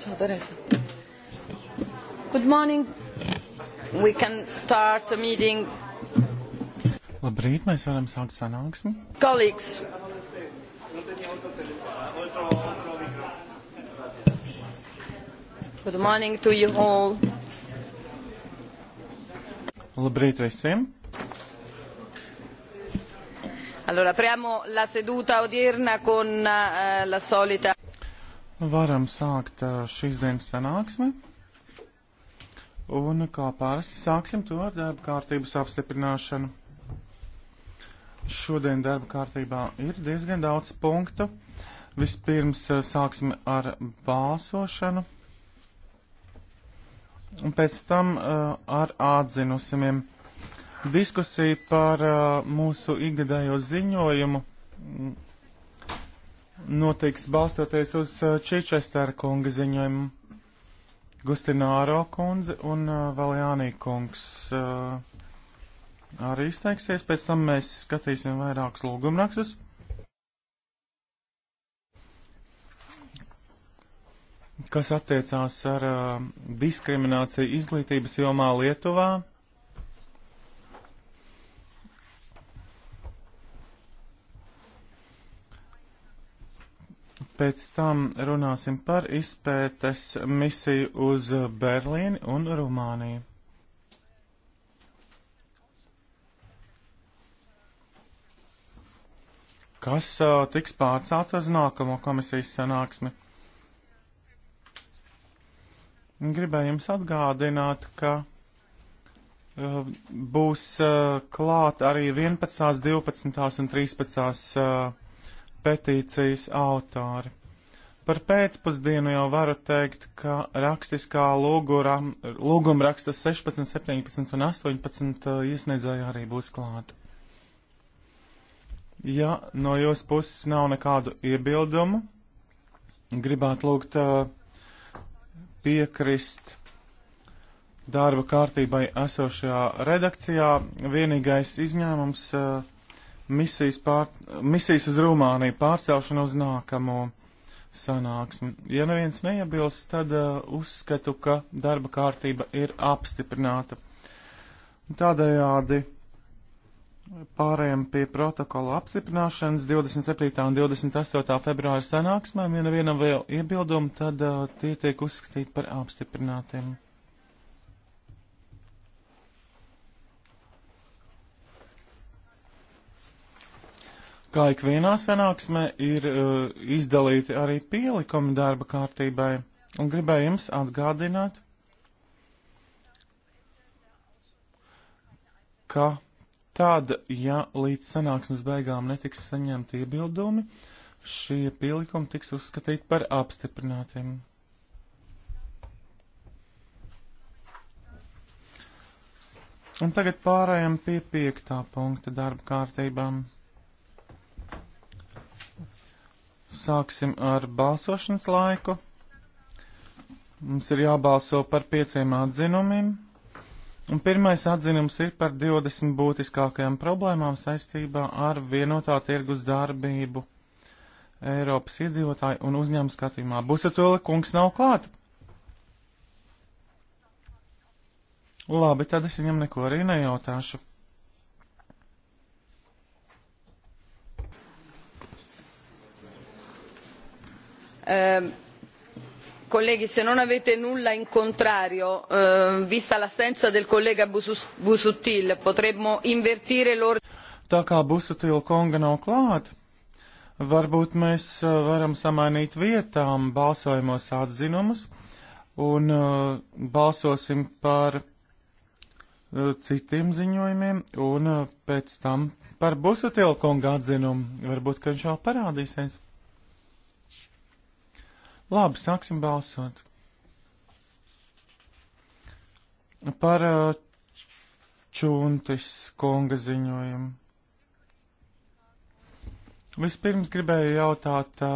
Ciao Teresa. Good morning. We can start the meeting. Labrīt, mēs varam sākt sanāksmi. Colleagues. Good morning to you all. Labrīt visiem. Allora, apriamo la seduta odierna con uh, la solita Varam sākt šīs dienas sanāksmi. Un kā pārsi sāksim to ar darba kārtības apstiprināšanu. Šodien darba kārtībā ir diezgan daudz punktu. Vispirms sāksim ar balsošanu. Un pēc tam uh, ar atzinusimiem diskusiju par uh, mūsu ikgadējo ziņojumu notiks balstoties uz uh, Čičestera kunga ziņojumu. Gustināro kundze un uh, vēl Jānī kungs uh, arī izteiksies, pēc tam mēs skatīsim vairākus lūgumrakstus. kas attiecās ar uh, diskrimināciju izglītības jomā Lietuvā Pēc tam runāsim par izpētes misiju uz Berlīni un Rumāniju. Kas uh, tiks pārcelt uz nākamo komisijas sanāksmi? Gribēju jums atgādināt, ka uh, būs uh, klāt arī 11., 12. un 13. Uh, petīcijas autori. Par pēcpusdienu jau varu teikt, ka rakstiskā lūgura, lūguma raksta 16, 17 un 18 uh, iesniedzēja arī būs klāta. Ja no jūsu puses nav nekādu iebildumu, gribētu lūgt uh, piekrist darba kārtībai esošajā redakcijā. Vienīgais izņēmums uh, misijas, pār, misijas uz Rumāniju pārcelšanu uz nākamo sanāksmi. Ja neviens neiebilst, tad uh, uzskatu, ka darba kārtība ir apstiprināta. Tādējādi pārējām pie protokola apstiprināšanas 27. un 28. februāra sanāksmēm. Ja nevienam vēl iebildumu, tad uh, tie tiek uzskatīti par apstiprinātiem. Kā ikvienā sanāksmē ir uh, izdalīti arī pielikumi darba kārtībai, un gribēju jums atgādināt, ka tad, ja līdz sanāksmes beigām netiks saņemti iebildumi, šie pielikumi tiks uzskatīti par apstiprinātiem. Un tagad pārējām pie piektā punkta darba kārtībām. Sāksim ar balsošanas laiku. Mums ir jābalso par pieciem atzinumiem. Un pirmais atzinums ir par 20 būtiskākajām problēmām saistībā ar vienotā tirgus darbību Eiropas iedzīvotāju un uzņēmu skatījumā. Busatola kungs nav klāt. Labi, tad es viņam neko arī nejautāšu. Eh, colleghi se non avete nulla in contrario eh, vista l'assenza del collega busuttil potremmo invertire l'ordine. tā kā busutila kunga nav klāt varbūt mēs eh, varam samainīt vietām balsojumos atzinumus un uh, balsosim par uh, citiem ziņojumiem un uh, pēc tam par busutila kunga atzinumu varbūt ka viņš vēl parādīsies. Labi, sāksim balsot. Par uh, čuntis konga ziņojumu. Vispirms gribēju jautāt uh,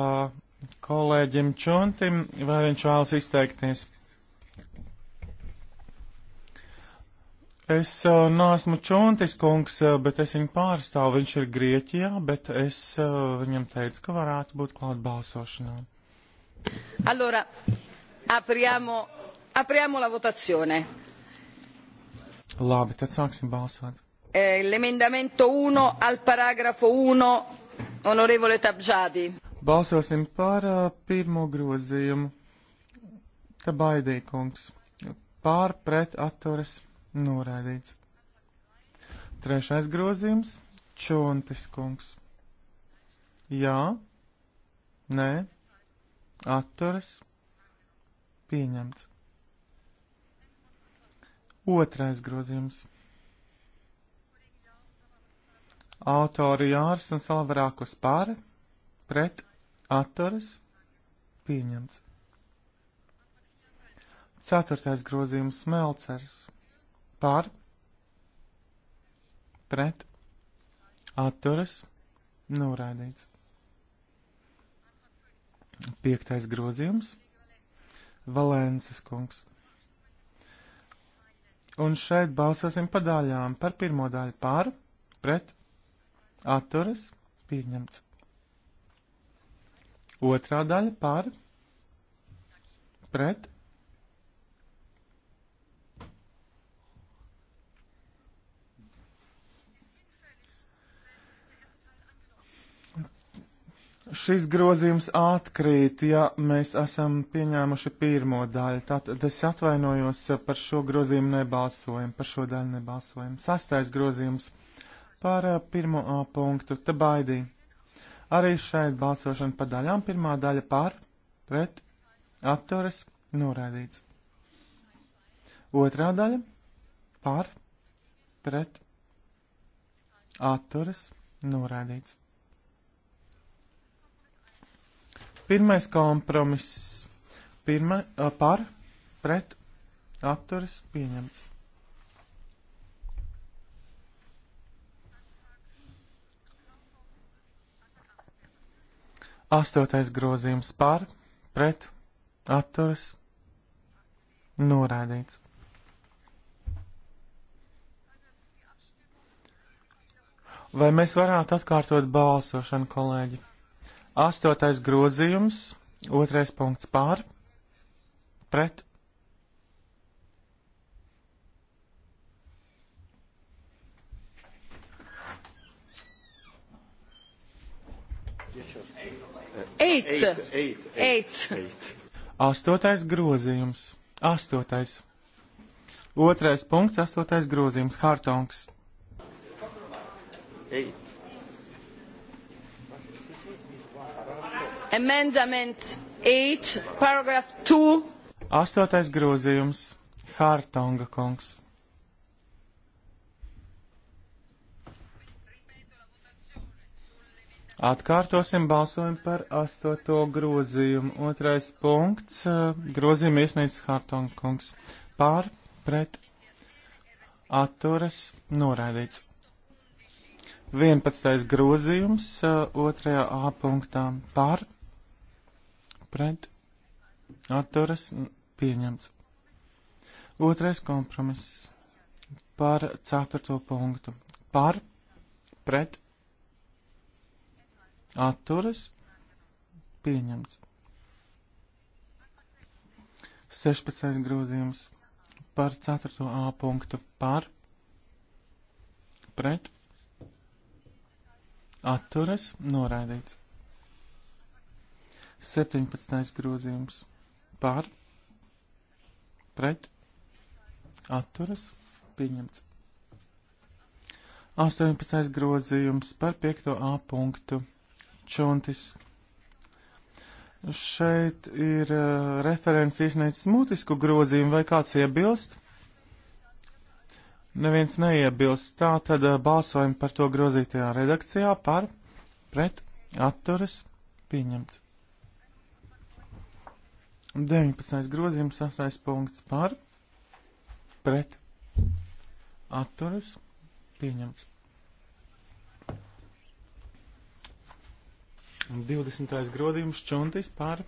kolēģim Čuntim, vai viņš vēlas izteikties. Es uh, neesmu Čuntis kungs, uh, bet es viņu pārstāvu. Viņš ir Grieķijā, bet es uh, viņam teicu, ka varētu būt klāt balsošanām. Allora, apriamo, apriamo la votazione. Labi, tad sāksim balsot. Eh, L'emendamento 1 al paragrafo 1, onorevole Tabžādi. Balsosim par uh, pirmo grozījumu. Tabaidīkungs. Pār pret atturas noraidīts. Trešais grozījums - Čontis kungs. Jā, nē, atturas, pieņemts. Otrais grozījums. Autori Jārs un Salvarākos pāri, pret, atturas, pieņemts. Ceturtais grozījums Smelcers pāri, pret, atturas, noraidīts. Piektais grozījums. Valēnses kungs. Un šeit balsosim pa daļām. Par pirmo daļu pār, pret, atturas, pieņemts. Otrā daļa pār, pret, Šis grozījums atkrīt, ja mēs esam pieņēmuši pirmo daļu. Tātad es atvainojos eh, par šo grozījumu nebalsojumu, par šo daļu nebalsojumu. Sastais grozījums par eh, pirmo A eh, punktu, te baidī. Arī šeit balsošana pa daļām. Pirmā daļa par, pret, atturas, noraidīts. Otrā daļa par, pret, atturas, noraidīts. Pirmais kompromiss. Pirma, par, pret, atturas pieņemts. Astotais grozījums par, pret, atturas, norādīts. Vai mēs varētu atkārtot balsošanu, kolēģi? Astotais grozījums, otrais punkts pār, pret. Eight. Eight. Eight. Eight. Eight. Astotais grozījums. Astotais. Otrais punkts, astotais grozījums. Hartongs. Eight. Amendment 8, paragraph 2. Astotais grozījums. Hārtonga kungs. Atkārtosim balsojumu par astoto grozījumu. Otrais punkts. Grozījumu iesniedz Hartongkungs. Pār, pret, atturas, noraidīts. 11. grozījums otrajā A punktā. Pār, pret atturas pieņemts. Otrais kompromiss par ceturto punktu. Par pret atturas pieņemts. 16. grozījums par 4. A punktu par pret atturas noraidīts. 17. grozījums pār, pret, atturas, pieņemts. 18. grozījums par 5. A punktu Čontis. Šeit ir uh, referents iesniedzis mutisku grozījumu, vai kāds iebilst? Neviens neiebilst. Tā tad uh, balsojam par to grozītajā redakcijā par, pret, atturas, pieņemts. 19. grozījums, 6. punkts par, pret, atturas, pieņemts. 20. grozījums, čuntis par,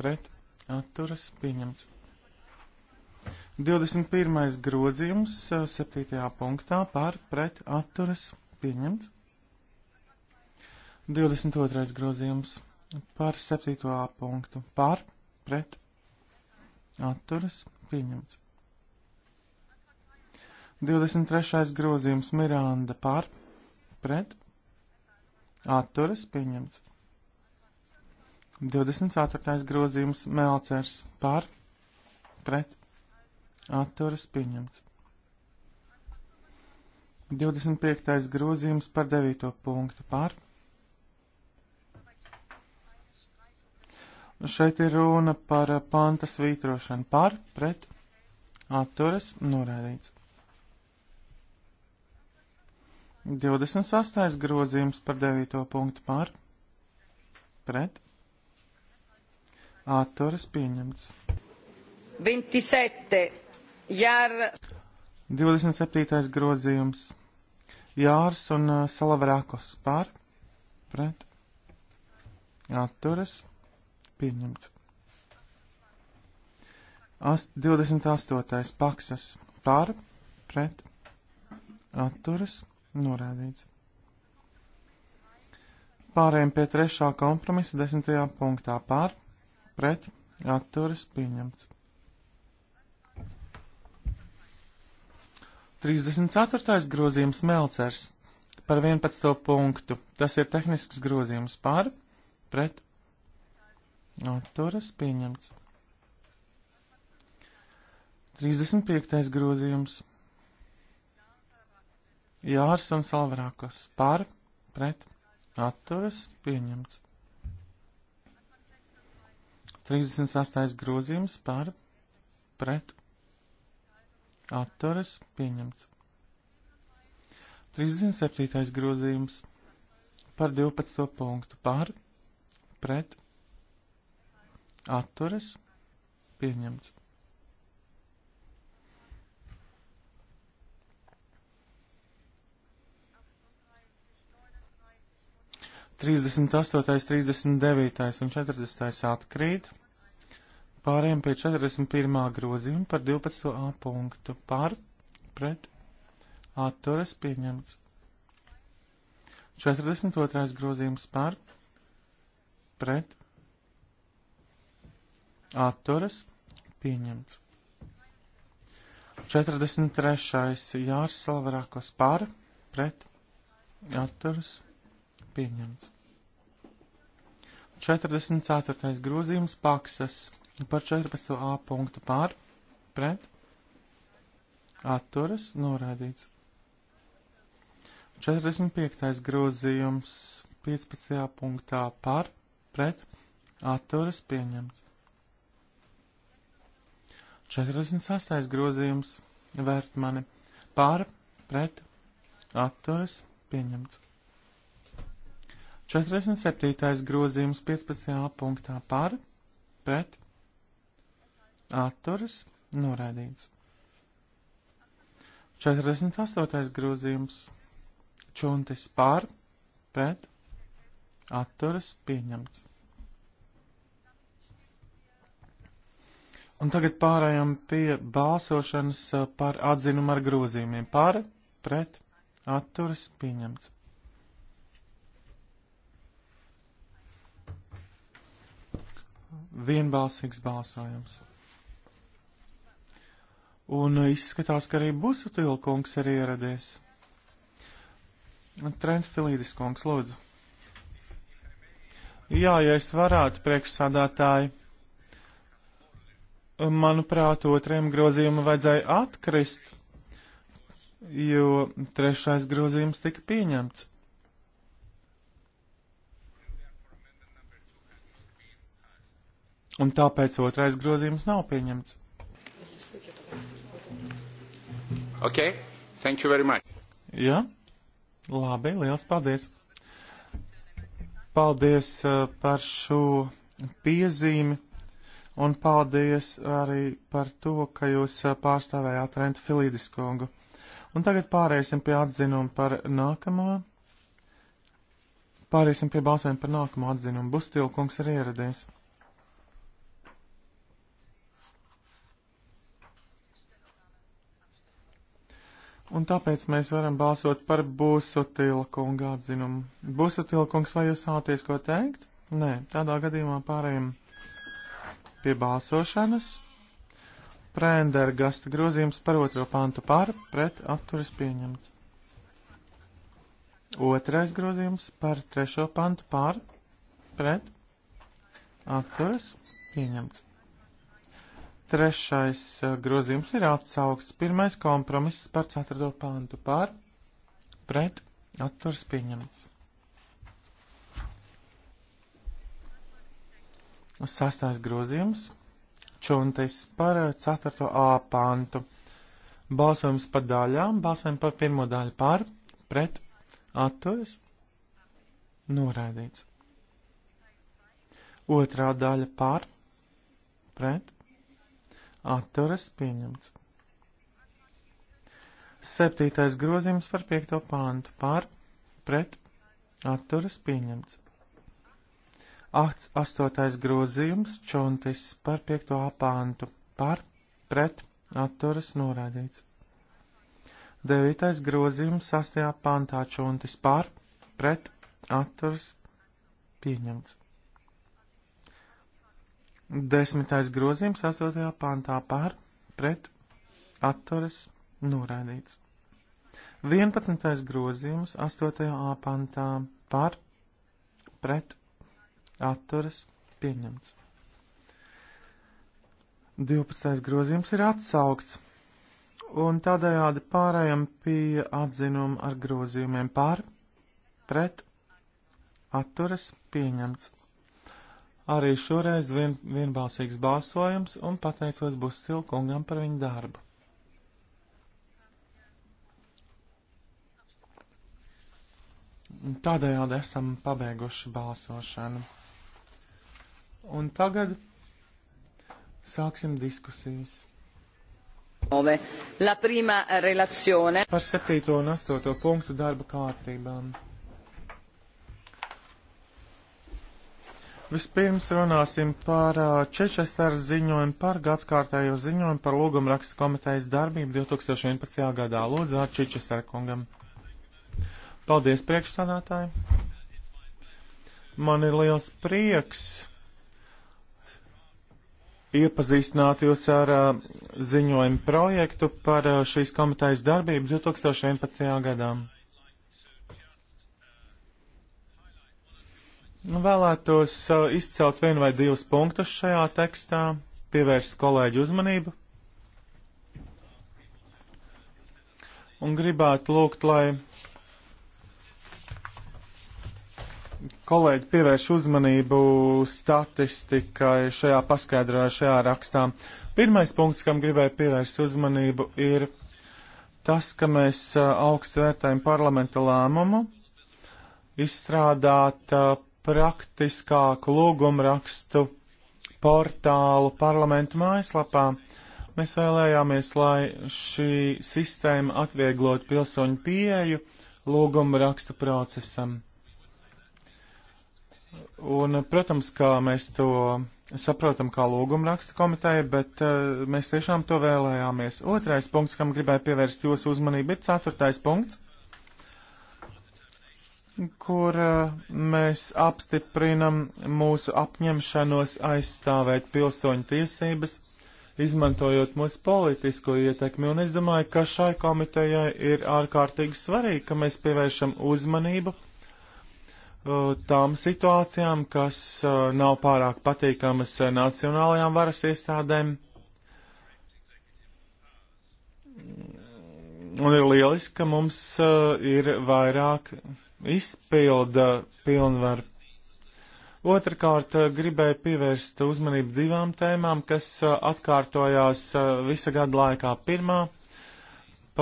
pret, atturas, pieņemts. 21. grozījums, 7. punktā par, pret, atturas, pieņemts. 22. grozījums par 7. punktu par, pret, atturas pieņemts. 23. grozījums Miranda par, pret, atturas pieņemts. 24. grozījums Melcers par, pret, atturas pieņemts. 25. grozījums par 9. punktu par, pret, Šeit ir runa par eh, panta svītrošanu par, pret, atturas, norādīts. 28. grozījums par 9. punktu par, pret, atturas pieņemts. 27. Jār. 27. grozījums. Jārs un uh, eh, Salavrākos par, pret, atturas pieņemts pieņemts. Ast, 28. paksas par, pret, atturas, norādīts. Pārējiem pie trešā kompromisa desmitajā punktā pār, pret, atturas pieņemts. 34. grozījums Melcers par 11. punktu. Tas ir tehnisks grozījums pār, pret, Atturas pieņemts. 35. grozījums. Jārs un Salvarākos par, pret, atturas pieņemts. 38. grozījums par, pret, atturas pieņemts. 37. grozījums par 12. punktu par, pret, atturas pieņemts. Trīsdesmit astotais, trīsdesmit devītais un četrdesmitais atkrīt. Pāriem pie 41. grozījuma par 12. A punktu par pret atturas pieņemts. 42. grozījums par pret atturas pieņemts. 43. Jārs Salvarākos par pret atturas pieņemts. 44. grozījums paksas par 14. A punktu pār pret atturas norādīts. 45. grozījums 15. punktā par pret atturas pieņemts. 48. grozījums vērt mani pār, pret, atturas, pieņemts. 47. grozījums 15. punktā pār, pret, atturas, noraidīts. 48. grozījums čuntis pār, pret, atturas, pieņemts. Un tagad pārējām pie balsošanas eh, par atzinumu ar grozījumiem. Par, pret, atturas, pieņemts. Vienbalsīgs balsojums. Un izskatās, ka arī Busutila kungs ir ieradies. Trends Filīdis kungs, lūdzu. Jā, ja es varētu, priekšsādātāji manuprāt, otriem grozījumam vajadzēja atkrist, jo trešais grozījums tika pieņemts. Un tāpēc otrais grozījums nav pieņemts. Ok, thank you very much. Jā, ja? labi, liels paldies. Paldies uh, par šo piezīmi un paldies arī par to, ka jūs eh, pārstāvējāt Rentu Filīdis kungu. Un tagad pāriesim pie atzinuma par nākamo. Pāriesim pie balsojuma par nākamo atzinumu. Bustilkungs ir ieradies. Un tāpēc mēs varam balsot par Busutila kunga atzinumu. Busutila kungs, vai jūs sāties ko teikt? Nē, tādā gadījumā pārējiem pie balsošanas. Prendergasta grozījums par otro pantu par pret atturas pieņemts. Otrais grozījums par trešo pantu par pret atturas pieņemts. Trešais eh, grozījums ir atsaugs. Pirmais kompromiss par ceturto pantu par pret atturas pieņemts. Sastais grozījums Čuntis par 4. A pantu. Balsojums par daļām, balsojam par pirmo daļu par, pret, atturas, noraidīts. Otrā daļa par, pret, atturas, pieņemts. Septītais grozījums par piekto pāntu par, pret, atturas, pieņemts. Astotais grozījums Čontis par piekto apāntu par pret atturas norādīts. Devītais grozījums sastajā pantā Čontis par pret atturas pieņemts. Desmitais grozījums astotajā pantā par pret atturas norādīts. Vienpadsmitais grozījums astotajā pantā par pret atturas atturas pieņemts. 12. grozījums ir atsaukts, un tādējādi pārējām pie atzinuma ar grozījumiem pār, pret, atturas pieņemts. Arī šoreiz vien, vienbalsīgs balsojums un pateicos Bustilkungam par viņu darbu. Tādējādi esam pabeiguši balsošanu. Un tagad sāksim diskusijas. La prima relazione. Par 7. un 8. punktu darba kārtībām. Vispirms runāsim par Čečestars ziņojumu par gadskārtējo ziņojumu par lūgumrakstu komitejas darbību 2011. gadā. Lūdzu, Čečestar kungam. Paldies, priekšsanātāji! Man ir liels prieks iepazīstināt jūs ar uh, ziņojumu projektu par uh, šīs komitejas darbību 2011. gadā. Nu, vēlētos uh, izcelt vienu vai divus punktus šajā tekstā, pievērst kolēģi uzmanību. Un gribētu lūgt, lai kolēģi pievērš uzmanību statistikai šajā paskaidrojumā, šajā rakstā. Pirmais punkts, kam gribēju pievērst uzmanību, ir tas, ka mēs augstu vērtējam parlamenta lēmumu izstrādāt praktiskāku lūgumrakstu portālu parlamentu mājaslapā. Mēs vēlējāmies, lai šī sistēma atvieglot pilsoņu pieeju lūgumrakstu procesam. Un, protams, kā mēs to saprotam kā lūgumraksta komiteja, bet uh, mēs tiešām to vēlējāmies. Otrais punkts, kam gribēju pievērst jūsu uzmanību, ir ceturtais punkts, kur uh, mēs apstiprinam mūsu apņemšanos aizstāvēt pilsoņu tiesības, izmantojot mūsu politisko ietekmi. Un es domāju, ka šai komitejai ir ārkārtīgi svarīgi, ka mēs pievēršam uzmanību Eh, tām situācijām, kas eh, nav pārāk patīkamas eh, nacionālajām varas iestādēm. Un ir lieliski, ka mums ir vairāk izpilda pilnvaru. Otrakārt, gribēju pievērst uzmanību divām tēmām, kas atkārtojās visa gada laikā. Pirmā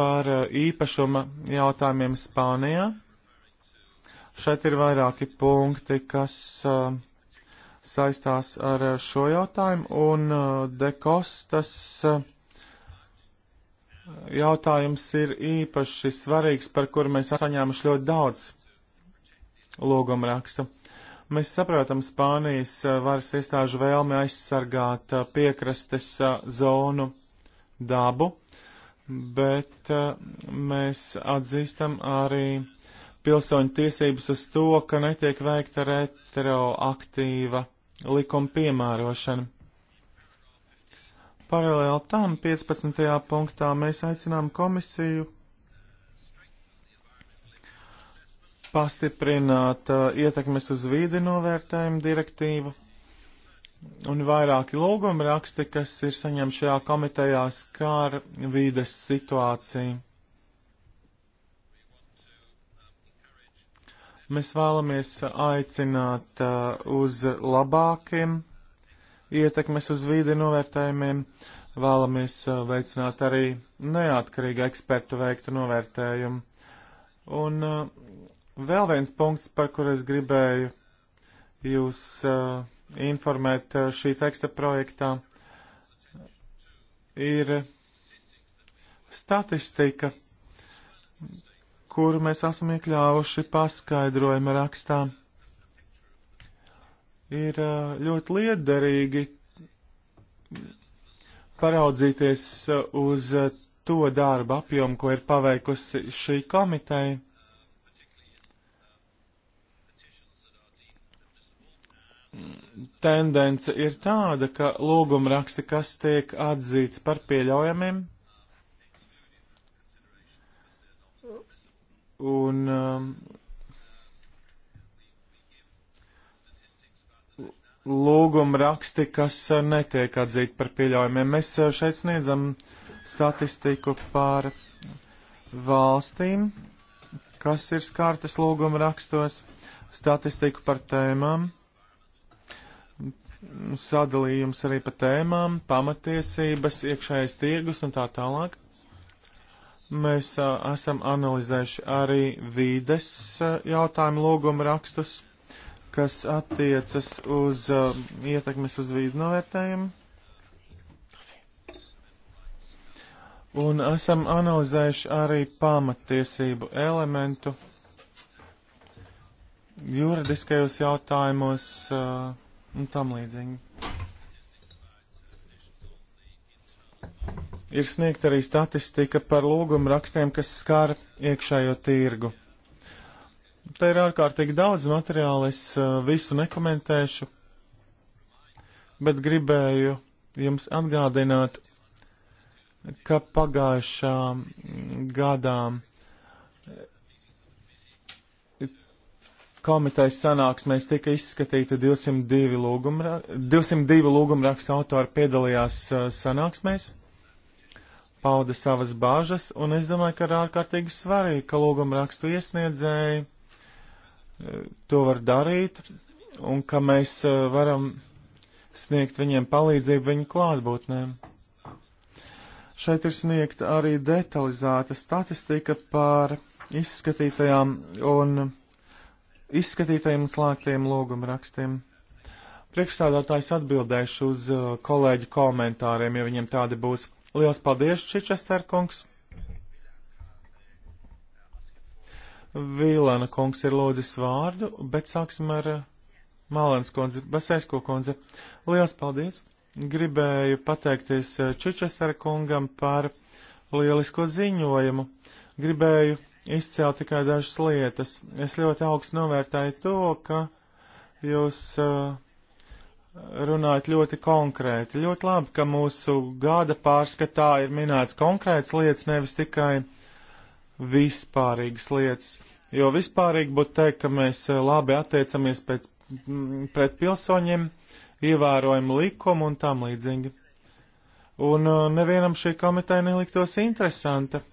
par īpašuma jautājumiem Spānijā Šeit ir vairāki punkti, kas uh, saistās ar uh, šo jautājumu, un uh, dekostas uh, jautājums ir īpaši svarīgs, par kuru mēs saņēmuši ļoti daudz lūgumrakstu. Mēs saprotam Spānijas uh, varas iestāžu vēlmi aizsargāt uh, piekrastes zonu dabu, bet mēs atzīstam arī pilsoņu tiesības uz to, ka netiek veikta retroaktīva likuma piemērošana. Paralēli tam 15. punktā mēs aicinām komisiju pastiprināt uh, ietekmes uz vīdi novērtējumu direktīvu un vairāki lūguma raksti, kas ir saņemti šajā komitejā, skār vīdes situāciju. Mēs vēlamies aicināt uh, uz labākiem ietekmes uz vīdi novērtējumiem, vēlamies uh, veicināt arī neatkarīgu ekspertu veiktu novērtējumu. Un uh, vēl viens punkts, par kur es gribēju jūs informēt šī teksta projektā, ir statistika kuru mēs esam iekļāvuši paskaidrojuma rakstā, ir ļoti liederīgi paraudzīties uz to darbu apjomu, ko ir paveikusi šī komiteja. Tendence ir tāda, ka lūgumraksti, kas tiek atzīti par pieļaujamiem, Un um, lūguma raksti, kas uh, netiek atzīti par pieļaujumiem. Mēs uh, šeit sniedzam statistiku par valstīm, kas ir skārtas lūguma rakstos, statistiku par tēmām, sadalījums arī pa tēmām, pamatiesības, iekšējais tirgus un tā tālāk. Mēs a, esam analizējuši arī vīdes jautājumu lūgumu rakstus, kas attiecas uz a, ietekmes uz vīdu novērtējumu. Un esam analizējuši arī pamatiesību elementu juridiskajos jautājumos uh, un tam līdzīgi. Ir sniegta arī statistika par lūgumu rakstiem, kas skāra iekšējo tirgu. Te ir ārkārtīgi daudz materiāla, es uh, visu nekomentēšu, bet gribēju jums atgādināt, ka pagājušā gadā komitejas sanāksmēs tika izskatīta 202 lūgumrakstu lūgumra, autori piedalījās uh, sanāksmēs pauda savas bažas, un es domāju, ka ir ārkārtīgi svarīgi, ka lūguma rakstu iesniedzēji eh, to var darīt, un ka mēs eh, varam sniegt viņiem palīdzību viņu klātbūtnēm. Šeit ir sniegta arī detalizēta statistika par izskatītajām un izskatītajiem un slēgtiem logumrakstiem. Priekšstādātājs atbildēšu uz eh, kolēģu komentāriem, ja viņiem tādi būs. Liels paldies, Čičester kungs! Vīlana kungs ir lūdzis vārdu, bet sāksim ar eh, Mālens kundzi, Basēsko kundzi. Liels paldies! Gribēju pateikties eh, Čičester kungam par lielisko ziņojumu. Gribēju izcelt tikai dažas lietas. Es ļoti augstu novērtēju to, ka jūs uh, runāt ļoti konkrēti. Ļoti labi, ka mūsu gada pārskatā ir minēts konkrēts lietas, nevis tikai vispārīgas lietas. Jo vispārīgi būtu teikt, ka mēs eh, labi attiecamies pēc, mm, pret pilsoņiem, ievērojam likumu un tam līdzīgi. Un eh, nevienam šī komiteja neliktos interesanta.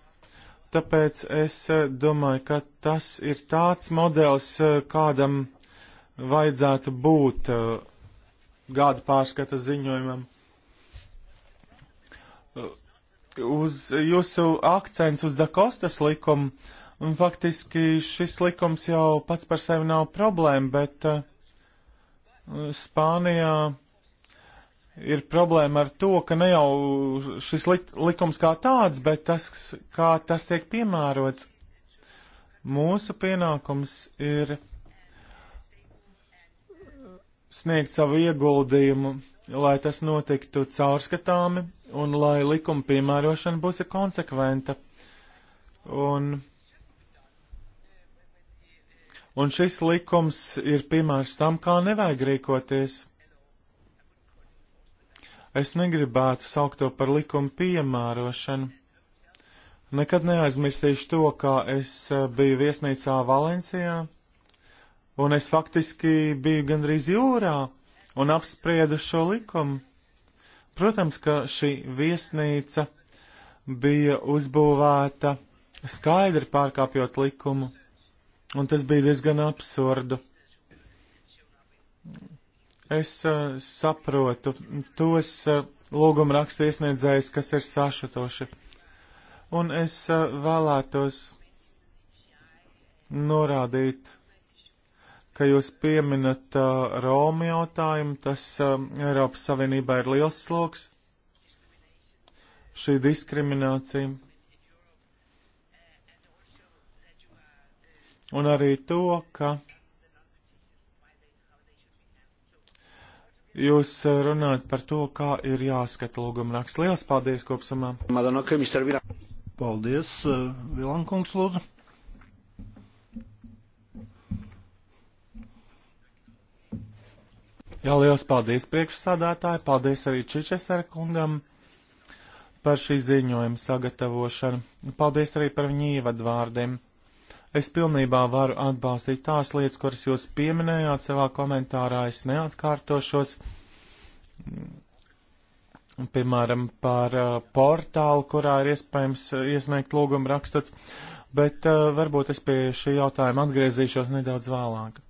Tāpēc es eh, domāju, ka tas ir tāds modelis, kādam vajadzētu būt gada pārskata ziņojumam. Uz jūsu akcents uz Dakostas likumu, un faktiski šis likums jau pats par sevi nav problēma, bet uh, Spānijā ir problēma ar to, ka ne jau šis lik likums kā tāds, bet tas, kā tas tiek piemērots. Mūsu pienākums ir sniegt savu ieguldījumu, lai tas notiktu caurskatāmi un lai likuma piemērošana būs konsekventa. Un, un šis likums ir piemērs tam, kā nevajag rīkoties. Es negribētu saukt to par likuma piemērošanu. Nekad neaizmirsīšu to, kā es eh, biju viesnīcā Valencijā un es faktiski biju gandrīz jūrā un apspriedu šo likumu. Protams, ka šī viesnīca bija uzbūvēta skaidri pārkāpjot likumu, un tas bija diezgan absurdu. Es uh, saprotu tos uh, eh, lūguma rakstu iesniedzējus, kas ir sašutoši, un es uh, vēlētos norādīt ka jūs pieminat uh, Romu jautājumu, tas um, Eiropas Savienībā ir liels sloks, šī diskriminācija. Un arī to, ka jūs runājat par to, kā ir jāskata lūguma raksts. Liels paldies kopsumā. Paldies, Vilankungs, lūdzu. Jā, liels paldies priekšsādātāji, paldies arī Čičesera kungam par šī ziņojuma sagatavošanu. Paldies arī par viņu ievadvārdiem. Es pilnībā varu atbalstīt tās lietas, kuras jūs pieminējāt savā komentārā, es neatkārtošos. Piemēram, par uh, portālu, kurā ir iespējams uh, iesniegt lūgumu rakstot, bet uh, varbūt es pie šī jautājuma atgriezīšos nedaudz vēlāk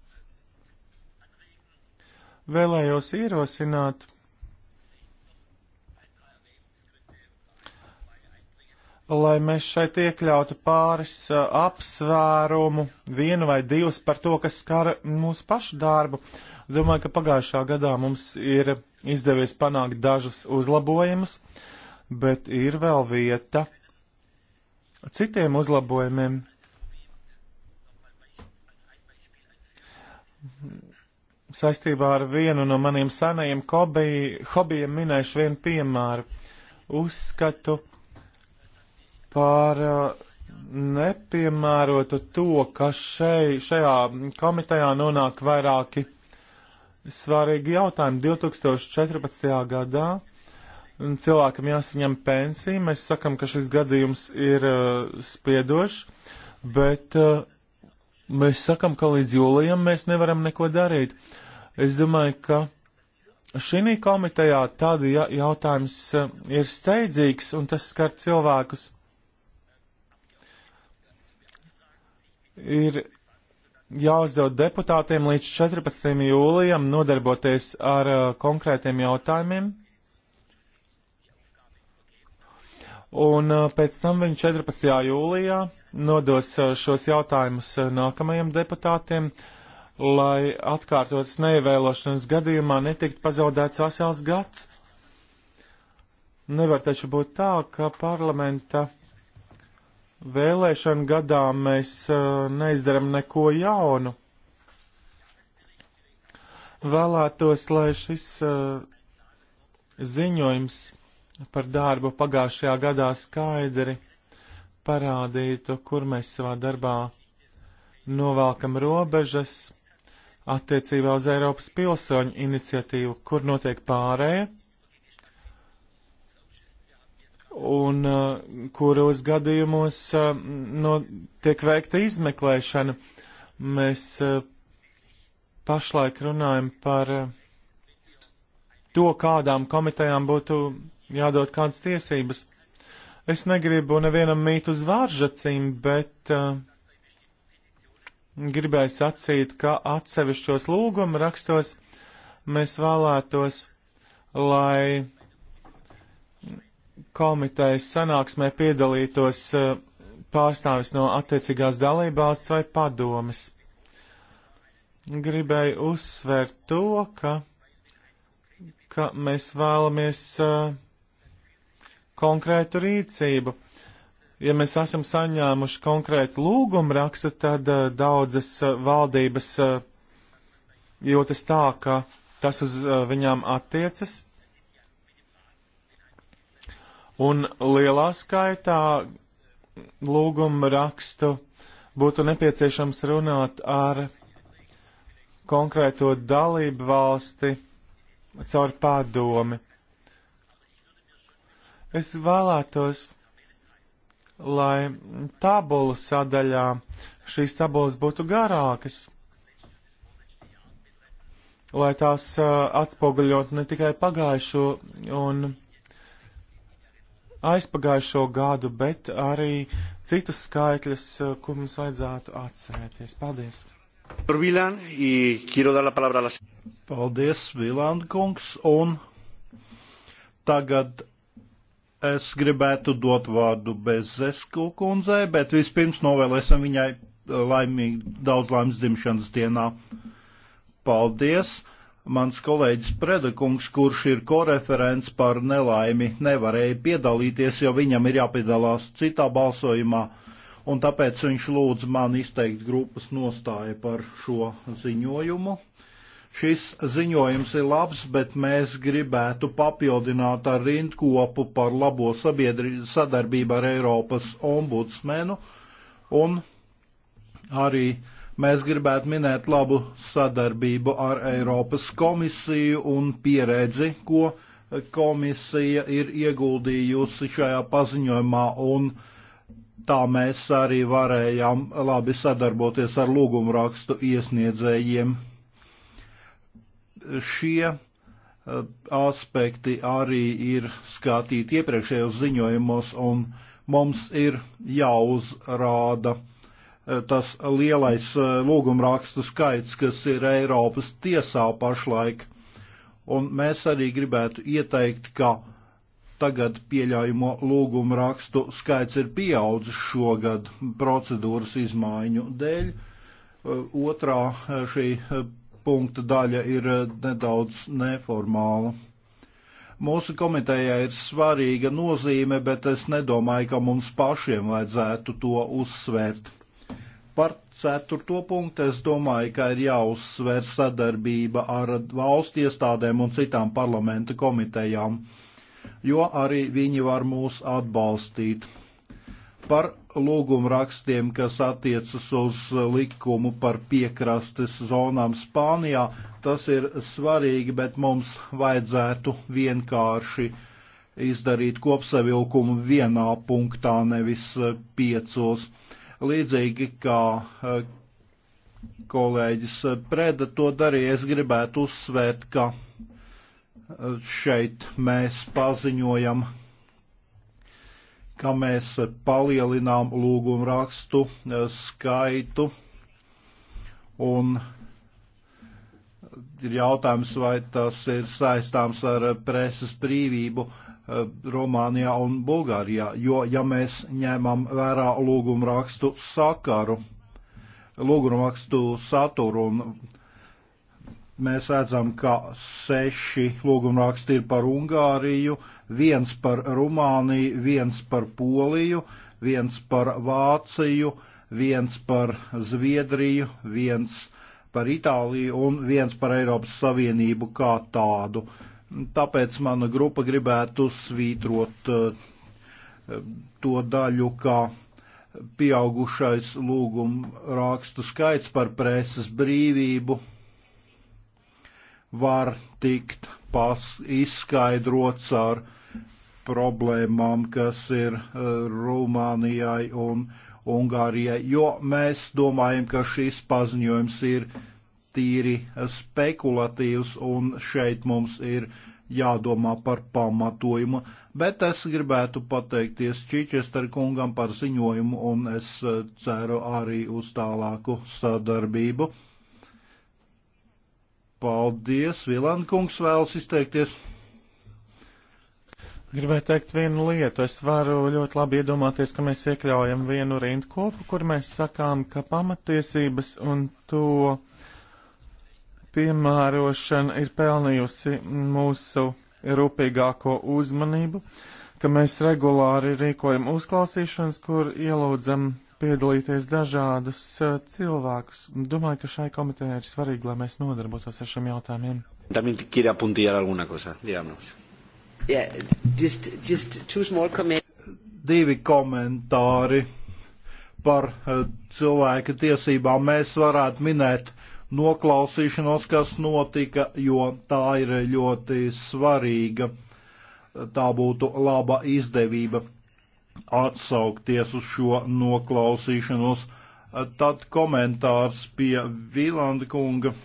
vēlējos ierosināt lai mēs šeit iekļautu pāris uh, apsvērumu, vienu vai divus par to, kas skara mūsu pašu darbu. Domāju, ka pagājušā gadā mums ir izdevies panākt dažus uzlabojumus, bet ir vēl vieta citiem uzlabojumiem. Saistībā ar vienu no maniem senajiem hobijiem minēšu vienu piemēru. Uzskatu par uh, nepiemērotu to, ka šeit, šajā komitejā nonāk vairāki svarīgi jautājumi. 2014. gadā cilvēkam jāsaņem pensija, mēs sakam, ka šis gadījums ir uh, spiedošs, bet uh, mēs sakam, ka līdz jūlijam mēs nevaram neko darīt. Uh, Es domāju, ka šī komitejā tad ja, jautājums eh, ir steidzīgs un tas skar cilvēkus. Ir jāuzdod deputātiem līdz 14. jūlijam nodarboties ar uh, konkrētiem jautājumiem. Un uh, pēc tam viņi 14. jūlijā nodos uh, šos jautājumus nākamajiem deputātiem. Uh, lai atkārtotas neievēlošanas gadījumā netikt pazaudēts vesels gads. Nevar taču būt tā, ka parlamenta vēlēšana gadā mēs uh, neizdaram neko jaunu. Vēlētos, lai šis uh, ziņojums par darbu pagājušajā gadā skaidri parādītu, kur mēs savā darbā novelkam robežas attiecībā uz Eiropas pilsoņu iniciatīvu, kur notiek pārēja un uh, kuros gadījumos uh, no, tiek veikta izmeklēšana. Mēs uh, pašlaik runājam par uh, to, kādām komitejām būtu jādod kādas tiesības. Es negribu nevienam mīt uz vāržacīm, bet uh, gribēju sacīt, ka atsevišķos lūguma rakstos mēs vēlētos, lai komitejas sanāksmē piedalītos e, pārstāvis no attiecīgās dalībvalsts vai padomes. Gribēju uzsvērt to, ka, ka mēs vēlamies uh, konkrētu rīcību ja mēs esam saņēmuši konkrētu lūgumu rakstu, tad uh, daudzas uh, valdības uh, jūtas tā, ka tas uz uh, viņām attiecas. Un lielā skaitā lūgumu rakstu būtu nepieciešams runāt ar konkrēto dalību valsti caur padomi. Es vēlētos lai tabula sadaļā šīs tabulas būtu garākas, lai tās uh, atspoguļot ne tikai pagājušo un aizpagājušo gadu, bet arī citus skaitļus, uh, kur mums vajadzētu atcerēties. Paldies! Paldies, Vilāna kungs, un tagad Es gribētu dot vārdu Bezesku kundzei, bet vispirms novēlēsim viņai eh, laimīgu, daudz laimes dzimšanas dienā. Paldies! Mans kolēģis Predekungs, kurš ir koreferents par nelaimi, nevarēja piedalīties, jo viņam ir jāpiedalās citā balsojumā, un tāpēc viņš lūdz man izteikt grupas nostāju par šo ziņojumu. Šis ziņojums ir labs, bet mēs gribētu papildināt ar rindkopu par labo sabiedri, sadarbību ar Eiropas ombudsmenu un arī mēs gribētu minēt labu sadarbību ar Eiropas komisiju un pieredzi, ko komisija ir ieguldījusi šajā paziņojumā, un tā mēs arī varējām labi sadarboties ar lūgumrakstu iesniedzējiem šie eh, aspekti arī ir skatīti iepriekšējos ziņojumos, un mums ir jāuzrāda eh, tas lielais eh, lūgumrakstu skaits, kas ir Eiropas tiesā pašlaik. Un mēs arī gribētu ieteikt, ka tagad pieļaujamo lūgumrakstu skaits ir pieaudzis šogad procedūras izmaiņu dēļ. Otrā šī punkta daļa ir eh, nedaudz neformāla. Mūsu komitejai ir svarīga nozīme, bet es nedomāju, ka mums pašiem vajadzētu to uzsvērt. Par ceturto punktu es domāju, ka ir jāuzsver sadarbība ar valsts iestādēm un citām parlamenta komitejām, jo arī viņi var mūs atbalstīt par lūgumrakstiem, kas attiecas uz likumu par piekrastes zonām Spānijā. Tas ir svarīgi, bet mums vajadzētu vienkārši izdarīt kopsavilkumu vienā punktā, nevis piecos. Līdzīgi kā e, kolēģis Preda to darīja, es gribētu uzsvērt, ka e, šeit mēs paziņojam ka mēs palielinām lūgumu rakstu eh, skaitu. Un ir jautājums, vai tas ir saistāms ar preses brīvību eh, Rumānijā un Bulgārijā, jo ja mēs ņemam vērā lūgumu rakstu sakaru, lūgumu rakstu saturu un mēs redzam, ka seši lūgumu raksti ir par Ungāriju, uh, viens par Rumāniju, viens par Poliju, viens par Vāciju, viens par Zviedriju, viens par Itāliju un viens par Eiropas Savienību kā tādu. Tāpēc mana grupa gribētu svītrot eh, to daļu, kā pieaugušais lūguma rakstu skaits par preses brīvību var tikt pas, izskaidrots ar problēmām, kas ir eh, Rumānijai un Ungārijai, jo mēs domājam, ka šis paziņojums ir tīri spekulatīvs un šeit mums ir jādomā par pamatojumu, bet es gribētu pateikties Čičester kungam par ziņojumu un es eh, ceru arī uz tālāku sadarbību. Paldies, Vilankungs vēlas izteikties. Gribēju teikt vienu lietu. Es varu ļoti labi iedomāties, ka mēs iekļaujam vienu rindu kopu, kur mēs sakām, ka pamatiesības un to piemērošana ir pelnījusi mūsu rūpīgāko uzmanību, ka mēs regulāri rīkojam uzklausīšanas, kur ielūdzam piedalīties dažādus uh, cilvēkus. Domāju, ka šai komitejai ir svarīgi, lai mēs nodarbotos ar šiem jautājumiem. También quiere apuntillar alguna cosa, díganos. Yeah, just, just two small comments. Divi komentāri par eh, cilvēka tiesībām. Mēs varētu minēt noklausīšanos, kas notika, jo tā ir ļoti svarīga. Tā būtu laba izdevība atsaukties uz šo noklausīšanos. Tad komentārs pie Vīlanda kunga.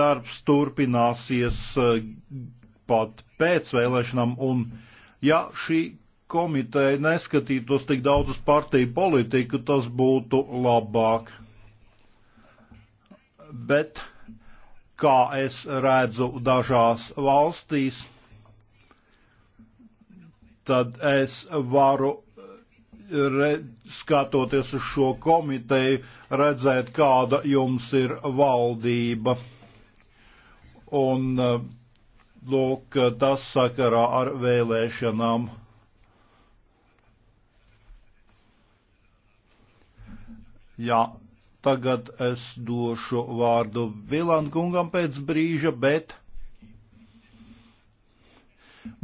Darbs turpināsies eh, pat pēc vēlēšanām, un ja šī komiteja neskatītos tik daudz uz partiju politiku, tas būtu labāk. Bet, kā es redzu dažās valstīs, tad es varu re, skatoties uz šo komiteju, redzēt, kāda jums ir valdība. Un Lūk, tas sakarā ar vēlēšanām. Jā, tagad es došu vārdu Vilankungam pēc brīža, bet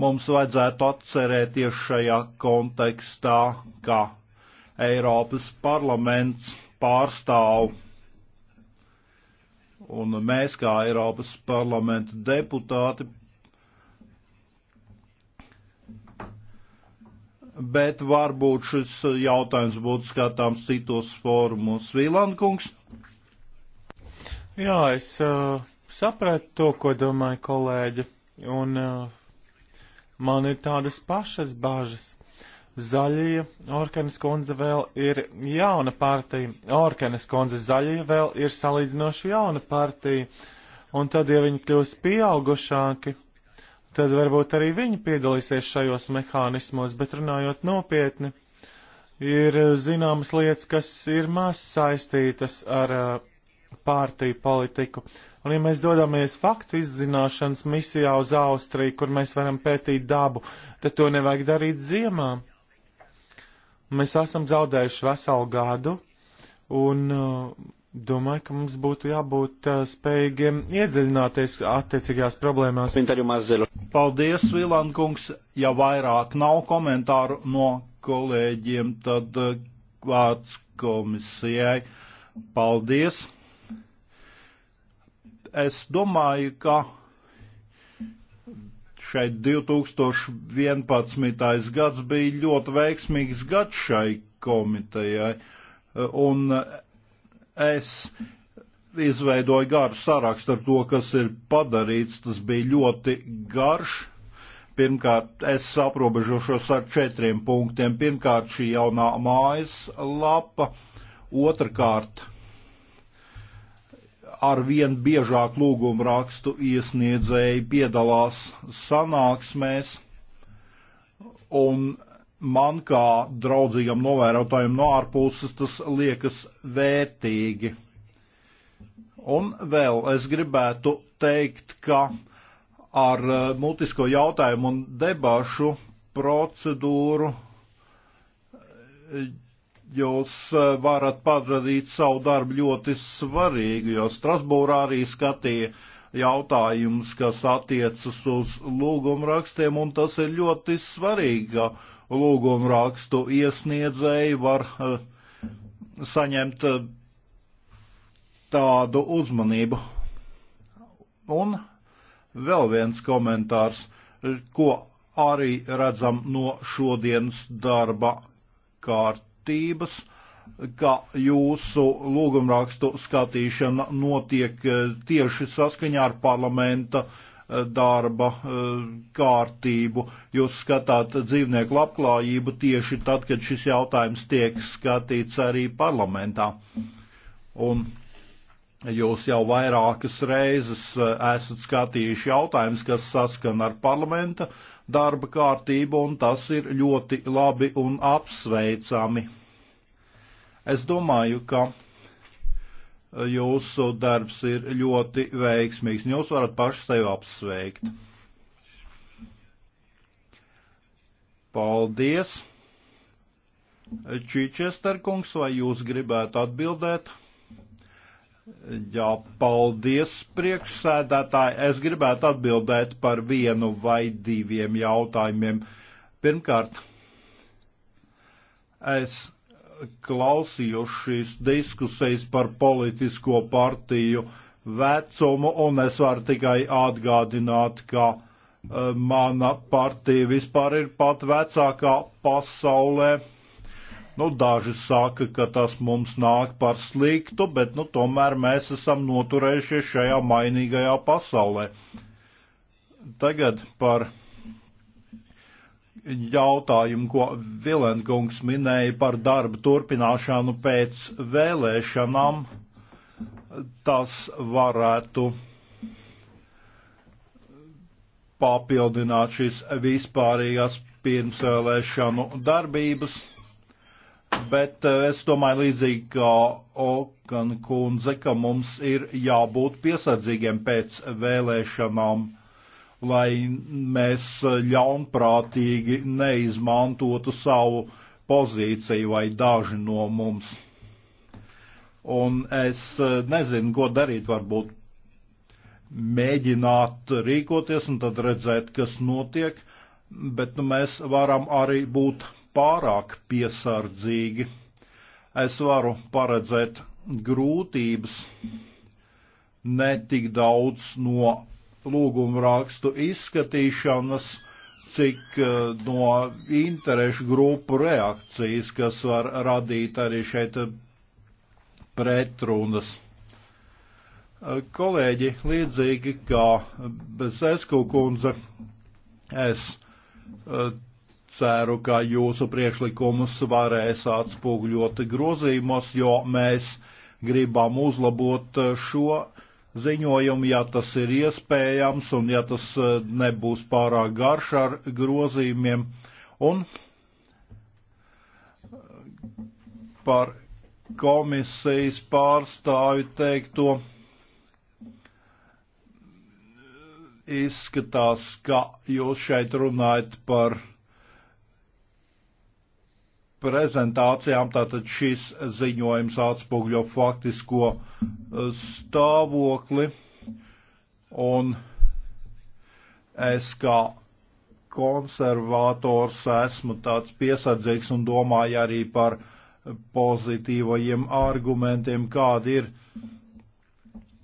mums vajadzētu atcerēties šajā kontekstā, ka Eiropas parlaments pārstāv un mēs kā Eiropas parlamenta deputāti bet varbūt šis jautājums būtu skatāms citos fórumos. Vīlankungs? Jā, es uh, sapratu to, ko domāja kolēģi, un uh, man ir tādas pašas bažas. Zaļie, Orkenes kundze vēl ir jauna partija. Orkenes kundze zaļie vēl ir salīdzinoši jauna partija. Un tad, ja viņi kļūs pieaugušāki, tad varbūt arī viņi piedalīsies šajos mehānismos, bet runājot nopietni, ir zināmas lietas, kas ir maz saistītas ar pārtīju politiku. Un ja mēs dodamies faktu izzināšanas misijā uz Austriju, kur mēs varam pētīt dabu, tad to nevajag darīt ziemā. Mēs esam zaudējuši veselu gadu, un uh, Domāju, ka mums būtu jābūt uh, spējīgiem iedziļināties attiecīgās problēmās. Paldies, Vilan kungs. Ja vairāk nav komentāru no kolēģiem, tad uh, vārds komisijai. Paldies. Es domāju, ka šeit 2011. gads bija ļoti veiksmīgs gads šai komitejai. Un uh, Es izveidoju garu sarakstu ar to, kas ir padarīts. Tas bija ļoti garš. Pirmkārt, es aprobežošos ar četriem punktiem. Pirmkārt, šī jaunā mājas lapa. Otrakārt, ar vien biežāk lūgumu rakstu iesniedzēji piedalās sanāksmēs, un man kā draudzīgam novērotājam no ārpuses tas liekas vērtīgi. Un vēl es gribētu teikt, ka ar eh, mutisko jautājumu un debašu procedūru eh, jūs eh, varat padarīt savu darbu ļoti svarīgu, jo Strasbūrā arī skatīja jautājums, kas attiecas uz lūgumrakstiem, un tas ir ļoti svarīgi, ka lūgumu rakstu iesniedzēji var eh, saņemt eh, tādu uzmanību. Un vēl viens komentārs, ko arī redzam no šodienas darba kārtības, ka jūsu lūgumrakstu skatīšana notiek eh, tieši saskaņā ar parlamenta uh, Eh, darba eh, kārtību. Jūs skatāt dzīvnieku labklājību tieši tad, kad šis jautājums tiek skatīts arī parlamentā. Un jūs jau vairākas reizes eh, esat skatījuši jautājumus, kas saskan ar parlamenta darba kārtību, un tas ir ļoti labi un apsveicami. Es domāju, ka jūsu darbs ir ļoti veiksmīgs, un jūs varat paši sevi apsveikt. Paldies! Čičesterkungs, vai jūs gribētu atbildēt? Jā, paldies priekšsēdētāji. Es gribētu atbildēt par vienu vai diviem jautājumiem. Pirmkārt, es klausījušies diskusijas par politisko partiju vecumu, un es varu tikai atgādināt, ka uh, mana partija vispār ir pat vecākā pasaulē. Nu, daži saka, ka tas mums nāk par sliktu, bet nu, tomēr mēs esam noturējušies šajā mainīgajā pasaulē. Tagad par jautājumu, ko Vilenkungs minēja par darbu turpināšanu pēc vēlēšanām. Tas varētu papildināt šīs vispārīgās pirmsvēlēšanu darbības, bet eh, es domāju līdzīgi kā Okan kundze, ka mums ir jābūt piesardzīgiem pēc vēlēšanām lai mēs eh, ļaunprātīgi neizmantotu savu pozīciju vai daži no mums. Un es eh, nezinu, ko darīt, varbūt mēģināt rīkoties un tad redzēt, kas notiek, bet nu, mēs varam arī būt pārāk piesardzīgi. Es varu paredzēt grūtības ne tik daudz no lūgumu rakstu izskatīšanas, cik eh, no interešu grupu reakcijas, kas var radīt arī šeit eh, pretrunas. Eh, kolēģi, līdzīgi kā Bezesku kundze, es ceru, ka jūsu priekšlikumus varēs atspūgļot grozījumos, jo mēs gribam uzlabot šo ziņojumu, ja tas ir iespējams un ja tas eh, nebūs pārāk garš ar grozījumiem. Un par komisijas pārstāvi teikto izskatās, ka jūs šeit runājat par prezentācijām. Tātad šis ziņojums atspoguļo faktisko e, stāvokli. Un es kā konservators esmu tāds piesardzīgs un domāju arī par pozitīvajiem argumentiem, kādi ir.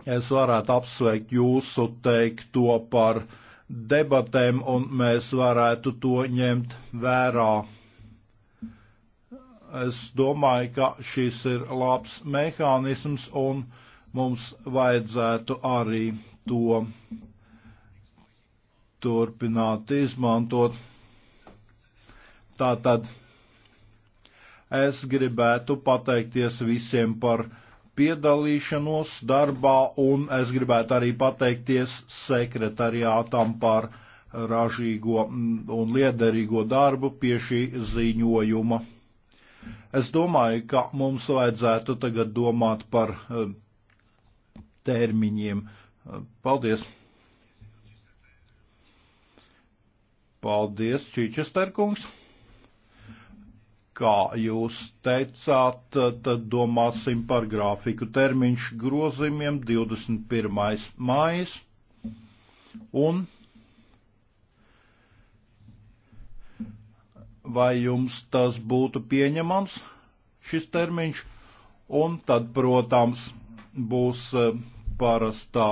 Es varētu apsveikt jūsu teikto par debatēm, un mēs varētu to ņemt vērā es domāju, ka šis ir labs mehānisms un mums vajadzētu arī to turpināt izmantot. Tātad es gribētu pateikties visiem par piedalīšanos darbā un es gribētu arī pateikties sekretariātam par ražīgo un liederīgo darbu pie šī ziņojuma. Es domāju, ka mums vajadzētu tagad domāt par eh, termiņiem. Eh, paldies! Paldies, Čīčesterkungs! Kā jūs teicāt, eh, tad domāsim par grāfiku termiņš grozījumiem 21. mājas un vai jums tas būtu pieņemams, šis termiņš, un tad, protams, būs e, parastā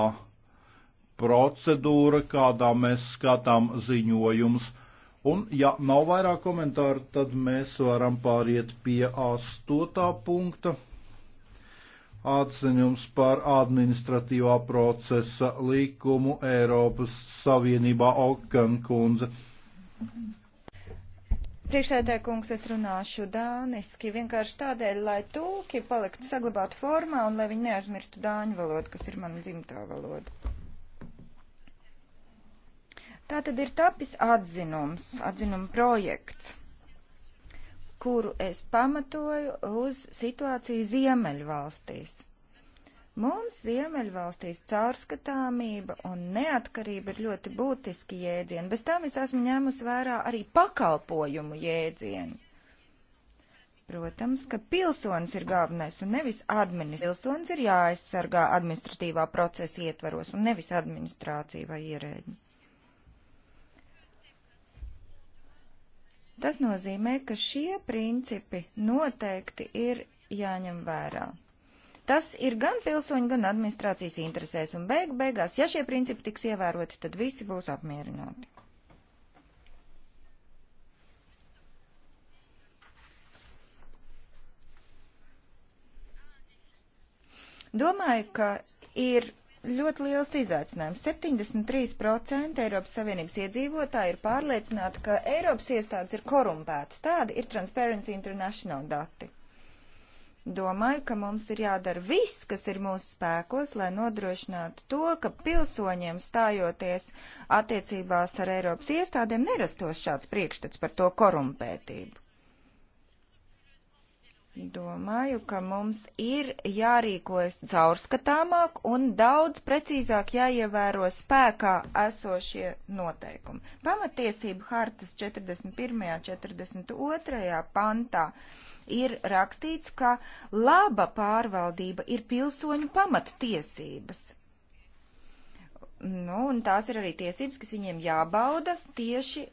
procedūra, kādā mēs skatām ziņojumus. Un, ja nav vairāk komentāru, tad mēs varam pāriet pie astotā punkta. Atziņums par administratīvā procesa likumu Eiropas Savienībā Okan kundze. Priekšēdē, kungs, es runāšu dāniski vienkārši tādēļ, lai tūki paliktu saglabātu formā un lai viņi neaizmirstu dāņu valodu, kas ir mana dzimtā valoda. Tā tad ir tapis atzinums, atzinuma projekts, kuru es pamatoju uz situāciju Ziemeļvalstīs. valstīs. Mums Ziemeļvalstīs caurskatāmība un neatkarība ir ļoti būtiski jēdzieni, bez tam es esmu ņēmusi vērā arī pakalpojumu jēdzienu. Protams, ka pilsonis ir galvenais un nevis administrācija. Pilsonis ir jāaizsargā administratīvā procesa ietvaros un nevis administrācija vai ierēģi. Tas nozīmē, ka šie principi noteikti ir jāņem vērā. Tas ir gan pilsoņu, gan administrācijas interesēs, un beig beigās, ja šie principi tiks ievēroti, tad visi būs apmierināti. Domāju, ka ir ļoti liels izaicinājums. 73% Eiropas Savienības iedzīvotāji ir pārliecināti, ka Eiropas iestādes ir korumpētas. Tāda ir Transparency International dati. Domāju, ka mums ir jādara viss, kas ir mūsu spēkos, lai nodrošinātu to, ka pilsoņiem stājoties attiecībās ar Eiropas iestādēm nerastos šāds priekšstats par to korumpētību domāju, ka mums ir jārīkojas caurskatāmāk un daudz precīzāk jāievēro spēkā esošie noteikumi. Pamatiesību hartas 41. 42. pantā ir rakstīts, ka laba pārvaldība ir pilsoņu pamattiesības. Nu, un tās ir arī tiesības, kas viņiem jābauda tieši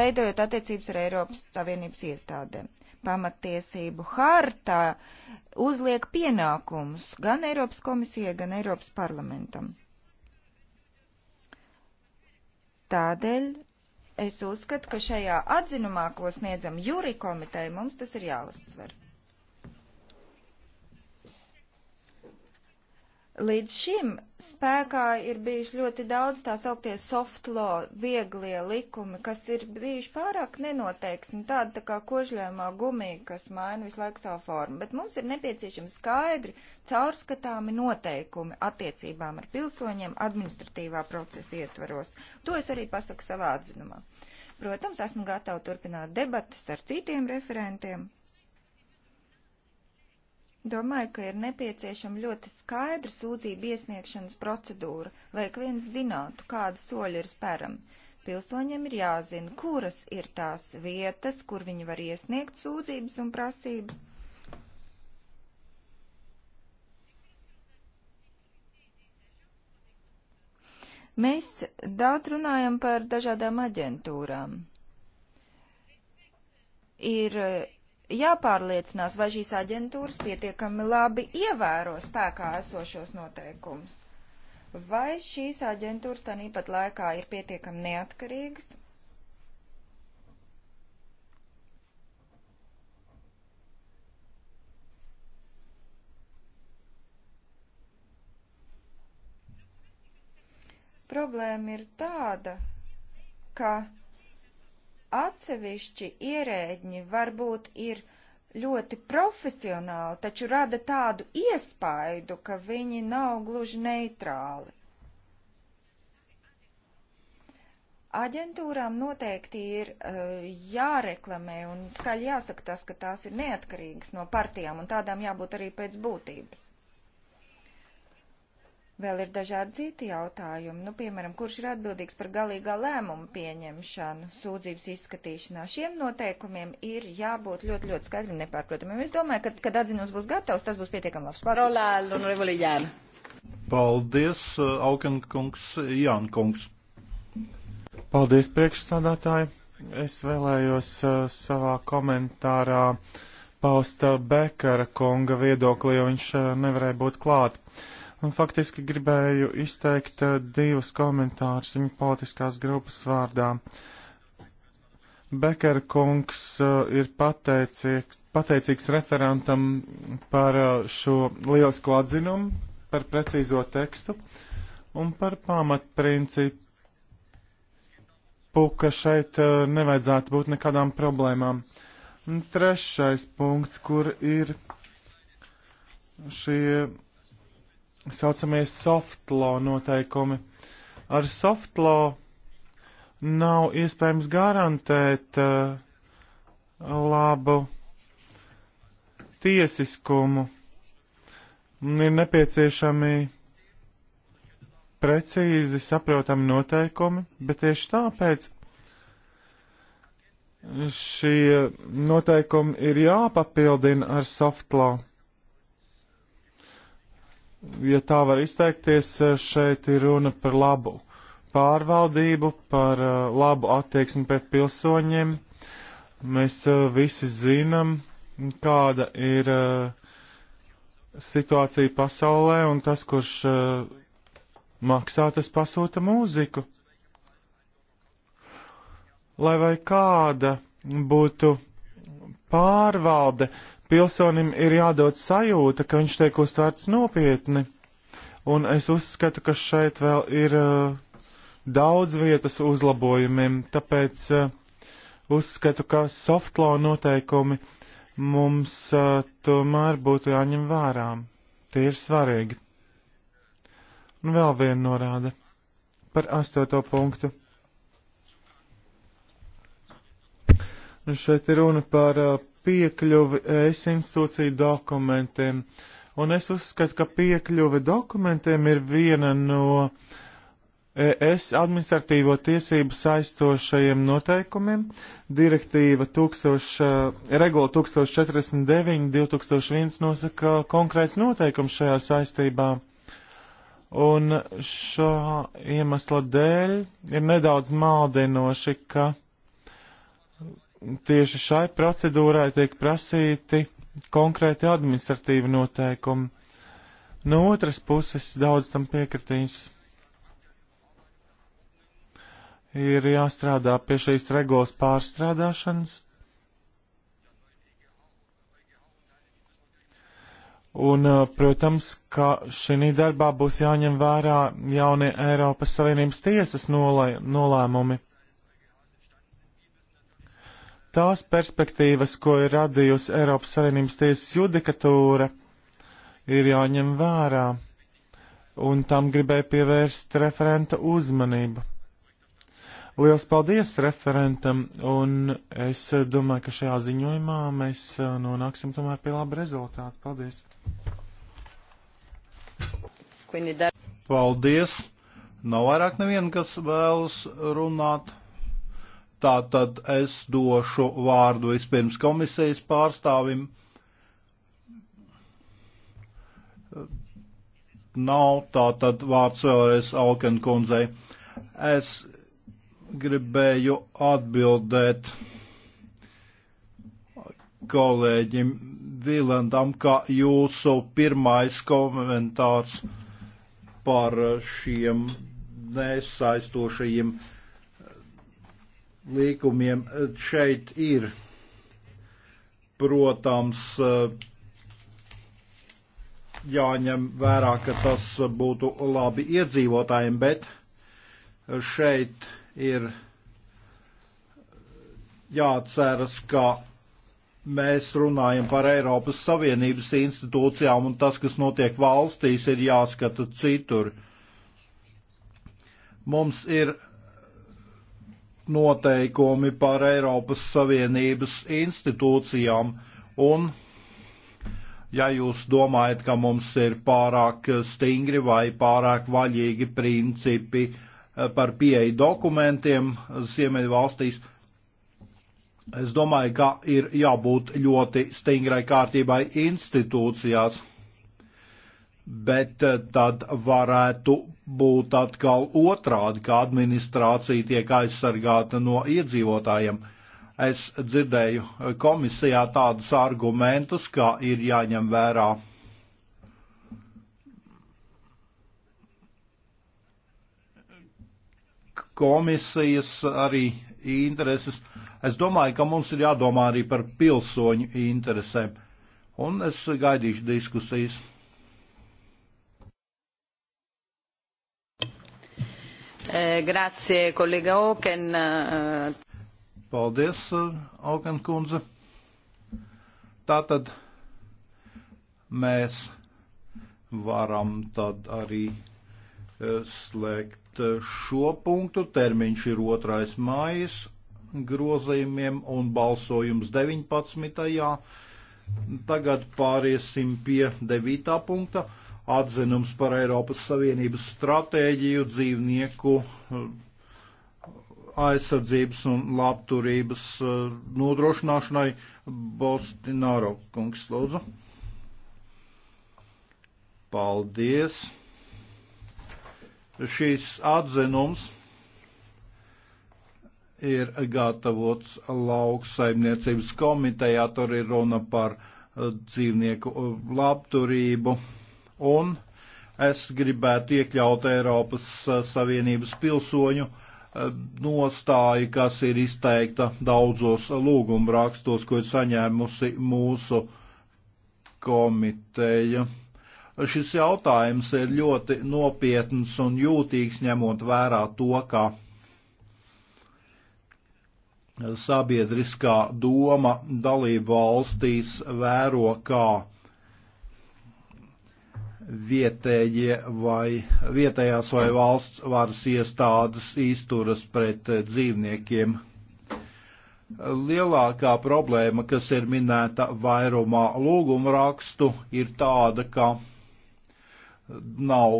veidojot attiecības ar Eiropas Savienības iestādēm pamatiesību harta uzliek pienākumus gan Eiropas komisijai, gan Eiropas parlamentam. Tādēļ es uzskatu, ka šajā atzinumā, ko sniedzam jūri komiteja, mums tas ir jāuzsver. Līdz šim spēkā ir bijuši ļoti daudz tā sauktie soft law, vieglie likumi, kas ir bijuši pārāk nenoteiksmi, tāda tā kā kožļēmā gumija, kas maina visu laiku savu formu. Bet mums ir nepieciešami skaidri, caurskatāmi noteikumi attiecībām ar pilsoņiem administratīvā procesa ietvaros. To es arī pasaku savā atzinumā. Protams, esmu gatava turpināt debatas ar citiem referentiem Domāju, ka ir nepieciešama ļoti skaidra sūdzību iesniegšanas procedūra, lai ik viens zinātu, kāda soļa ir spērama. Pilsoņiem ir jāzina, kuras ir tās vietas, kur viņi var iesniegt sūdzības un prasības. Mēs daudz runājam par dažādām aģentūrām. Ir jāpārliecinās, vai šīs aģentūras pietiekami labi ievēro spēkā esošos noteikumus. Vai šīs aģentūras tāpat laikā ir pietiekami neatkarīgas? Problēma ir tāda, ka Atsevišķi ierēģi varbūt ir ļoti profesionāli, taču rada tādu iespaidu, ka viņi nav gluži neitrāli. Aģentūrām noteikti ir uh, jāreklamē un skaļi jāsaka tas, ka tās ir neatkarīgas no partijām un tādām jābūt arī pēc būtības. Vēl ir dažādi citi jautājumi, nu, piemēram, kurš ir atbildīgs par galīgā lēmuma pieņemšanu, sūdzības izskatīšanā. Šiem noteikumiem ir jābūt ļoti, ļoti skaidriem, nepārprotamiem. Es domāju, ka, kad atzinums būs gatavs, tas būs pietiekami labs. Paldies! Paldies, uh, Aukenkungs, Jānkungs. Paldies, priekšsādātāji! Es vēlējos uh, savā komentārā paust uh, Bekara konga viedokli, jo viņš uh, nevarēja būt klāt. Uh, Un faktiski gribēju izteikt eh, divus komentārus viņa politiskās grupas vārdā. Bekera kungs eh, ir pateicīgs, pateicīgs referentam par eh, šo lielisko atzinumu, par precīzo tekstu un par pamatprincipu, ka šeit nevajadzētu būt nekādām problēmām. Un trešais punkts, kur ir šie saucamie soft law noteikumi. Ar soft law nav iespējams garantēt uh, labu tiesiskumu. Ir nepieciešami precīzi saprotami noteikumi, bet tieši tāpēc šie noteikumi ir jāpapildina ar soft law ja tā var izteikties, eh, šeit ir runa par labu pārvaldību, par eh, labu attieksmi pret pilsoņiem. Mēs eh, visi zinām, kāda ir situācija pasaulē, un tas, kurš maksā, tas pasūta mūziku. Lai vai kāda būtu pārvalde, uh, pilsonim ir jādod sajūta, ka viņš tiek uztvērts nopietni. Un es uzskatu, ka šeit vēl ir uh, daudz vietas uzlabojumiem, tāpēc uh, uzskatu, ka softlaw noteikumi mums uh, tomēr būtu jāņem vērā. Tie ir svarīgi. Un vēl viena norāde par astoto punktu. Un nu, šeit ir runa par uh, piekļuvi es institūciju dokumentiem. Un es uzskatu, ka piekļuve dokumentiem ir viena no e, ES administratīvo tiesību saistošajiem noteikumiem. Direktīva 1000, e, regula 1049-2001 nosaka konkrēts noteikums šajā saistībā. Un šā iemesla dēļ ir nedaudz maldinoši, ka tieši šai procedūrai tiek prasīti konkrēti administratīvi noteikumi. No otras puses, daudz tam piekritīs. Ir jāstrādā pie šīs regulas pārstrādāšanas. Un, eh, protams, ka šī darbā būs jāņem vērā jaunie Eiropas Savienības tiesas nolē, nolēmumi. Tās perspektīvas, ko ir radījusi Eiropas Savienības tiesas judikatūra, ir jāņem vērā, un tam gribēju pievērst referenta uzmanību. Liels paldies referentam, un es domāju, ka šajā ziņojumā mēs uh, nonāksim tomēr pie laba rezultāta. Paldies! Paldies! Nav vairāk neviena, kas vēlas runāt. Tātad es došu vārdu vispirms komisijas pārstāvim. Nav tātad vārds vēlreiz Alkenkundzei. Es gribēju atbildēt kolēģim Vilandam, ka jūsu pirmais komentārs par šiem nesaistošajiem uh, līkumiem šeit ir, protams, jāņem vērā, ka tas būtu labi iedzīvotājiem, bet šeit ir jāatceras, ka mēs runājam par Eiropas Savienības institūcijām un tas, kas notiek valstīs, ir jāskata citur. Mums ir noteikumi par Eiropas Savienības institūcijām, un ja jūs domājat, ka mums ir pārāk stingri vai pārāk vaļīgi principi eh, par pieeju dokumentiem Ziemeļvalstīs, es domāju, ka ir jābūt ļoti stingrai kārtībai institūcijās, bet eh, tad varētu būt atkal otrādi, kā administrācija tiek aizsargāta no iedzīvotājiem. Es dzirdēju komisijā tādus argumentus, kā ir jāņem vērā komisijas arī intereses. Es domāju, ka mums ir jādomā arī par pilsoņu interesēm. Un es gaidīšu diskusijas. Eh, grazie, kolēģa Oken. Eh, Paldies, Oken eh, kundze. Tātad mēs varam tad arī slēgt šo punktu. Termiņš ir 2. mājas grozījumiem un balsojums 19. Tagad pāriesim pie 9. punkta atzinums par Eiropas Savienības stratēģiju dzīvnieku eh, aizsardzības un labturības eh, nodrošināšanai. Bostināro kungs, lūdzu. Paldies. Šīs atzinums ir gatavots lauksaimniecības komitejā, tur ir runa par eh, dzīvnieku labturību un es gribētu iekļaut Eiropas eh, Savienības pilsoņu eh, nostāju, kas ir izteikta daudzos lūgumrakstos, ko ir saņēmusi mūsu komiteja. Šis jautājums ir ļoti nopietns un jūtīgs, ņemot vērā to, ka sabiedriskā doma dalību valstīs vēro, kā vietējie vai vietējās vai valsts varas iestādes izturas pret eh, dzīvniekiem. Lielākā problēma, kas ir minēta vairumā lūgumu rakstu, ir tāda, ka nav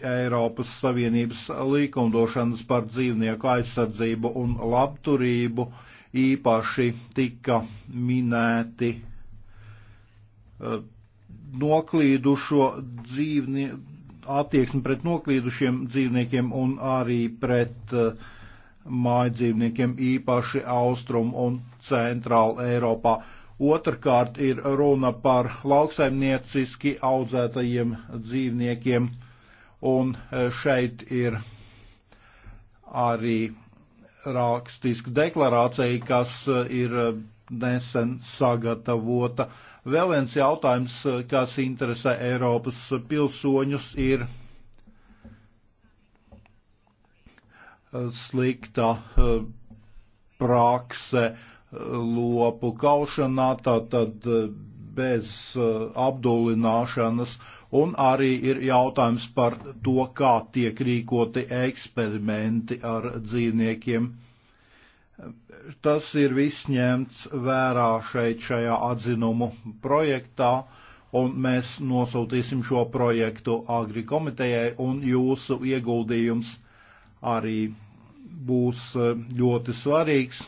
Eiropas Savienības likumdošanas par dzīvnieku aizsardzību un labturību īpaši tika minēti eh, noklīdušo dzīvnie, attieksmi pret noklīdušiem dzīvniekiem un arī pret uh, mājdzīvniekiem īpaši austrum un centrāla Eiropā. Otrkārt ir runa par lauksaimnieciski audzētajiem dzīvniekiem, un uh, šeit ir arī rakstiska deklarācija, kas uh, ir uh, nesen sagatavota. Vēl viens jautājums, eh, kas interesē Eiropas pilsoņus, ir eh, slikta eh, prakse lopu kaušanā, tātad bez apdulināšanas, un arī ir jautājums par to, kā tiek rīkoti eksperimenti ar dzīvniekiem tas ir viss ņemts vērā šeit šajā atzinumu projektā, un mēs nosūtīsim šo projektu Agri komitejai, un jūsu ieguldījums arī būs e, ļoti svarīgs.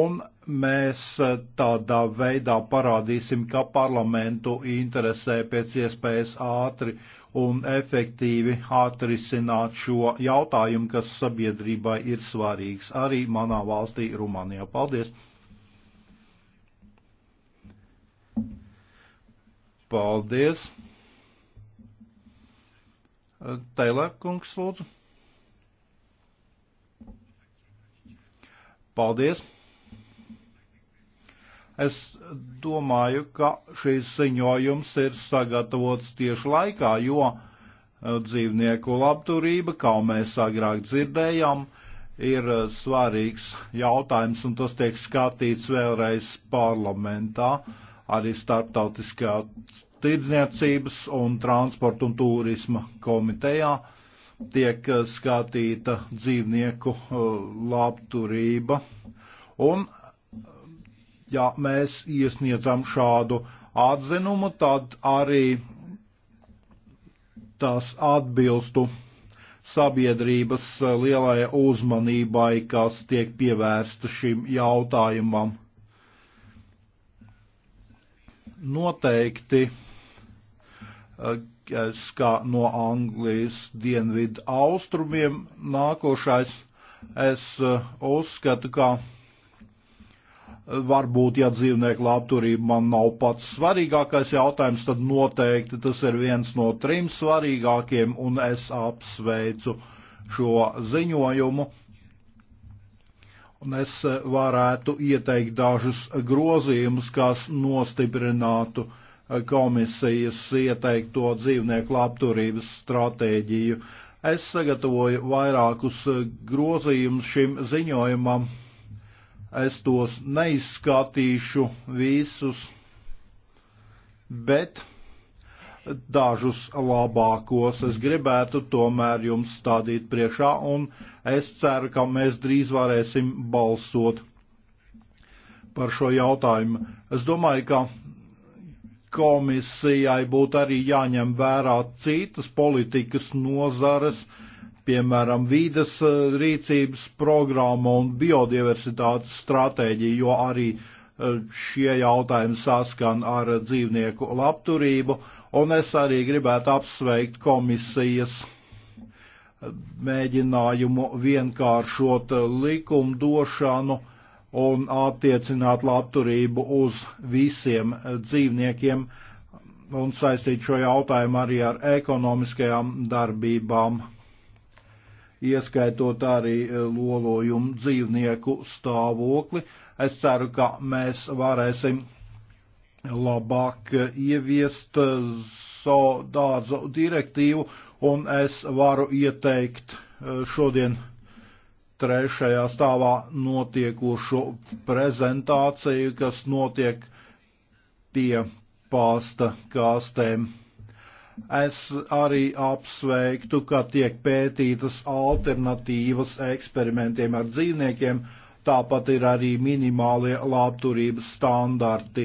Un mēs e, tādā veidā parādīsim, ka parlamentu interesē pēc iespējas ātri un efektīvi atrisināt šo jautājumu, kas sabiedrībai ir svarīgs arī manā valstī Rumānijā. Paldies! Paldies! Tailēr kungs lūdzu. Paldies! Es domāju, ka šīs ziņojums ir sagatavots tieši laikā, jo e, dzīvnieku labturība, kā mēs agrāk dzirdējām, ir e, svarīgs jautājums, un tas tiek skatīts vēlreiz parlamentā, arī starptautiskā tirdzniecības un transporta un turisma komitejā tiek e, skatīta dzīvnieku labturība. Un ja mēs iesniedzam šādu atzinumu, tad arī tas atbilstu sabiedrības eh, lielajai uzmanībai, kas tiek pievērsta šim jautājumam. Noteikti eh, es kā no Anglijas dienvidu austrumiem nākošais, es eh, uzskatu, ka Varbūt, ja dzīvnieku labturība man nav pats svarīgākais jautājums, tad noteikti tas ir viens no trim svarīgākiem, un es apsveicu šo ziņojumu. Un es varētu ieteikt dažus grozījumus, kas nostiprinātu komisijas ieteikto dzīvnieku labturības stratēģiju. Es sagatavoju vairākus grozījumus šim ziņojumam Es tos neizskatīšu visus, bet dažus labākos es gribētu tomēr jums stādīt priekšā, un es ceru, ka mēs drīz varēsim balsot par šo jautājumu. Es domāju, ka komisijai būtu arī jāņem vērā citas politikas nozares, uh, piemēram, vīdes eh, rīcības programma un biodiversitātes stratēģija, jo arī eh, šie jautājumi saskan ar dzīvnieku labturību, un es arī gribētu apsveikt komisijas eh, mēģinājumu vienkāršot likumdošanu un attiecināt labturību uz visiem dzīvniekiem un saistīt šo jautājumu arī ar ekonomiskajām darbībām ieskaitot arī e, lolojumu dzīvnieku stāvokli. Es ceru, ka mēs varēsim labāk ieviest e, dārza direktīvu, un es varu ieteikt e, šodien trešajā stāvā notiekošo prezentāciju, kas notiek pie pāsta kāstēm. Es arī apsveiktu, ka tiek pētītas alternatīvas eksperimentiem ar dzīvniekiem, tāpat ir arī minimālie labturības standarti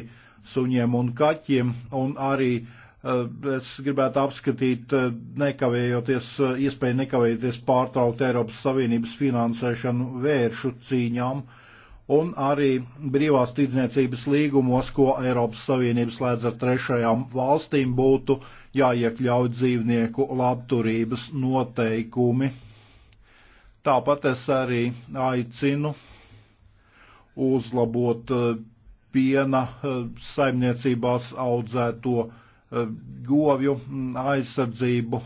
suņiem un kaķiem, un arī eh, es gribētu apskatīt eh, nekavējoties, eh, iespēju nekavējoties pārtraukt Eiropas Savienības finansēšanu vēršu cīņām un arī brīvās tirdzniecības līgumos, ko Eiropas Savienības slēdz ar trešajām valstīm, būtu uh, jāiekļaut dzīvnieku labturības noteikumi. Tāpat es arī aicinu uzlabot eh, piena eh, saimniecībās audzēto eh, govju mm, aizsardzību,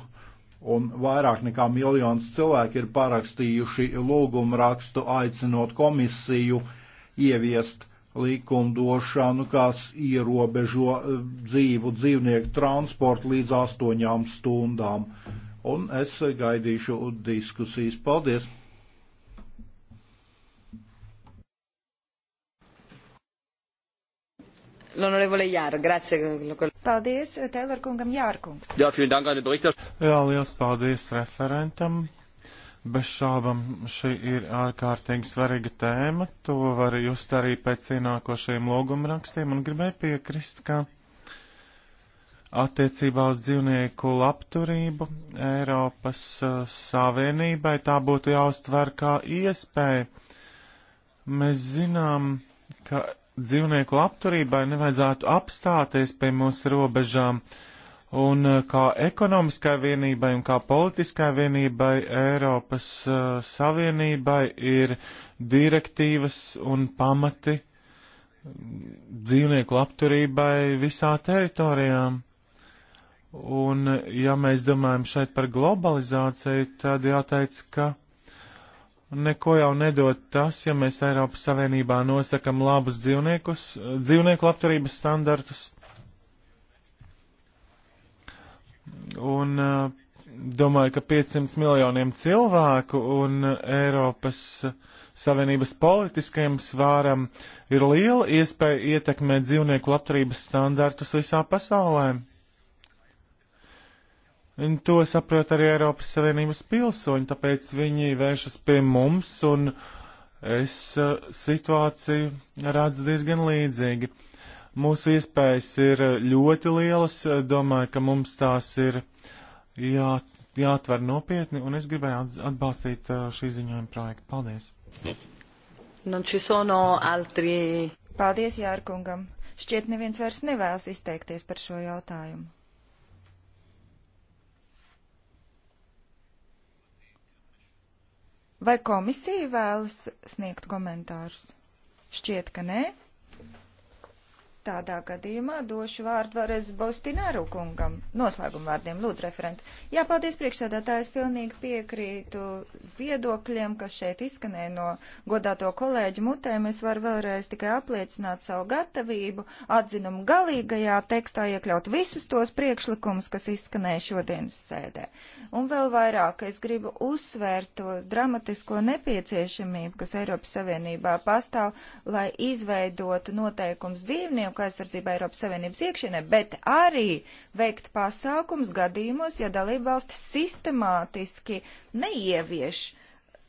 un vairāk nekā miljons cilvēku ir parakstījuši lūgumu rakstu aicinot komisiju ieviest likumdošanu, kas ierobežo eh, dzīvu dzīvnieku transportu līdz astoņām stundām. Un es gaidīšu diskusijas. Paldies! Paldies, Tēlor kungam Jārkungs. Jā, liels paldies referentam Bez šābam šī ir ārkārtīgi svarīga tēma, to var just arī pēc ienākošajiem logumrakstiem un gribēju piekrist, ka attiecībā uz dzīvnieku labturību Eiropas uh, Savienībai tā būtu jāuztver kā iespēja. Mēs zinām, ka dzīvnieku labturībai nevajadzētu apstāties pie mūsu robežām. Uh, Un eh, kā ekonomiskai vienībai un kā politiskai vienībai Eiropas uh, Savienībai ir direktīvas un pamati mm, dzīvnieku labturībai visā teritorijā. Un, eh, ja mēs domājam šeit par globalizāciju, tad jāteic, ka neko jau nedod tas, ja mēs Eiropas Savienībā nosakam labus dzīvniekus, dzīvnieku labturības standartus, un eh, domāju, ka 500 miljoniem cilvēku un eh, Eiropas Savienības politiskajam svāram ir liela iespēja ietekmēt dzīvnieku labturības standartus visā pasaulē. Un to saprot arī Eiropas Savienības pilsoņi, tāpēc viņi vēršas pie mums, un es eh, situāciju redzu diezgan līdzīgi. Mūsu iespējas ir eh, ļoti lielas, eh, domāju, ka mums tās ir jā, jāatver nopietni, un es gribēju atbalstīt eh, šī ziņojuma projektu. Paldies! Non ci sono altri. Paldies Jārkungam. Šķiet neviens vairs nevēlas izteikties par šo jautājumu. Vai komisija vēlas sniegt komentārus? Šķiet, ka nē. Tādā gadījumā došu vārdu vēlreiz Bostināru kungam. Noslēguma vārdiem, lūdzu, referenti. Jā, paldies priekšsēdētāji, es pilnīgi piekrītu viedokļiem, kas šeit izskanēja no godāto kolēģu mutēm. Es varu vēlreiz tikai apliecināt savu gatavību atzinumu galīgajā tekstā iekļaut visus tos priekšlikumus, kas izskanēja šodienas sēdē. Un vēl vairāk es gribu uzsvērt to dramatisko nepieciešamību, kas Eiropas Savienībā pastāv, lai izveidotu noteikums dzīvnieku dzīvnieku aizsardzībā Eiropas Savienības iekšienē, bet arī veikt pasākums gadījumos, ja dalībvalstis sistemātiski neievieš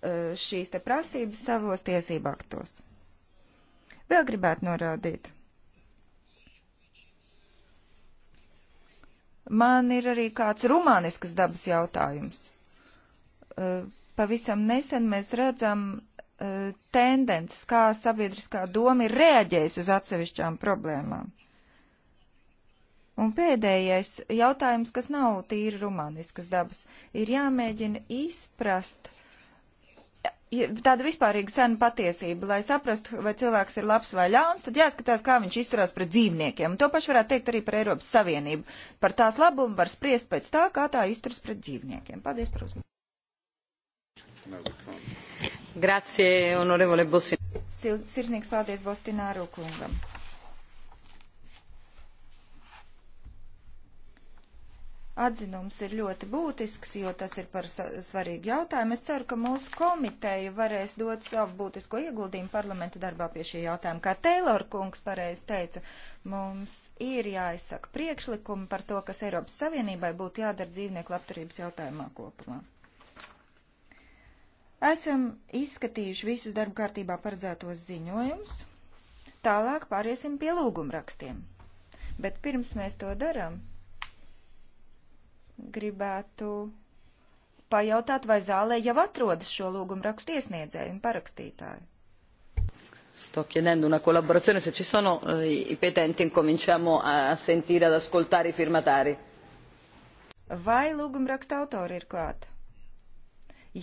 uh, šīs te prasības savos tiesību aktos. Vēl gribētu norādīt. Man ir arī kāds rumāniskas dabas jautājums. Uh, pavisam nesen mēs redzam E, tendences, kā sabiedriskā doma ir reaģējusi uz atsevišķām problēmām. Un pēdējais jautājums, kas nav tīri romāniskas dabas, ir jāmēģina izprast tāda vispārīga sena patiesība, lai saprastu, vai cilvēks ir labs vai ļauns, tad jāskatās, kā viņš izturās pret dzīvniekiem. Un to pašu varētu teikt arī par Eiropas Savienību. Par tās labumu var spriest pēc tā, kā tā izturas pret dzīvniekiem. Paldies par uzmanību. Grazie, onorevole Bostināru. Sirsnīgs paldies Bostināru kungam. atzinums ir ļoti būtisks, jo tas ir par svarīgu jautājumu. Es ceru, ka mūsu komiteja varēs dot savu būtisko ieguldījumu parlamenta darbā pie šī jautājuma. Kā Teilor kungs pareizi teica, mums ir jāizsaka priekšlikumi par to, kas Eiropas Savienībai būtu jādara dzīvnieku labturības jautājumā kopumā. Esam izskatījuši visus darba kārtībā paredzētos ziņojumus. Tālāk pāriesim pie lūgumrakstiem. Bet pirms mēs to darām, gribētu pajautāt, vai zālē jau atrodas šo lūgumu rakstu iesniedzēju un parakstītāju. Sto chiedendo una collaborazione, se ci sono eh, i petenti incominciamo a sentire, ad ascoltare i firmatari. Vai lūgumraksta autori ir klāta?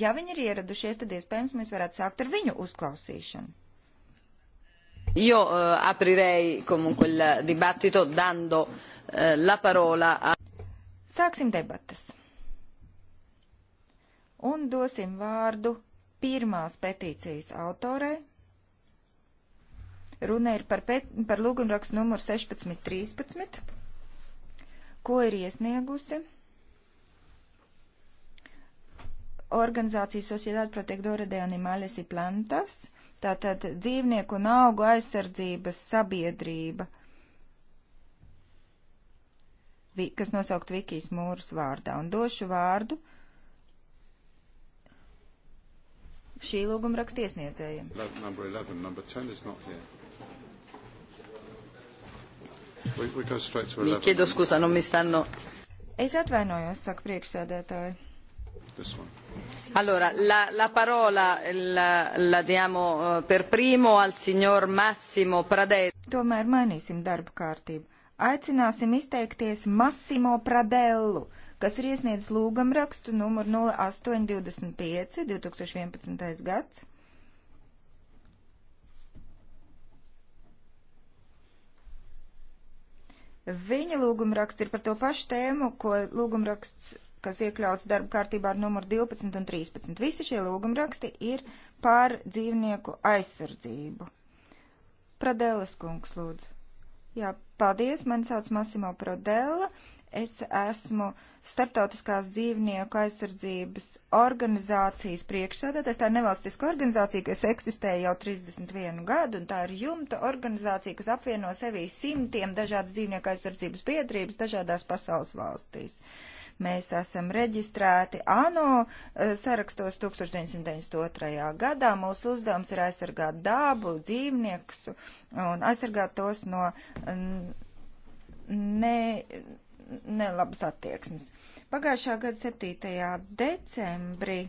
Ja viņi ir ieradušies, tad iespējams mēs varētu sākt ar viņu uzklausīšanu. Io uh, aprirei comunque il dibattito dando uh, la parola a. Sāksim debatas. Un dosim vārdu pirmās petīcijas autorei. Runa ir par, pet, par lūgumrakstu numuru 1613, ko ir iesniegusi organizācija Sociedad Protectora de Animales y Plantas, tātad dzīvnieku un augu aizsardzības sabiedrība, kas nosaukt Vikijas mūras vārdā, un došu vārdu šī lūguma rakstiesniedzējiem. Mi chiedo scusa, non mi stanno. Es atvainojos, saka priekšsēdētāji. Allora, la, la parola la, la diamo eh, per primo al signor Massimo Pradelli. Tomēr mainīsim darba kārtību. Aicināsim izteikties Massimo Pradellu, kas ir iesniedzis lūgumrakstu numuru 0825 2011. gads. Viņa lūgumraksts ir par to pašu tēmu, ko lūgumraksts kas iekļauts darba kārtībā ar numuru 12 un 13. Visi šie lūgumraksti ir pār dzīvnieku aizsardzību. Pradēlas kungs lūdzu. Jā, paldies, mani sauc Masimo Pradēla. Es esmu Startautiskās dzīvnieku aizsardzības organizācijas priekšsēdētājs. Tā ir nevalstiska organizācija, kas eksistē jau 31 gadu, un tā ir jumta organizācija, kas apvieno sevī simtiem dažādas dzīvnieku aizsardzības biedrības dažādās pasaules valstīs. Uh, Mēs esam reģistrēti ANO eh, sarakstos 1992. gadā. Mūsu uzdevums ir aizsargāt dabu, dzīvniekus un aizsargāt tos no mm, ne, nelabas attieksmes. Pagājušā gada 7. decembrī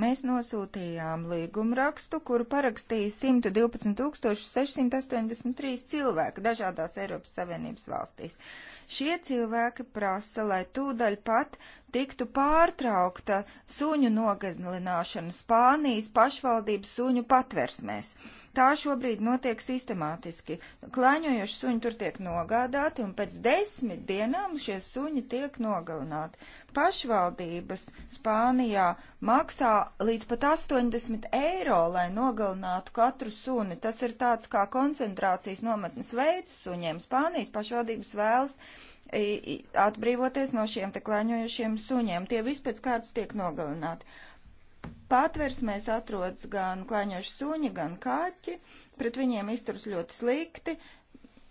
Mēs nosūtījām līgumrakstu, kuru parakstīja 112,683 cilvēki dažādās Eiropas Savienības valstīs. Šie cilvēki prasa, lai tūdaļ pat tiktu pārtraukta suņu nogalināšana Spānijas pašvaldības suņu patversmēs tā šobrīd notiek sistemātiski. Klāņojoši suņi tur tiek nogādāti, un pēc desmit dienām šie suņi tiek nogalināti. Pašvaldības Spānijā maksā līdz pat 80 eiro, lai nogalinātu katru suni. Tas ir tāds kā koncentrācijas nometnes veids suņiem. Spānijas pašvaldības vēlas atbrīvoties no šiem te klēņojušiem suņiem. Tie vispēc kāds tiek nogalināti. Patversmēs atrodas gan klāņoši suņi, gan kaķi, pret viņiem izturs ļoti slikti,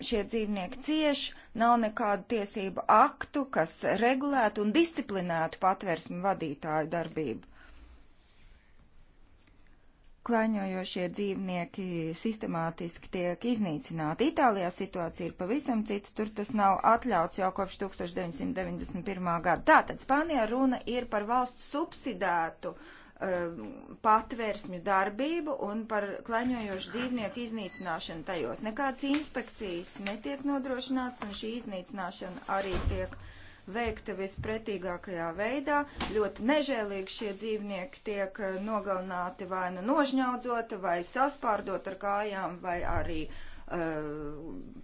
šie dzīvnieki cieš, nav nekādu tiesību aktu, kas regulētu un disciplinētu patversmi vadītāju darbību. Klaņojošie dzīvnieki sistemātiski tiek iznīcināti. Itālijā situācija ir pavisam cita, tur tas nav atļauts jau kopš 1991. gada. Tātad Spānijā runa ir par valsts subsidētu uh, Um, patvērsņu darbību un par klaņojošu dzīvnieku iznīcināšanu tajos. Nekādas inspekcijas netiek nodrošināts un šī iznīcināšana arī tiek veikta vispretīgākajā veidā. Ļoti nežēlīgi šie dzīvnieki tiek uh, nogalināti vai nu nožņaudzot, vai saspārdot ar kājām, vai arī uh,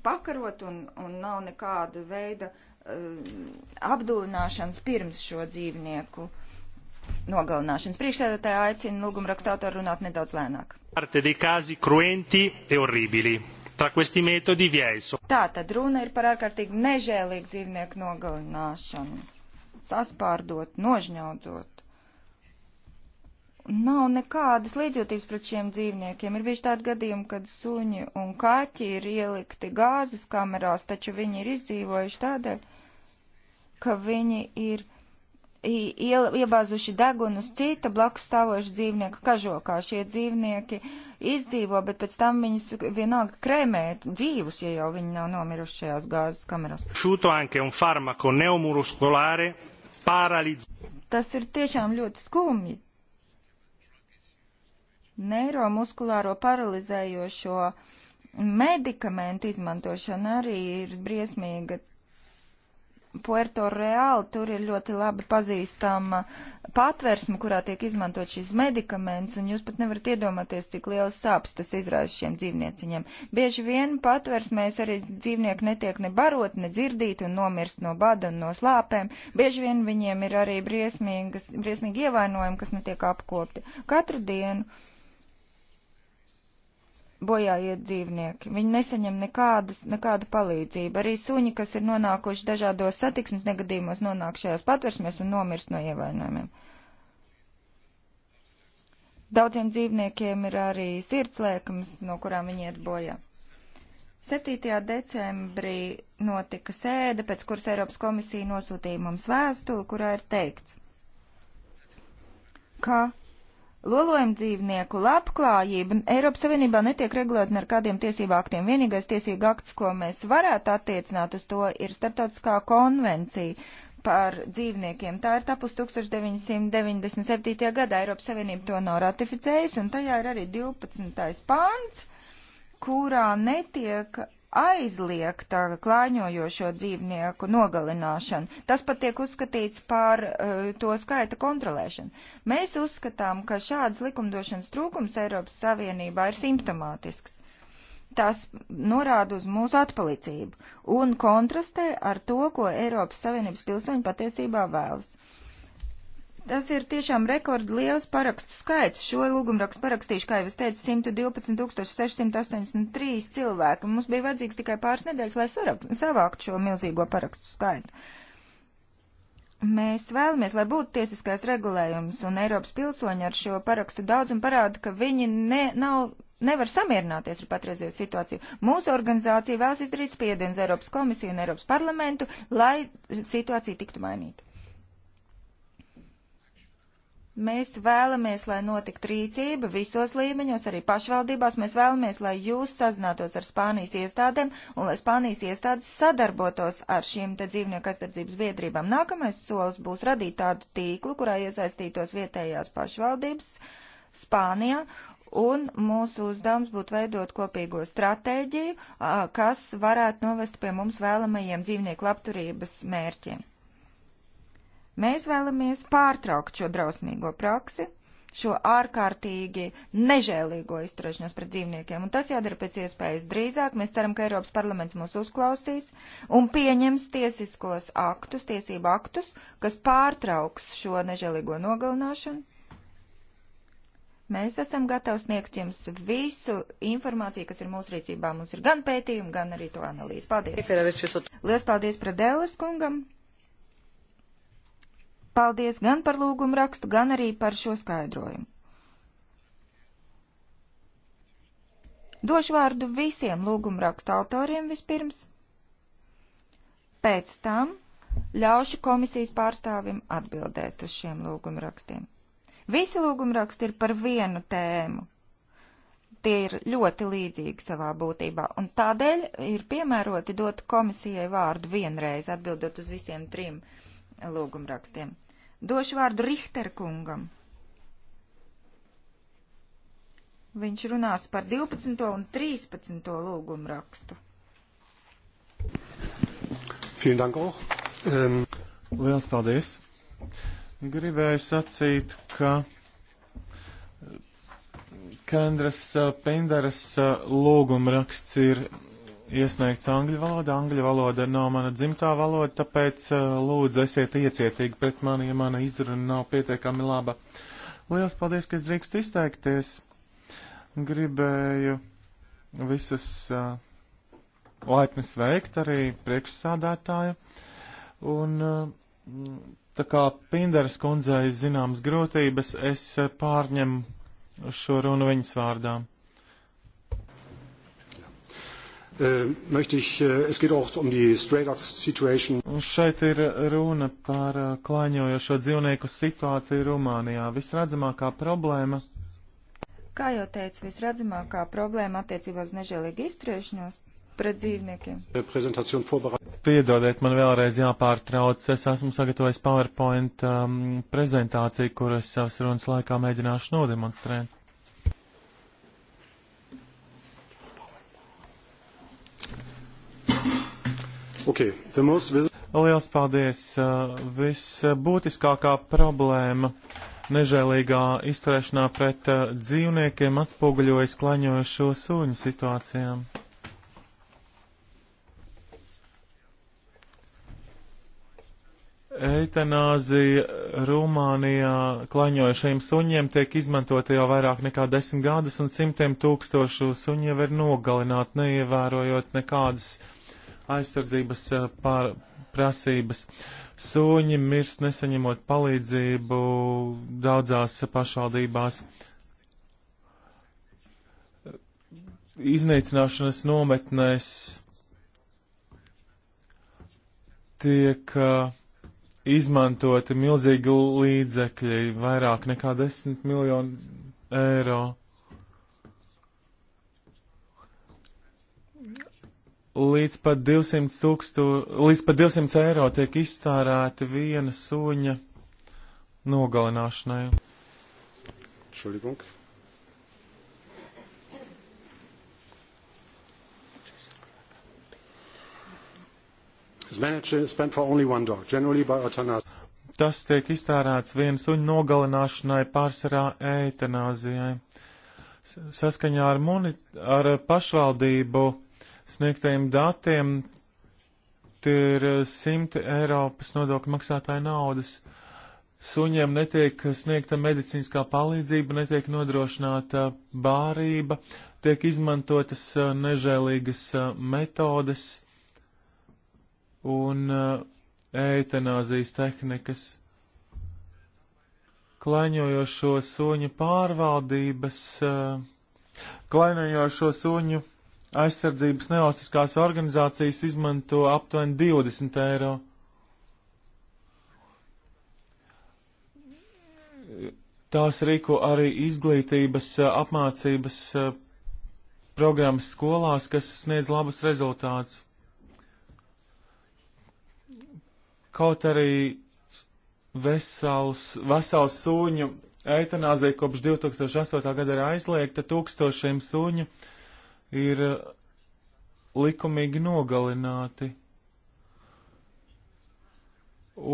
pakarot un, un nav nekāda veida uh, apdulināšanas pirms šo dzīvnieku uh, nogalināšanas. Priekšsēdētāja aicina lūguma rakstātoru runāt nedaudz lēnāk. E Tā tad runa ir par ārkārtīgi nežēlīgu dzīvnieku nogalināšanu, saspārdot, nožņaudzot. Nav nekādas līdzjūtības pret šiem dzīvniekiem. Ir bijuši tādi gadījumi, kad suņi un kaķi ir ielikti gāzes kamerās, taču viņi ir izdzīvojuši tādēļ, ka viņi ir iebāzuši degunus cita blakus stāvoša dzīvnieka kažokā. Šie dzīvnieki izdzīvo, bet pēc tam viņus vienalga krēmē dzīvus, ja jau viņi nav nomiruši šajās gāzes kamerās. Tas ir tiešām ļoti skumji. Neiromuskulāro paralizējošo medikamentu izmantošana arī ir briesmīga Puerto Real, tur ir ļoti labi pazīstama patversme, kurā tiek izmantot šis medikaments, un jūs pat nevarat iedomāties, cik liels sāpes tas izraisa šiem dzīvnieciņiem. Bieži vien patversmēs arī dzīvnieki netiek ne barot, ne dzirdīt un nomirst no bada un no slāpēm. Bieži vien viņiem ir arī briesmīgi ievainojumi, kas netiek apkopti. Katru dienu bojā iet dzīvnieki. Viņi nesaņem nekādas, nekādu palīdzību. Arī suņi, kas ir nonākuši dažādos satiksmes negadījumos, nonāk šajās patversmēs un nomirst no ievainojumiem. Daudziem dzīvniekiem ir arī sirdslēkums, no kurām viņi iet bojā. 7. decembrī notika sēde, pēc kuras Eiropas komisija nosūtīja mums vēstuli, kurā ir teikts, ka Lolojuma dzīvnieku labklājība Eiropas Savienībā netiek regulēta ar kādiem tiesību aktiem. Vienīgais tiesību akts, ko mēs varētu attiecināt uz to, ir starptautiskā konvencija par dzīvniekiem. Tā ir tapusi 1997. gadā. Eiropas Savienība to nav ratificējusi, un tajā ir arī 12. pants, kurā netiek aizliegta klāņojošo dzīvnieku nogalināšana. Tas pat tiek uzskatīts par uh, to skaita kontrolēšanu. Mēs uzskatām, ka šāds likumdošanas trūkums Eiropas Savienībā ir simptomātisks. Tas norāda uz mūsu atpalicību un kontrastē ar to, ko Eiropas Savienības pilsoņi patiesībā vēlas. Tas ir tiešām rekordliels parakstu skaits. Šo lūgumrakstu parakstījuši, kā jau es teicu, 112 683 cilvēki. Mums bija vajadzīgs tikai pāris nedēļas, lai sarakst, savāktu šo milzīgo parakstu skaitu. Mēs vēlamies, lai būtu tiesiskais regulējums, un Eiropas pilsoņi ar šo parakstu daudzumu parāda, ka viņi ne, nav, nevar samierināties ar patreizējo situāciju. Mūsu organizācija vēlas izdarīt spiedienu uz Eiropas komisiju un Eiropas parlamentu, lai situācija tiktu mainīta. Mēs vēlamies, lai notiktu rīcība visos līmeņos, arī pašvaldībās. Mēs vēlamies, lai jūs sazinātos ar Spānijas iestādēm un lai Spānijas iestādes sadarbotos ar šīm te dzīvnieku aizsardzības biedrībām. Nākamais solis būs radīt tādu tīklu, kurā iesaistītos vietējās pašvaldības Spānijā. Un mūsu uzdevums būtu veidot kopīgo stratēģiju, kas varētu novest pie mums vēlamajiem dzīvnieku labturības mērķiem. Mēs vēlamies pārtraukt šo drausmīgo praksi, šo ārkārtīgi nežēlīgo izturēšanos pret dzīvniekiem, un tas jādara pēc iespējas drīzāk. Mēs ceram, ka Eiropas parlaments mūs uzklausīs un pieņems tiesiskos aktus, tiesību aktus, kas pārtrauks šo nežēlīgo nogalināšanu. Mēs esam gatavi sniegt jums visu informāciju, kas ir mūsu rīcībā. Mums ir gan pētījumi, gan arī to analīzi. Paldies! Lielas paldies Pradēlis kungam! Paldies gan par lūgumu rakstu, gan arī par šo skaidrojumu. Došu vārdu visiem lūgumu rakstu autoriem vispirms. Pēc tam ļaušu komisijas pārstāvim atbildēt uz šiem lūgumu rakstiem. Visi lūgumu raksti ir par vienu tēmu. Tie ir ļoti līdzīgi savā būtībā, un tādēļ ir piemēroti dot komisijai vārdu vienreiz atbildot uz visiem trim lūgumrakstiem. Došu vārdu Richterkungam. Viņš runās par 12. un 13. lūgumu rakstu. Um, ähm, Lielas paldies! Gribēju sacīt, ka Kendras eh, Pendaras eh, lūguma raksts ir iesniegts angļu valoda. Angļu valoda nav mana dzimtā valoda, tāpēc eh, lūdzu esiet iecietīgi pret mani, ja mana izruna nav pietiekami laba. Lielas paldies, ka es drīkst izteikties. Gribēju visus uh, eh, laipni sveikt arī priekšsādātāju. Un uh, tā kā Pinderas kundzei zināmas grūtības, es pārņemu šo runu viņas vārdām. Äh, möchte ich, äh, es geht auch um die Stray Dogs Situation. Šeit ir runa par äh, klāņojošo dzīvnieku situāciju Rumānijā. Visredzamākā problēma. Kā jau teicu, visredzamākā problēma attiecībā uz nežēlīgu izturēšanos pret dzīvniekiem. Piedodiet, man vēlreiz jāpārtrauc. Es esmu sagatavojis PowerPoint um, prezentāciju, kuras savas runas laikā mēģināšu nodemonstrēt. Okay. Most... Lielas paldies! Uh, visbūtiskākā problēma nežēlīgā izturēšanā pret uh, dzīvniekiem atspoguļojas klaņojošo sūņu situācijām. Eitanāzija Rumānijā klaņojušajiem suņiem tiek izmantota jau vairāk nekā desmit gadus, un simtiem tūkstošu suņi jau ir nogalināti, neievērojot nekādas uh, aizsardzības eh, pār, prasības. Sūņi mirst nesaņemot palīdzību daudzās pašvaldībās. Iznīcināšanas nometnēs tiek uh, izmantoti milzīgi līdzekļi, vairāk nekā 10 miljonu eiro. līdz pat 200, tūkstu, līdz pat 200 eiro tiek iztērēti viena suņa nogalināšanai. Entschuldigung. Tas tiek iztērēts viena suņa nogalināšanai, pārsvarā eitanāzijai. Saskaņā ar, moni, ar pašvaldību sniegtajiem datiem, tie ir eh, simti Eiropas nodokļu maksātāju naudas. Suņiem netiek sniegta medicīniskā palīdzība, netiek nodrošināta bārība, tiek izmantotas eh, nežēlīgas eh, metodes un eitanāzijas tehnikas. Klaņojošo suņu pārvaldības, klaņojošo suņu aizsardzības nevalstiskās organizācijas izmanto aptuveni 20 eiro. Tās rīko arī izglītības eh, apmācības eh, programmas skolās, kas sniedz labus rezultātus. Kaut arī vesels, vesels sūņu eitanāzija kopš 2008. gada ir aizliegta tūkstošiem sūņu. Uh, ir eh, likumīgi nogalināti.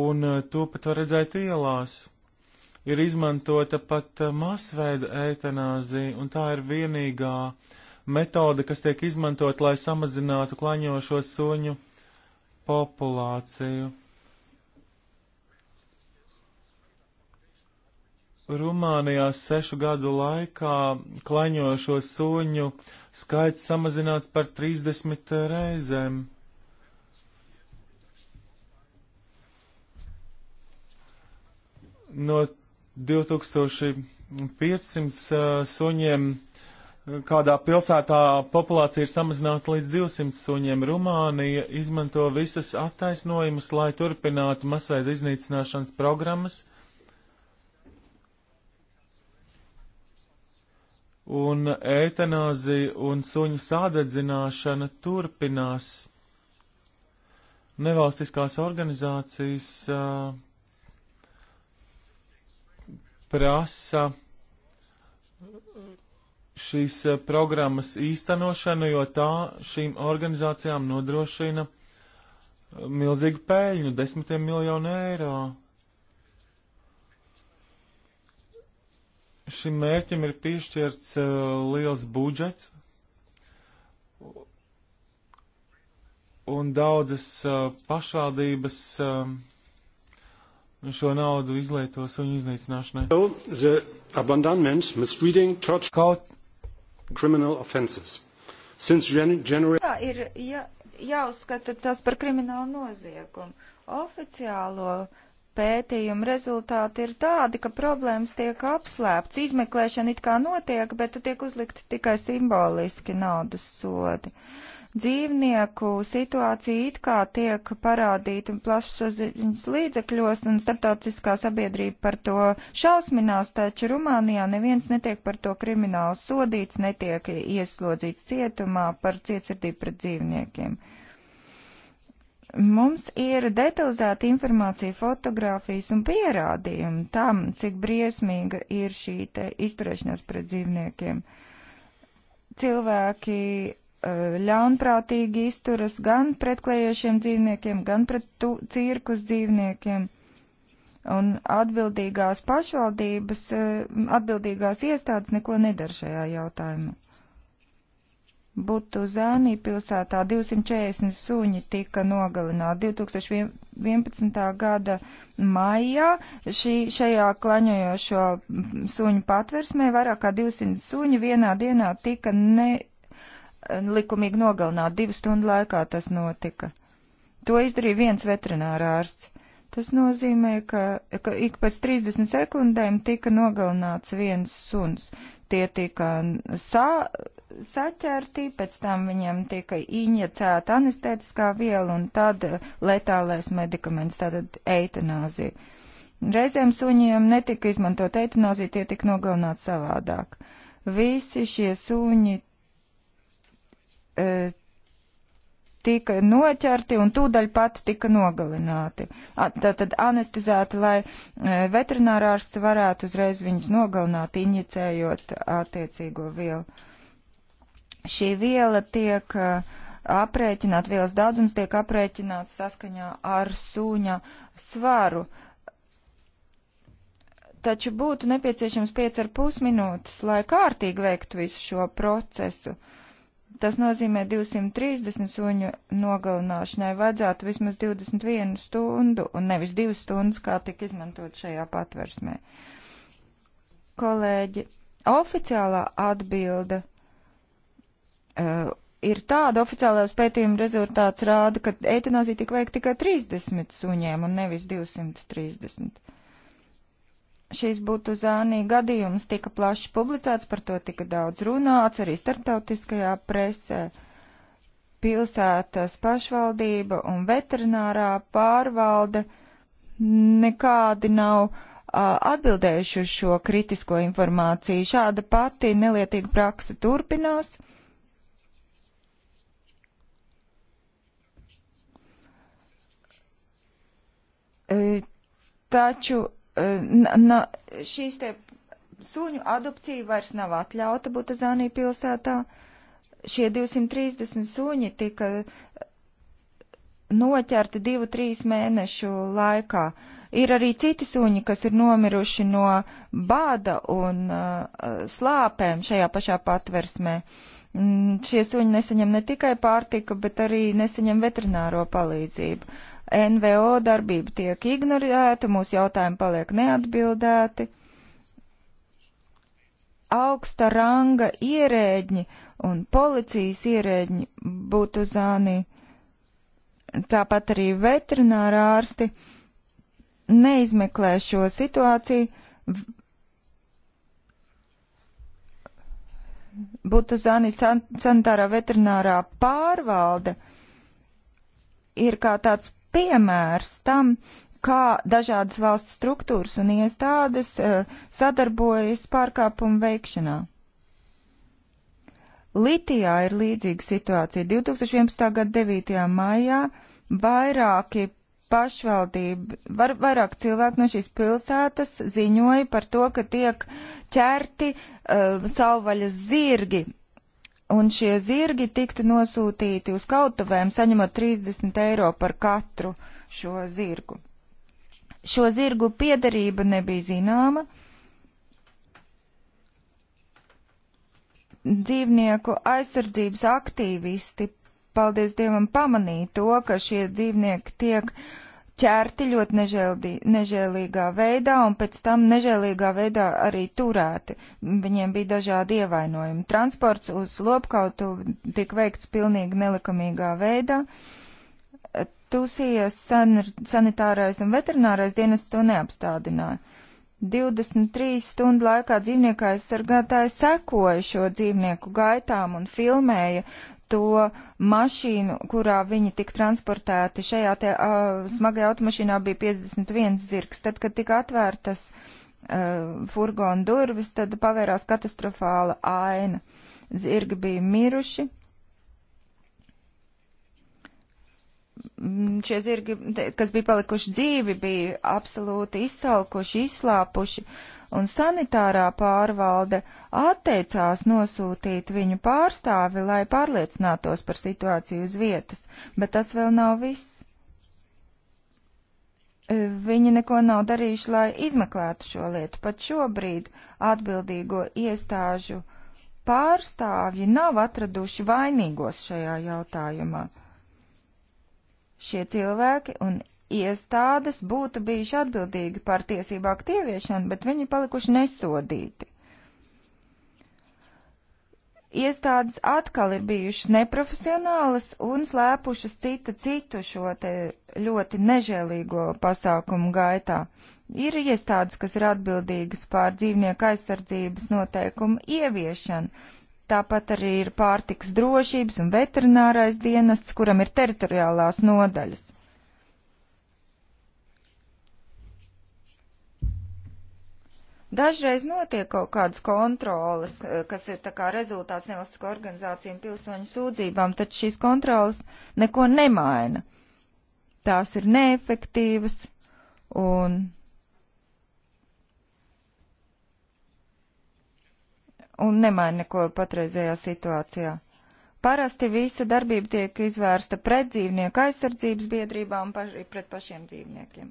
Un eh, to pat var redzēt ielās. Ir izmantota pat eh, masveida eitanāzija, un tā ir vienīgā metode, kas tiek izmantot, lai samazinātu klaņošo suņu populāciju. Rumānijā sešu gadu laikā klaņojošo suņu skaits samazināts par 30 reizēm. No 2500 uh, suņiem uh, kādā pilsētā populācija ir samazināta līdz 200 suņiem. Rumānija izmanto visas attaisnojumus, lai turpinātu masveida iznīcināšanas programmas un eitanāzija un suņu sādedzināšana turpinās. Nevalstiskās organizācijas uh, prasa šīs programmas īstenošanu, jo tā šīm organizācijām nodrošina milzīgu pēļņu, desmitiem miljonu eiro. Šim mērķim ir piešķirts uh, liels budžets, un daudzas uh, pašvaldības uh, šo naudu izlieto suņu iznīcināšanai. So Kaut criminal offenses. Since January... General... Jā, ir jā, jāuzskata tas par kriminālu noziegumu. Oficiālo uh, pētījuma rezultāti ir tādi, ka problēmas tiek apslēpts. Izmeklēšana it kā notiek, bet tiek uzlikti tikai simboliski naudas sodi. Dzīvnieku situācija it kā tiek parādīta plašsaziņas līdzekļos, un starptautiskā sabiedrība par to šausminās, taču Rumānijā neviens netiek par to krimināli sodīts, netiek ieslodzīts cietumā par cietsirdību pret dzīvniekiem. Uh, Mums ir detalizēta informācija, fotografijas un pierādījumi tam, cik briesmīga ir šī izturēšanās pret dzīvniekiem. Cilvēki eh, ļaunprātīgi izturas gan pret klējošiem dzīvniekiem, gan pret tu, cirkus dzīvniekiem. Un atbildīgās pašvaldības, eh, atbildīgās iestādes neko nedara šajā jautājumā. Butuzānī pilsētā 240 suņi tika nogalināti 2011. gada maijā. Šī, šajā klaņojošo suņu patversmē vairāk kā 200 suņi vienā dienā tika ne, likumīgi nogalināti. Divu stundu laikā tas notika. To izdarīja viens veterinārārsts. Tas nozīmē, ka, ka ik pēc 30 sekundēm tika nogalināts viens suns. Tie tika sā, saķerti, pēc tam viņiem tika injicēta anestētiskā viela un tad letālais medikaments, tātad eitanāzija. Reizēm suņiem netika izmantot eitanāzija, tie tika nogalināti savādāk. Visi šie suņi e, tika noķerti un tūdaļ pat tika nogalināti. Tātad anestizēti, lai e, veterinārārsts varētu uzreiz viņus nogalināt, injicējot attiecīgo vielu. Šī viela tiek uh, aprēķināt, vielas daudzums tiek aprēķināts saskaņā ar sūņa svaru taču būtu nepieciešams 5,5 minūtes, lai kārtīgi veiktu visu šo procesu. Tas nozīmē 230 suņu nogalināšanai vajadzētu vismaz 21 stundu un nevis 2 stundas, kā tika izmantot šajā patversmē. Kolēģi, oficiālā atbilde Uh, ir tāda oficiālajos pētījuma rezultāts rāda, ka eitanāzija tika veikta tikai 30 suņiem un nevis 230. Šīs būtu zānī gadījums tika plaši publicēts, par to tika daudz runāts arī starptautiskajā presē. Pilsētas pašvaldība un veterinārā pārvalde nekādi nav uh, atbildējuši uz šo kritisko informāciju. Šāda pati nelietīga praksa turpinās. Uh, E, taču e, na, šīs te suņu adopcija vairs nav atļauta Butazānī pilsētā. Šie 230 suņi tika noķerti 2-3 mēnešu laikā. Ir arī citi suņi, kas ir nomiruši no bāda un uh, slāpēm šajā pašā patversmē. Mm, šie suņi nesaņem ne tikai pārtiku, bet arī nesaņem veterināro palīdzību. NVO darbība tiek ignorēta, mūsu jautājumi paliek neatbildēti. Augsta ranga ierēģi un policijas ierēģi būtu zāni, tāpat arī veterināra ārsti neizmeklē šo situāciju. Būtu zāni sanitārā veterinārā pārvalde ir kā tāds piemērs tam, kā dažādas valsts struktūras un iestādes eh, sadarbojas pārkāpumu veikšanā. Litijā ir līdzīga situācija. 2011. gada 9. maijā vairāki pašvaldība, var, vairāk cilvēki no šīs pilsētas ziņoja par to, ka tiek ķerti uh, savvaļas zirgi un šie zirgi tiktu nosūtīti uz kautuvēm, saņemot 30 eiro par katru šo zirgu. Šo zirgu piederība nebija zināma. Dzīvnieku aizsardzības aktīvisti, paldies Dievam, pamanīja to, ka šie dzīvnieki tiek uh, ķerti ļoti nežēldī, nežēlīgā veidā un pēc tam nežēlīgā veidā arī turēti. Viņiem bija dažādi ievainojumi. Transports uz lopkautu tika veikts pilnīgi nelikumīgā veidā. Tūsijas san, sanitārais un veterinārais dienas to neapstādināja. 23 stundu laikā dzīvnieku aizsargātāji sekoja šo dzīvnieku gaitām un filmēja to mašīnu, kurā viņi tika transportēti. Šajā te, uh, smagajā automašīnā bija 51 zirgs. Tad, kad tika atvērtas uh, furgona durvis, tad pavērās katastrofāla aina. Zirgi bija miruši, Mm, šie zirgi, kas bija palikuši dzīvi, bija absolūti izsalkuši, izslāpuši, un sanitārā pārvalde atteicās nosūtīt viņu pārstāvi, lai pārliecinātos par situāciju uz vietas, bet tas vēl nav viss. E, viņi neko nav darījuši, lai izmeklētu šo lietu. Pat šobrīd atbildīgo iestāžu pārstāvji nav atraduši vainīgos šajā jautājumā šie cilvēki un iestādes būtu bijuši atbildīgi par tiesību aktīviešanu, bet viņi palikuši nesodīti. Iestādes atkal ir bijušas neprofesionālas un slēpušas cita citu šo te ļoti nežēlīgo pasākumu gaitā. Ir iestādes, kas ir atbildīgas pār dzīvnieku aizsardzības noteikumu ieviešanu, Tāpat arī ir pārtiks drošības un veterinārais dienests, kuram ir teritoriālās nodaļas. Dažreiz notiek kaut kādas kontrolas, eh, kas ir tā kā rezultāts nevalstisko organizāciju un pilsoņu sūdzībām, taču šīs kontrolas neko nemaina. Tās ir neefektīvas un un nemaina neko patreizējā situācijā. Parasti visa darbība tiek izvērsta pret dzīvnieku aizsardzības biedrībām, paš, pret pašiem dzīvniekiem.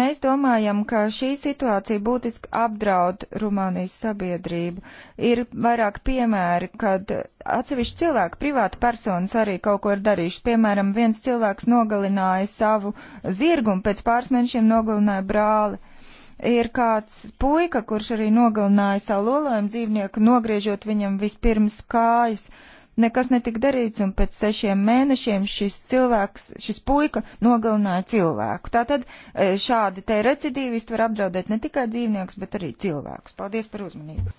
Mēs domājam, ka šī situācija būtiski apdraud Rumānijas sabiedrību. Ir vairāk piemēri, kad atsevišķi cilvēki, privāti personas arī kaut ko ir darījuši. Piemēram, viens cilvēks nogalināja savu zirgu un pēc pāris mēnešiem nogalināja brāli. Uh, ir kāds puika, kurš arī nogalināja savu lolojumu dzīvnieku, nogriežot viņam vispirms kājas. Nekas netika darīts, un pēc sešiem mēnešiem šis cilvēks, šis puika nogalināja cilvēku. Tātad e, šādi te recidīvisti var apdraudēt ne tikai dzīvniekus, bet arī cilvēkus. Paldies par uzmanību!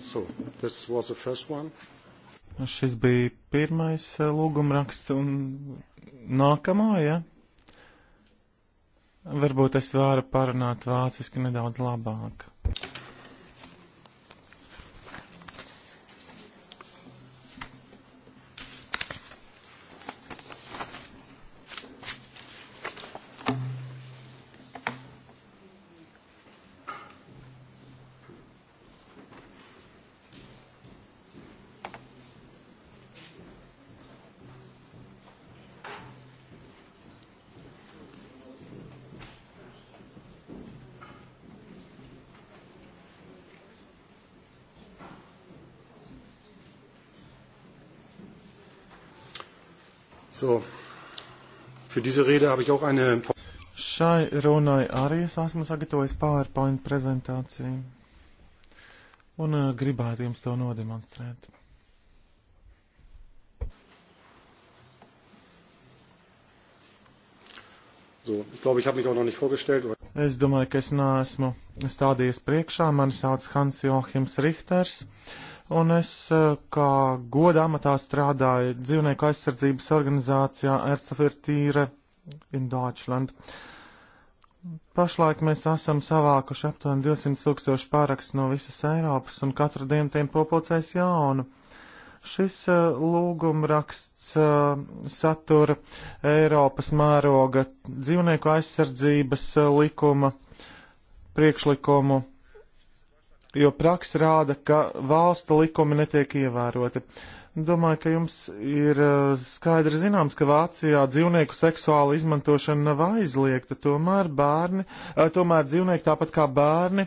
So, this was the first one. Nu, šis bija pirmais eh, lūgumraksts un nākamā, ja? Varbūt es varu parunāt vāciski nedaudz labāk. So, für diese Rede habe ich auch eine. Šai runai arī es esmu sagatavojis PowerPoint prezentāciju un uh, gribētu jums to nodemonstrēt. So, ich glaube, ich habe mich auch noch nicht vorgestellt. Oder? Es domāju, ka es neesmu stādījies priekšā. Mani sauc Hans Johims Richters. Uh, un es eh, kā goda amatā strādāju dzīvnieku aizsardzības organizācijā Ersafirtīre in Deutschland. Pašlaik mēs esam savākuši aptuveni 200 tūkstoši pārakstu no visas Eiropas, un katru dienu tiem populcēs jaunu. Šis uh, lūgumraksts uh, satura Eiropas mēroga dzīvnieku aizsardzības uh, likuma priekšlikumu jo praksa rāda, ka valsta likumi netiek ievēroti. Domāju, ka jums ir eh, skaidri zināms, ka Vācijā dzīvnieku seksuāla izmantošana nav aizliegta, tomēr bērni, eh, tomēr dzīvnieki tāpat kā bērni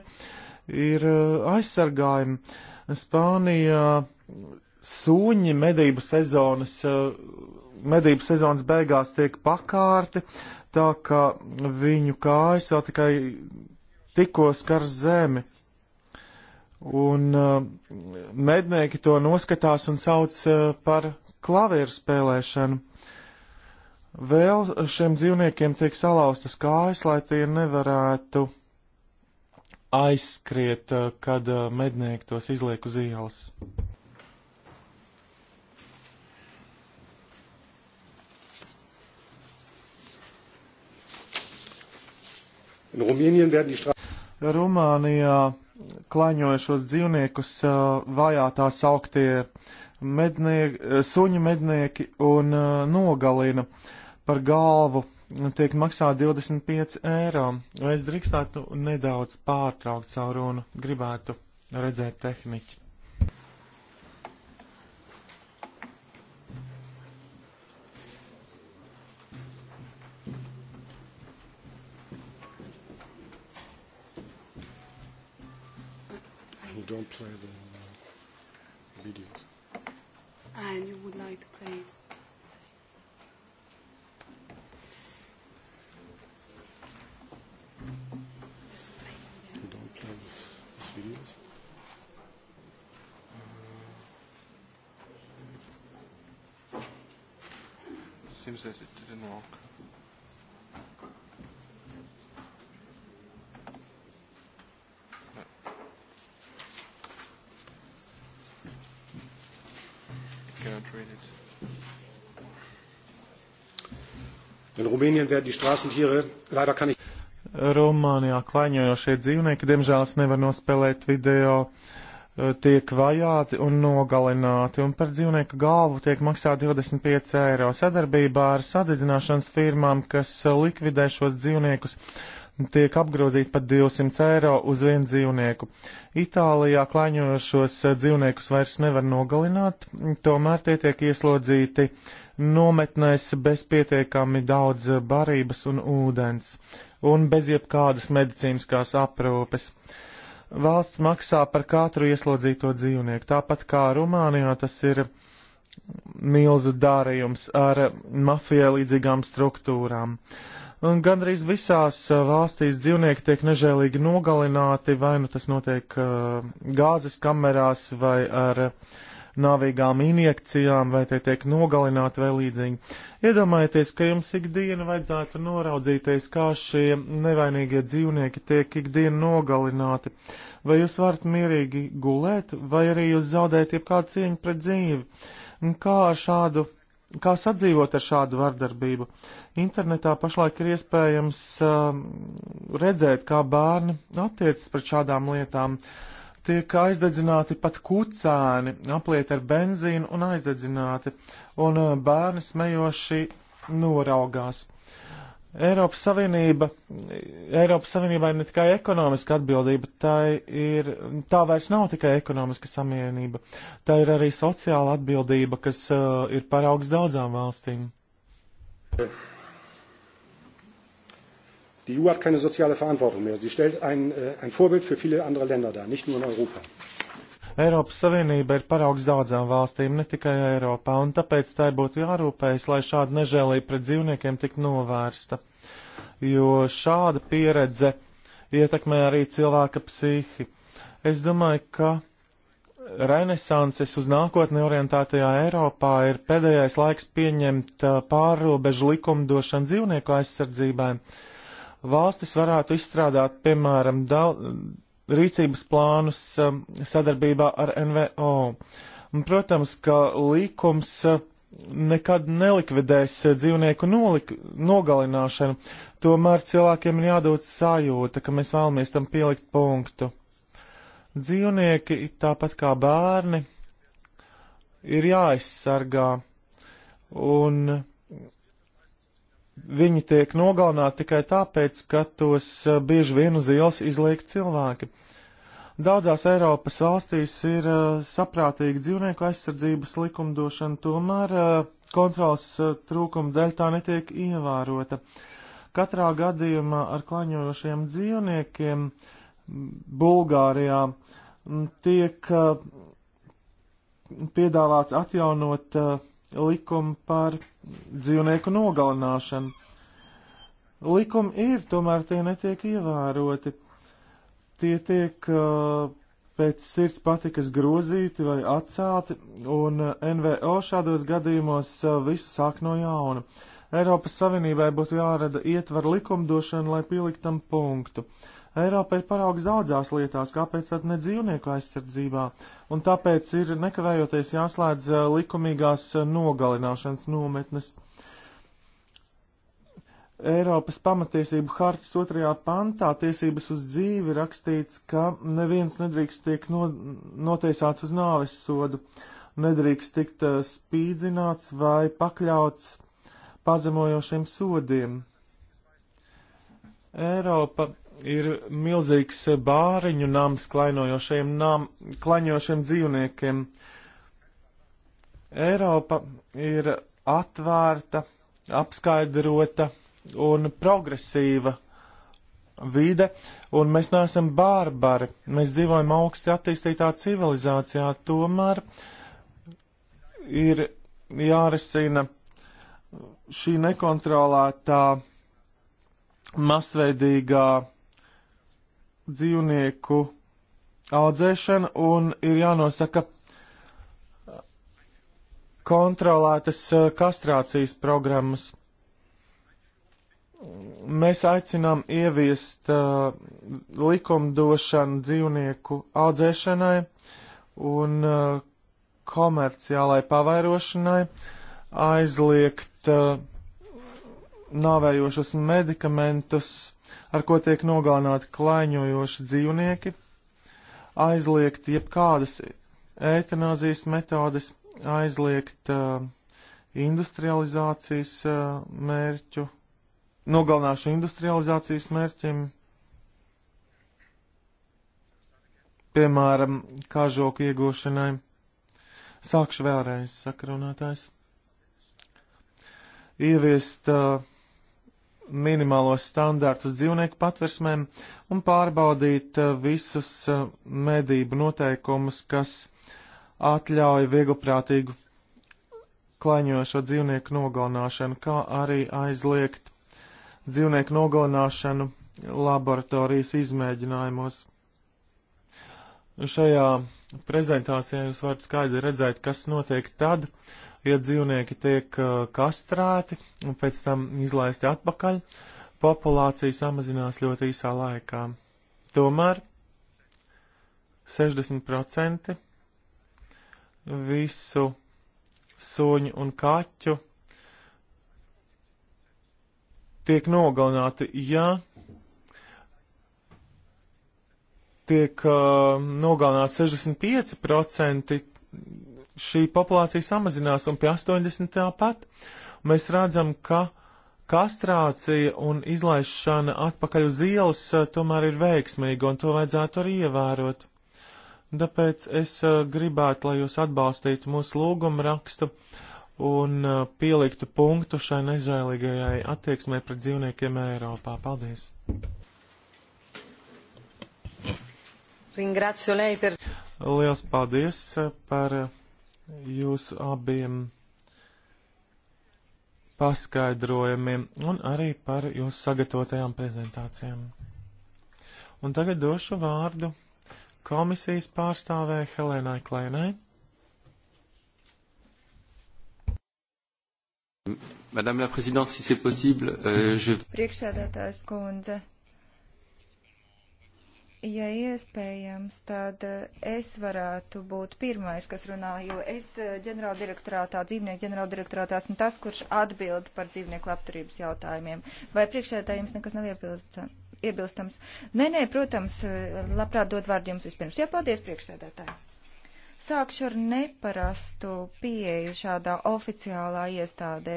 ir eh, aizsargājumi. Spānijā sūņi medību sezonas, medību sezonas beigās tiek pakārti, tā ka viņu kājas vēl tikai tikko skars zemi. Un uh, mednieki to noskatās un sauc uh, par klavieru spēlēšanu. Vēl šiem dzīvniekiem tiek salauztas kājas, lai tie nevarētu aizskriet, uh, kad mednieki tos izliek uz ielas. Rumānijā klāņojošos dzīvniekus vajā tā sauktie mednieki, suņu mednieki un nogalina par galvu tiek maksā 25 eiro. Vai es drīkstētu nedaudz pārtraukt savu runu? Gribētu redzēt tehniķi. don't play the uh, videos. And you would like to play it? You don't play this, this videos? Seems as it didn't work. upgraded. In Rumänien werden die Straßentiere, leider kann ich. Rumānijā klaiņojošie dzīvnieki, diemžēl es nevaru nospēlēt video, e, tiek vajāti un nogalināti, un par dzīvnieku galvu tiek maksā 25 eiro sadarbībā ar sadedzināšanas firmām, kas likvidē šos dzīvniekus. Uh, tiek apgrozīti pat 200 eiro uz vienu dzīvnieku. Itālijā klaiņojošos dzīvniekus vairs nevar nogalināt, tomēr tie tiek ieslodzīti nometnēs bez pietiekami daudz barības un ūdens un bez jebkādas medicīniskās aprūpes. Valsts maksā par katru ieslodzīto dzīvnieku, tāpat kā Rumānijā tas ir milzu dārījums ar mafijai līdzīgām struktūrām. Uh, Un gandrīz visās valstīs dzīvnieki tiek nežēlīgi nogalināti, vai nu tas notiek uh, gāzes kamerās vai ar uh, navīgām injekcijām, vai tie tiek nogalināti vai līdzīgi. Iedomājieties, ka jums ikdiena vajadzētu noraudzīties, kā šie nevainīgie dzīvnieki tiek ikdienu nogalināti. Vai jūs varat mierīgi gulēt, vai arī jūs zaudējat jebkādu cieņu pret dzīvi? Un kā ar šādu Kā sadzīvot ar šādu vardarbību? Internetā pašlaik ir iespējams uh, redzēt, kā bērni attiecas pret šādām lietām. Tiek aizdedzināti pat kucēni, apliet ar benzīnu un aizdedzināti, un uh, bērni smejoši noraugās. Eiropas Savienība, Eiropas Savienībai ne tikai ekonomiska atbildība, tā ir, tā vairs nav tikai ekonomiska samienība, tā ir arī sociāla atbildība, kas uh, ir paraugs daudzām valstīm. Die EU hat keine soziale Verantwortung mehr. Sie stellt ein, äh, ein Vorbild für viele andere Länder dar, nicht nur in Europa. Eiropas Savienība ir paraugs daudzām valstīm, ne tikai Eiropā, un tāpēc tai būtu jārūpējas, lai šāda nežēlība pret dzīvniekiem tik novērsta, jo šāda pieredze ietekmē arī cilvēka psihi. Es domāju, ka renesanses uz nākotni orientētajā Eiropā ir pēdējais laiks pieņemt uh, pārrobežu likumdošanu dzīvnieku aizsardzībai. Valstis varētu izstrādāt, piemēram, rīcības plānus um, sadarbībā ar NVO. Protams, ka likums uh, nekad nelikvidēs uh, dzīvnieku nolik, nogalināšanu, tomēr cilvēkiem ir jādod sajūta, ka mēs vēlamies tam pielikt punktu. Dzīvnieki, tāpat kā bērni, ir jāaizsargā, un viņi tiek nogalināti tikai tāpēc, ka tos eh, bieži vien uz ielas izliek cilvēki. Daudzās Eiropas valstīs ir eh, saprātīga dzīvnieku aizsardzības likumdošana, tomēr eh, kontrols trūkuma dēļ tā netiek ievērota. Katrā gadījumā ar klaņojošiem dzīvniekiem Bulgārijā tiek piedāvāts atjaunot uh, likumu par dzīvnieku nogalināšanu. Likumi ir, tomēr tie netiek ievēroti. Tie tiek uh, pēc sirds patikas grozīti vai atcelti, un uh, NVO šādos gadījumos uh, visu sāk no jauna. Eiropas Savienībai būtu jārada ietver likumdošana, lai pieliktam punktu. Uh, Eiropa ir paraugs daudzās lietās, kāpēc tad ne dzīvnieku aizsardzībā, un tāpēc ir nekavējoties jāslēdz eh, likumīgās eh, nogalināšanas nometnes. Eiropas pamatiesību hartas otrajā pantā tiesības uz dzīvi rakstīts, ka neviens nedrīkst tiek no, notiesāts uz nāves sodu, nedrīkst tikt eh, spīdzināts vai pakļauts pazemojošiem sodiem. Eiropa ir milzīgs bāriņu nams klainojošiem, nam, klaņojošiem dzīvniekiem. Eiropa ir atvērta, apskaidrota un progresīva vide, un mēs neesam bārbari. Mēs dzīvojam augsti attīstītā civilizācijā, tomēr ir jārisina šī nekontrolētā masveidīgā dzīvnieku audzēšana un ir jānosaka uh, kontrolētas uh, kastrācijas programmas. Mēs aicinām ieviest uh, likumdošanu dzīvnieku audzēšanai un uh, komerciālai pavairošanai, aizliegt uh, nāvējošus medikamentus ar ko tiek nogalināti klaiņojoši dzīvnieki, aizliegt jebkādas eitanāzijas metodes, aizliegt uh, industrializācijas uh, mērķu, nogalināšu industrializācijas mērķim, piemēram, kažoku iegūšanai. Sākšu vēlreiz, sakarunātājs. Ieviest uh, minimālos standārtus dzīvnieku patversmēm un pārbaudīt eh, visus eh, medību noteikumus, kas atļauj vieglprātīgu klaņojošo dzīvnieku nogalināšanu, kā arī aizliegt dzīvnieku nogalināšanu laboratorijas izmēģinājumos. Šajā prezentācijā jūs varat skaidri redzēt, kas notiek tad, kad ja dzīvnieki tiek uh, kastrēti un pēc tam izlaisti atpakaļ, populācija samazinās ļoti īsā laikā. Tomēr 60% visu suņu un kaķu tiek nogalināti, ja tiek uh, nogalināti 65% šī populācija samazinās un pie 80 tāpat. Mēs redzam, ka kastrācija un izlaišana atpakaļ uz ielas eh, tomēr ir veiksmīga un to vajadzētu arī ievērot. Tāpēc es eh, gribētu, lai jūs atbalstītu mūsu lūgumu rakstu un eh, pieliktu punktu šai nežēlīgajai attieksmē pret dzīvniekiem Eiropā. Paldies! Liels paldies par jūsu abiem paskaidrojumiem un arī par jūsu sagatavotajām prezentācijām. Un tagad došu vārdu komisijas pārstāvē Helēnai Klēnai. Madame la Présidente, si c'est possible, euh, je. Priekšsēdētājs kundze, Ja iespējams, tad eh, es varētu būt pirmais, kas runā, jo es eh, ģenerāldirektorātā, dzīvnieku ģenerāldirektorātā esmu tas, kurš atbild par dzīvnieku labturības jautājumiem. Vai priekšētā jums nekas nav iebilstams? Nē, nē, protams, eh, labprāt dot vārdu jums vispirms. Jā, paldies priekšsēdētāji. Sākšu ar neparastu pieeju šādā oficiālā iestādē.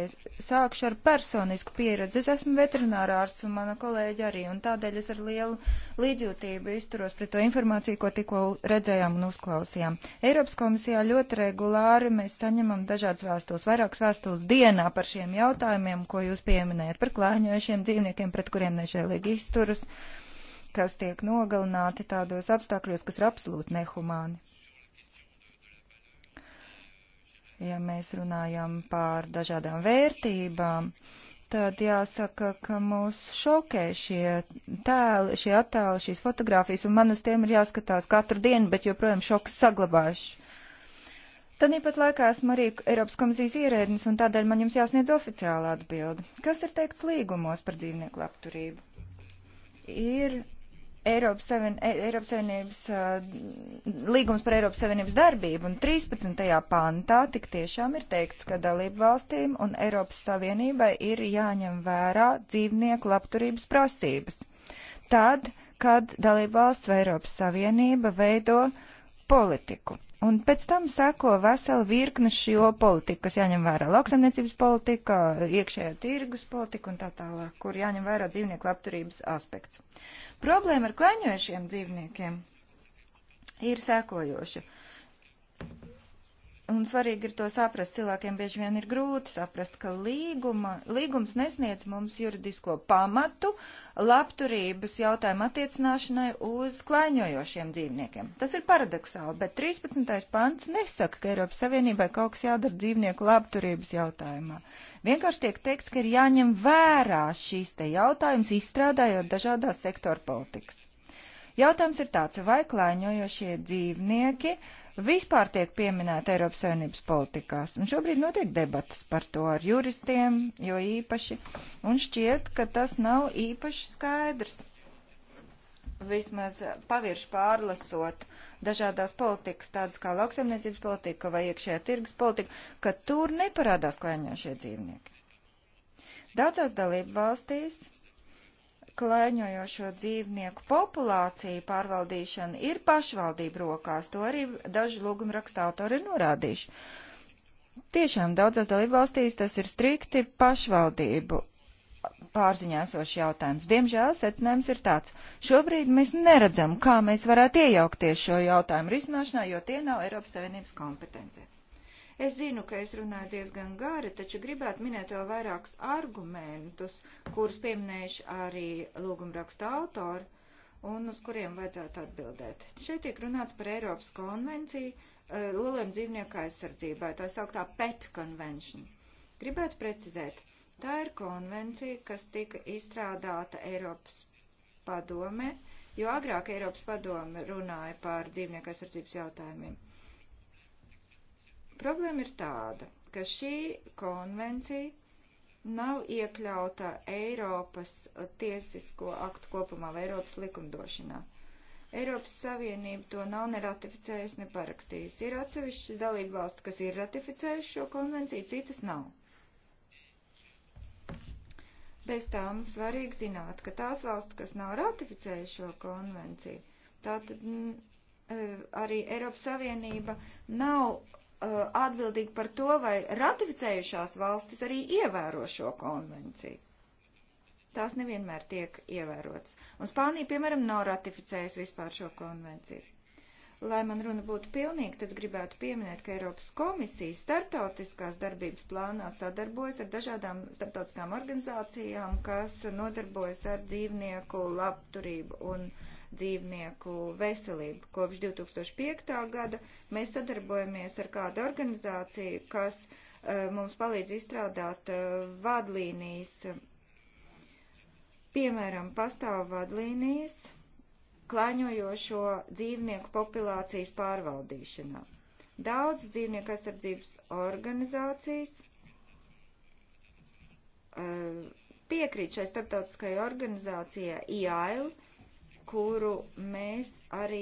Sākšu ar personisku pieredzi. Es esmu veterinārārsts un mana kolēģa arī, un tādēļ es ar lielu līdzjūtību izturos pret to informāciju, ko tikko redzējām un uzklausījām. Eiropas komisijā ļoti regulāri mēs saņemam dažādas vēstules, vairākas vēstules dienā par šiem jautājumiem, ko jūs pieminējat par klāņojušiem dzīvniekiem, pret kuriem nežēlīgi izturas kas tiek nogalināti tādos apstākļos, kas ir absolūti nehumāni. Ja mēs runājam par dažādām vērtībām, tad jāsaka, ka mūs šokē šie tēli, šie attēli, šīs fotogrāfijas, un man uz tiem ir jāskatās katru dienu, bet joprojām šoks saglabāšu. Tāpat laikā esmu arī Eiropas komisijas ierēdnis, un tādēļ man jums jāsniedz oficiāla atbilde. Kas ir teikts līgumos par dzīvnieku labturību? Ir Eiropas, Savien, e- Eiropas Savienības uh, līgums par Eiropas Savienības darbību, un 13. pantā tik tiešām ir teikts, ka dalību valstīm un Eiropas Savienībai ir jāņem vērā dzīvnieku labturības prasības. Tad, kad dalību valsts vai Eiropas Savienība veido politiku. Un pēc tam sako vesela virkne šo politiku, kas jāņem vērā lauksaimniecības politika, iekšējā tirgus politika un tā tālāk, kur jāņem vērā dzīvnieku labturības aspekts. Problēma ar kleņojušiem dzīvniekiem ir sēkojoša. Uh, Un svarīgi ir to saprast. Cilvēkiem bieži vien ir grūti saprast, ka līguma, līgums nesniedz mums juridisko pamatu labturības jautājumu attiecināšanai uz klaiņojošiem dzīvniekiem. Tas ir paradoxāli, bet 13. pants nesaka, ka Eiropas Savienībai kaut kas jādara dzīvnieku labturības jautājumā. Vienkārši tiek teikts, ka ir jāņem vērā šīs te jautājums, izstrādājot dažādās sektora politikas. Jautājums ir tāds, vai klaiņojošie dzīvnieki uh, vispār tiek pieminēta Eiropas Savienības politikās. Un šobrīd notiek debatas par to ar juristiem, jo īpaši, un šķiet, ka tas nav īpaši skaidrs. Vismaz pavirši pārlasot dažādās politikas, tādas kā lauksaimniecības politika vai iekšējā tirgus politika, ka tur neparādās klēņošie dzīvnieki. Daudzās dalību valstīs klēņojošo dzīvnieku populāciju pārvaldīšana ir pašvaldību rokās. To arī daži lūguma raksta autori ir norādījuši. Tiešām daudzās dalībvalstīs tas ir strikti pašvaldību pārziņāsošs jautājums. Diemžēl secinājums ir tāds. Šobrīd mēs neredzam, kā mēs varētu iejaukties šo jautājumu risināšanā, jo tie nav Eiropas Savienības kompetencija. Es zinu, ka es runāju diezgan gari, taču gribētu minēt vēl vairākus argumentus, kurus pieminējuši arī lūgumrakstu autori un uz kuriem vajadzētu atbildēt. Šeit tiek runāts par Eiropas konvenciju eh, loliem dzīvnieku aizsardzībai, tā sauktā PET konvencija. Gribētu precizēt, tā ir konvencija, kas tika izstrādāta Eiropas padome, jo agrāk Eiropas padome runāja par dzīvnieku aizsardzības jautājumiem. Problēma ir tāda, ka šī konvencija nav iekļauta Eiropas tiesisko aktu kopumā vai Eiropas likumdošanā. Eiropas Savienība to nav neratificējusi, ne parakstījusi. Ir atsevišķas dalība valsts, kas ir ratificējuši šo konvenciju, citas nav. Bez tām svarīgi zināt, ka tās valsts, kas nav ratificējuši šo konvenciju, tātad mm, eh, arī Eiropas Savienība nav Uh, atbildīgi par to, vai ratificējušās valstis arī ievēro šo konvenciju. Tās nevienmēr tiek ievērotas. Un Spānija, piemēram, nav ratificējusi vispār šo konvenciju. Lai man runa būtu pilnīga, tad gribētu pieminēt, ka Eiropas komisija startautiskās darbības plānā sadarbojas ar dažādām startautiskām organizācijām, kas nodarbojas ar dzīvnieku labturību un dzīvnieku veselību. Kopš 2005. gada mēs sadarbojamies ar kādu organizāciju, kas uh, mums palīdz izstrādāt uh, vadlīnijas. Piemēram, pastāv vadlīnijas klāņojošo dzīvnieku populācijas pārvaldīšanā. Daudz dzīvnieku aizsardzības organizācijas eh, piekrīt šai starptautiskajai organizācijai IAL, kuru mēs arī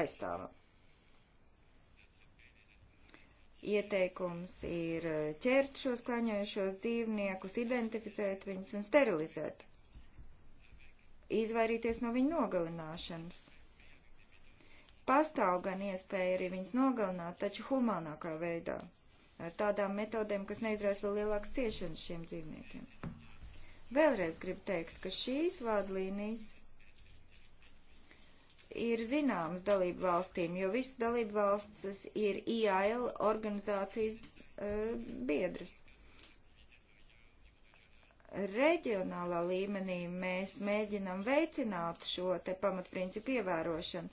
aizstāvam. Ieteikums ir eh, ķert šos klaņojušos dzīvniekus, identificēt viņus un sterilizēt izvairīties no viņa nogalināšanas. Pastāv gan iespēja arī viņus nogalināt, taču humānākā veidā, ar tādām metodēm, kas neizraisa vēl lielākas ciešanas šiem dzīvniekiem. Vēlreiz gribu teikt, ka šīs vadlīnijas ir zināmas dalību valstīm, jo visas dalību valstis ir IAL organizācijas uh, biedras reģionālā līmenī mēs mēģinam veicināt šo te pamatprincipu ievērošanu,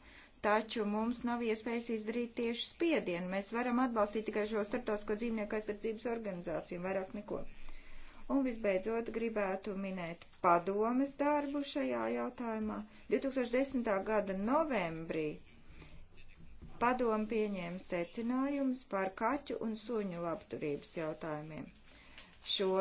taču mums nav iespējas izdarīt tieši spiedienu. Mēs varam atbalstīt tikai šo starptautisko dzīvnieku aizsardzības organizāciju, vairāk neko. Un visbeidzot gribētu minēt padomes darbu šajā jautājumā. 2010. gada novembrī padomu pieņēma secinājumus par kaķu un suņu labturības jautājumiem. Šo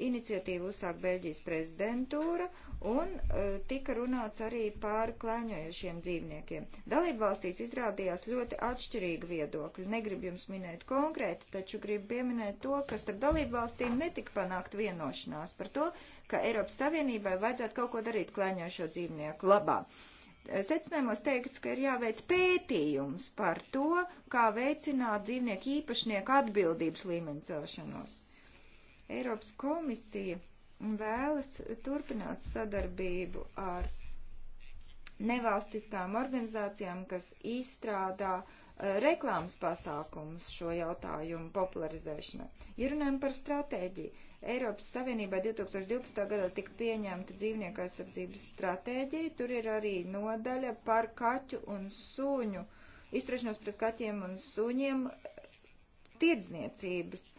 Iniciatīvu uzsāk Beļģijas prezidentūra un e, tika runāts arī par klēņojušiem dzīvniekiem. Dalību valstīs izrādījās ļoti atšķirīgi viedokļi. Negribu jums minēt konkrēti, taču gribu pieminēt to, ka starp dalību valstīm netika panākt vienošanās par to, ka Eiropas Savienībai vajadzētu kaut ko darīt klēņojošo dzīvnieku labā secinājumos teikts, ka ir jāveic pētījums par to, kā veicināt dzīvnieku īpašnieku atbildības līmeni celšanos. Eiropas komisija vēlas turpināt sadarbību ar nevalstiskām organizācijām, kas izstrādā eh, reklāmas pasākumus šo jautājumu popularizēšanai. Ja runājam par stratēģiju, Eiropas Savienībā 2012. gadā tika pieņemta dzīvnieku aizsardzības stratēģija, tur ir arī nodaļa par kaķu un suņu, izturēšanos pret kaķiem un suņiem eh, tirdzniecības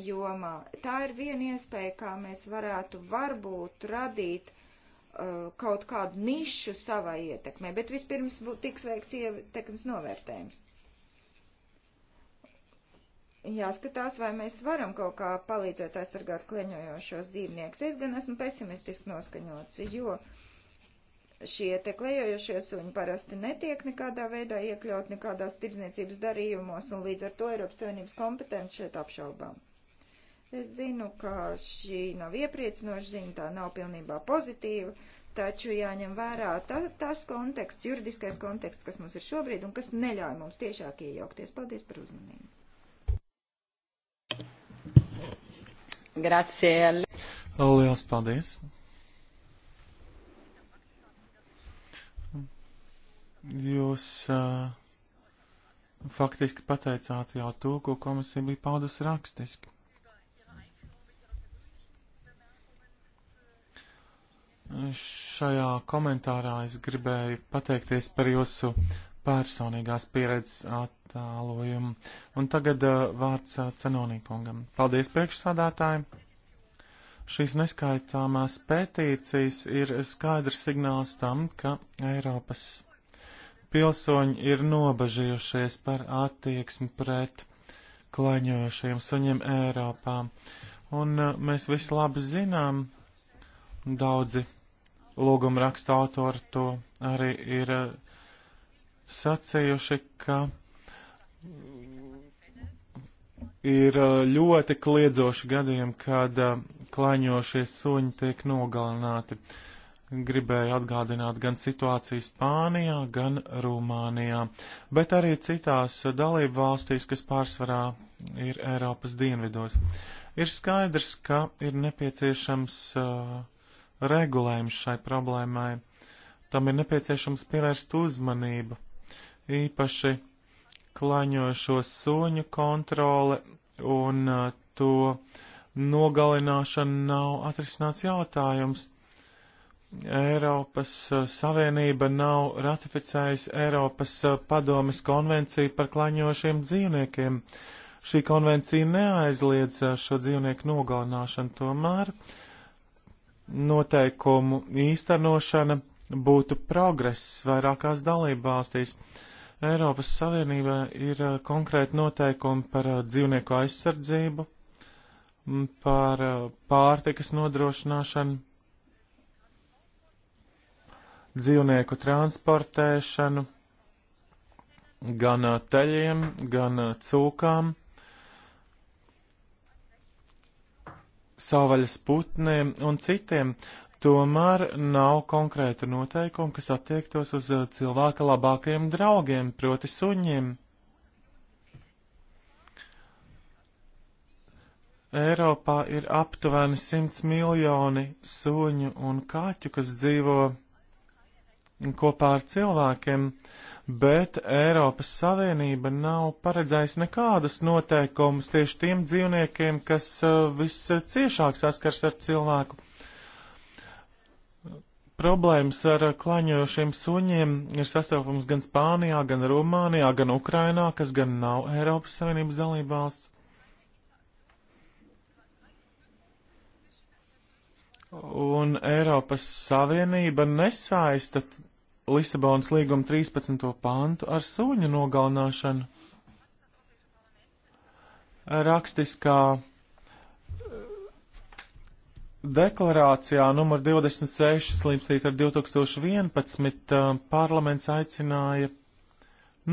jomā. Tā ir viena iespēja, kā mēs varētu varbūt radīt uh, kaut kādu nišu savai ietekmē, bet vispirms tiks veikts ietekmes novērtējums. Jāskatās, vai mēs varam kaut kā palīdzēt aizsargāt kleņojošos dzīvniekus. Es gan esmu pesimistiski noskaņots, jo šie te klejojošie suņi parasti netiek nekādā veidā iekļaut nekādās tirdzniecības darījumos, un līdz ar to Eiropas Savienības kompetence šeit apšaubām. Es zinu, ka šī nav iepriecinoša ziņa, tā nav pilnībā pozitīva, taču jāņem vērā ta, tas konteksts, juridiskais konteksts, kas mums ir šobrīd un kas neļauj mums tiešāk iejaukties. Paldies par uzmanību. Grazie. Lielas paldies. Jūs uh, faktiski pateicāt jau to, ko komisija bija paudusi rakstiski. Šajā komentārā es gribēju pateikties par jūsu personīgās pieredzes attālojumu. Un tagad uh, vārds uh, Cenonīkungam. Paldies priekšsādātājiem! Šīs neskaitāmās pētīcijas ir skaidrs signāls tam, ka Eiropas pilsoņi ir nobažījušies par attieksmi pret klaņojošiem suņiem Eiropā. Un uh, mēs visi labi zinām, daudzi lūguma raksta autori to arī ir eh, sacējuši, ka ir eh, ļoti kliedzoši gadījumi, kad eh, klaņošie suņi tiek nogalināti. Gribēju atgādināt gan situāciju Spānijā, gan Rumānijā, bet arī citās dalību valstīs, kas pārsvarā ir Eiropas dienvidos. Ir skaidrs, ka ir nepieciešams uh, regulējums šai problēmai. Tam ir nepieciešams pievērst uzmanību, īpaši klaņojošo suņu kontrole un uh, to nogalināšana nav atrisināts jautājums. Eiropas uh, Savienība nav ratificējusi Eiropas uh, padomes konvenciju par klaņojošiem dzīvniekiem. Šī konvencija neaizliedz šo dzīvnieku nogalināšanu, tomēr uh, noteikumu īstenošana būtu progress vairākās dalībvalstīs. Eiropas Savienībā ir eh, konkrēti noteikumi par eh, dzīvnieku aizsardzību, par eh, pārtikas nodrošināšanu, dzīvnieku transportēšanu gan teļiem, gan cūkām savvaļas putniem un citiem, tomēr nav konkrēta noteikuma, kas attiektos uz eh, cilvēka labākajiem draugiem, proti suņiem. Eiropā ir aptuveni 100 miljoni suņu un kaķu, kas dzīvo kopā ar cilvēkiem, bet Eiropas Savienība nav paredzējusi nekādas noteikumus tieši tiem dzīvniekiem, kas uh, visciešāk saskars ar cilvēku. Problēmas ar klaņojošiem suņiem ir sastopams gan Spānijā, gan Rumānijā, gan Ukrainā, kas gan nav Eiropas Savienības dalībvalsts. Un Eiropas Savienība nesaista Lisabonas līguma 13. pāntu ar suņu nogalnāšanu. Rakstiskā eh, deklarācijā numur 26 slimstīt ar 2011 eh, parlaments aicināja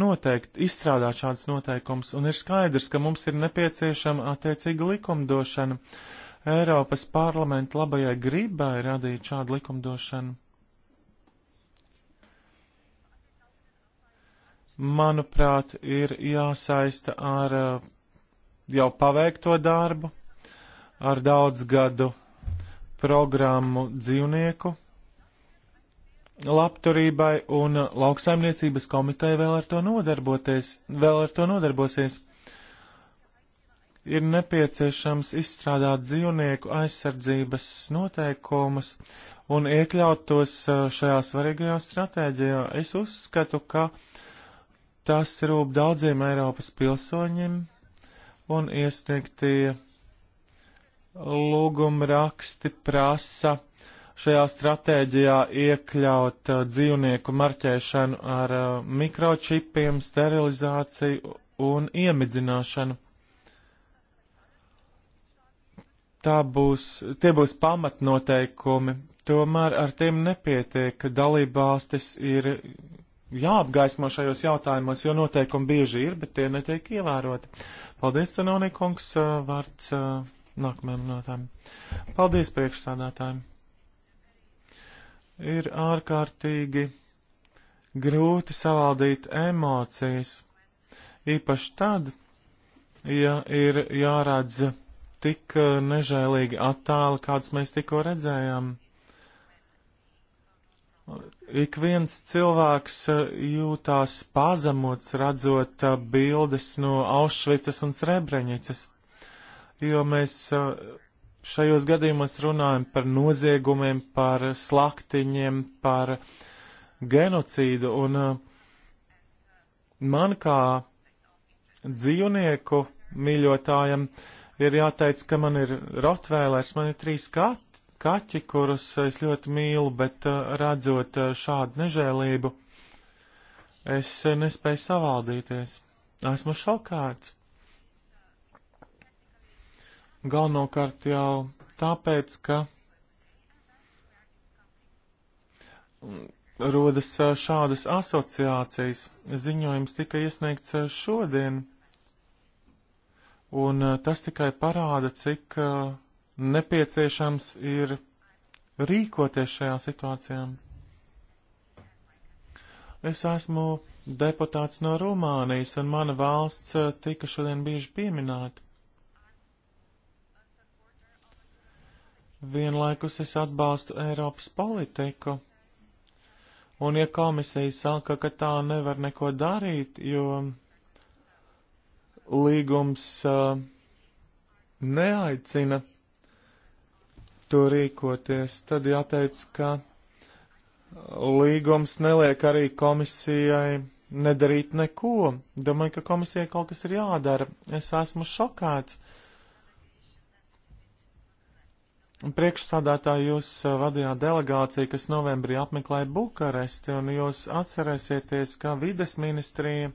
noteikt, izstrādāt šādas noteikums, un ir skaidrs, ka mums ir nepieciešama attiecīga likumdošana. Eiropas parlamenta labajai gribai radīt šādu likumdošanu. manuprāt, ir jāsaista ar eh, jau paveikto darbu, ar daudz gadu programmu dzīvnieku labturībai un lauksaimniecības komiteja vēl ar to nodarboties, vēl ar to nodarbosies. Ir nepieciešams izstrādāt dzīvnieku aizsardzības noteikumus un iekļaut tos eh, šajā svarīgajā stratēģijā. Es uzskatu, ka uh, Tas rūp daudziem Eiropas pilsoņiem un iesniegtie lūguma raksti prasa šajā stratēģijā iekļaut uh, dzīvnieku marķēšanu ar uh, mikročipiem, sterilizāciju un iemidzināšanu. Tā būs, tie būs pamatnoteikumi, tomēr ar tiem nepietiek, ka dalībvalstis ir jāapgaismo šajos jautājumos, jo noteikumi bieži ir, bet tie netiek ievēroti. Paldies, Cenonī kungs, vārds nākamajam runātājam. Paldies priekšsādātājiem. Ir ārkārtīgi grūti savaldīt emocijas, īpaši tad, ja ir jāredz tik nežēlīgi attēli, kāds mēs tikko redzējām ik viens cilvēks eh, jūtās pazemots, redzot eh, bildes no Aušvicas un Srebrenicas, jo mēs eh, šajos gadījumos runājam par noziegumiem, par slaktiņiem, par genocīdu, un man kā dzīvnieku mīļotājam ir jāteic, ka man ir rotvēlērs, man ir trīs kati kaķi, kurus es ļoti mīlu, bet eh, redzot eh, šādu nežēlību, es eh, nespēju savaldīties. Esmu šokāts. Galvenokārt jau tāpēc, ka rodas šādas asociācijas. Ziņojums tika iesniegts šodien, un tas tikai parāda, cik uh, nepieciešams ir rīkoties šajā situācijā. Es esmu deputāts no Rumānijas, un mana valsts eh, tika šodien bieži pieminēta. Vienlaikus es atbalstu Eiropas politiku, un ja komisija saka, ka tā nevar neko darīt, jo līgums uh, neaicina to rīkoties, tad jāteic, ka līgums neliek arī komisijai nedarīt neko. Domāju, ka komisijai kaut kas ir jādara. Es esmu šokāts. Priekšsādātāji jūs vadījāt delegāciju, kas novembrī apmeklēja Bukaresti, un jūs atcerēsieties, ka vides ministrija,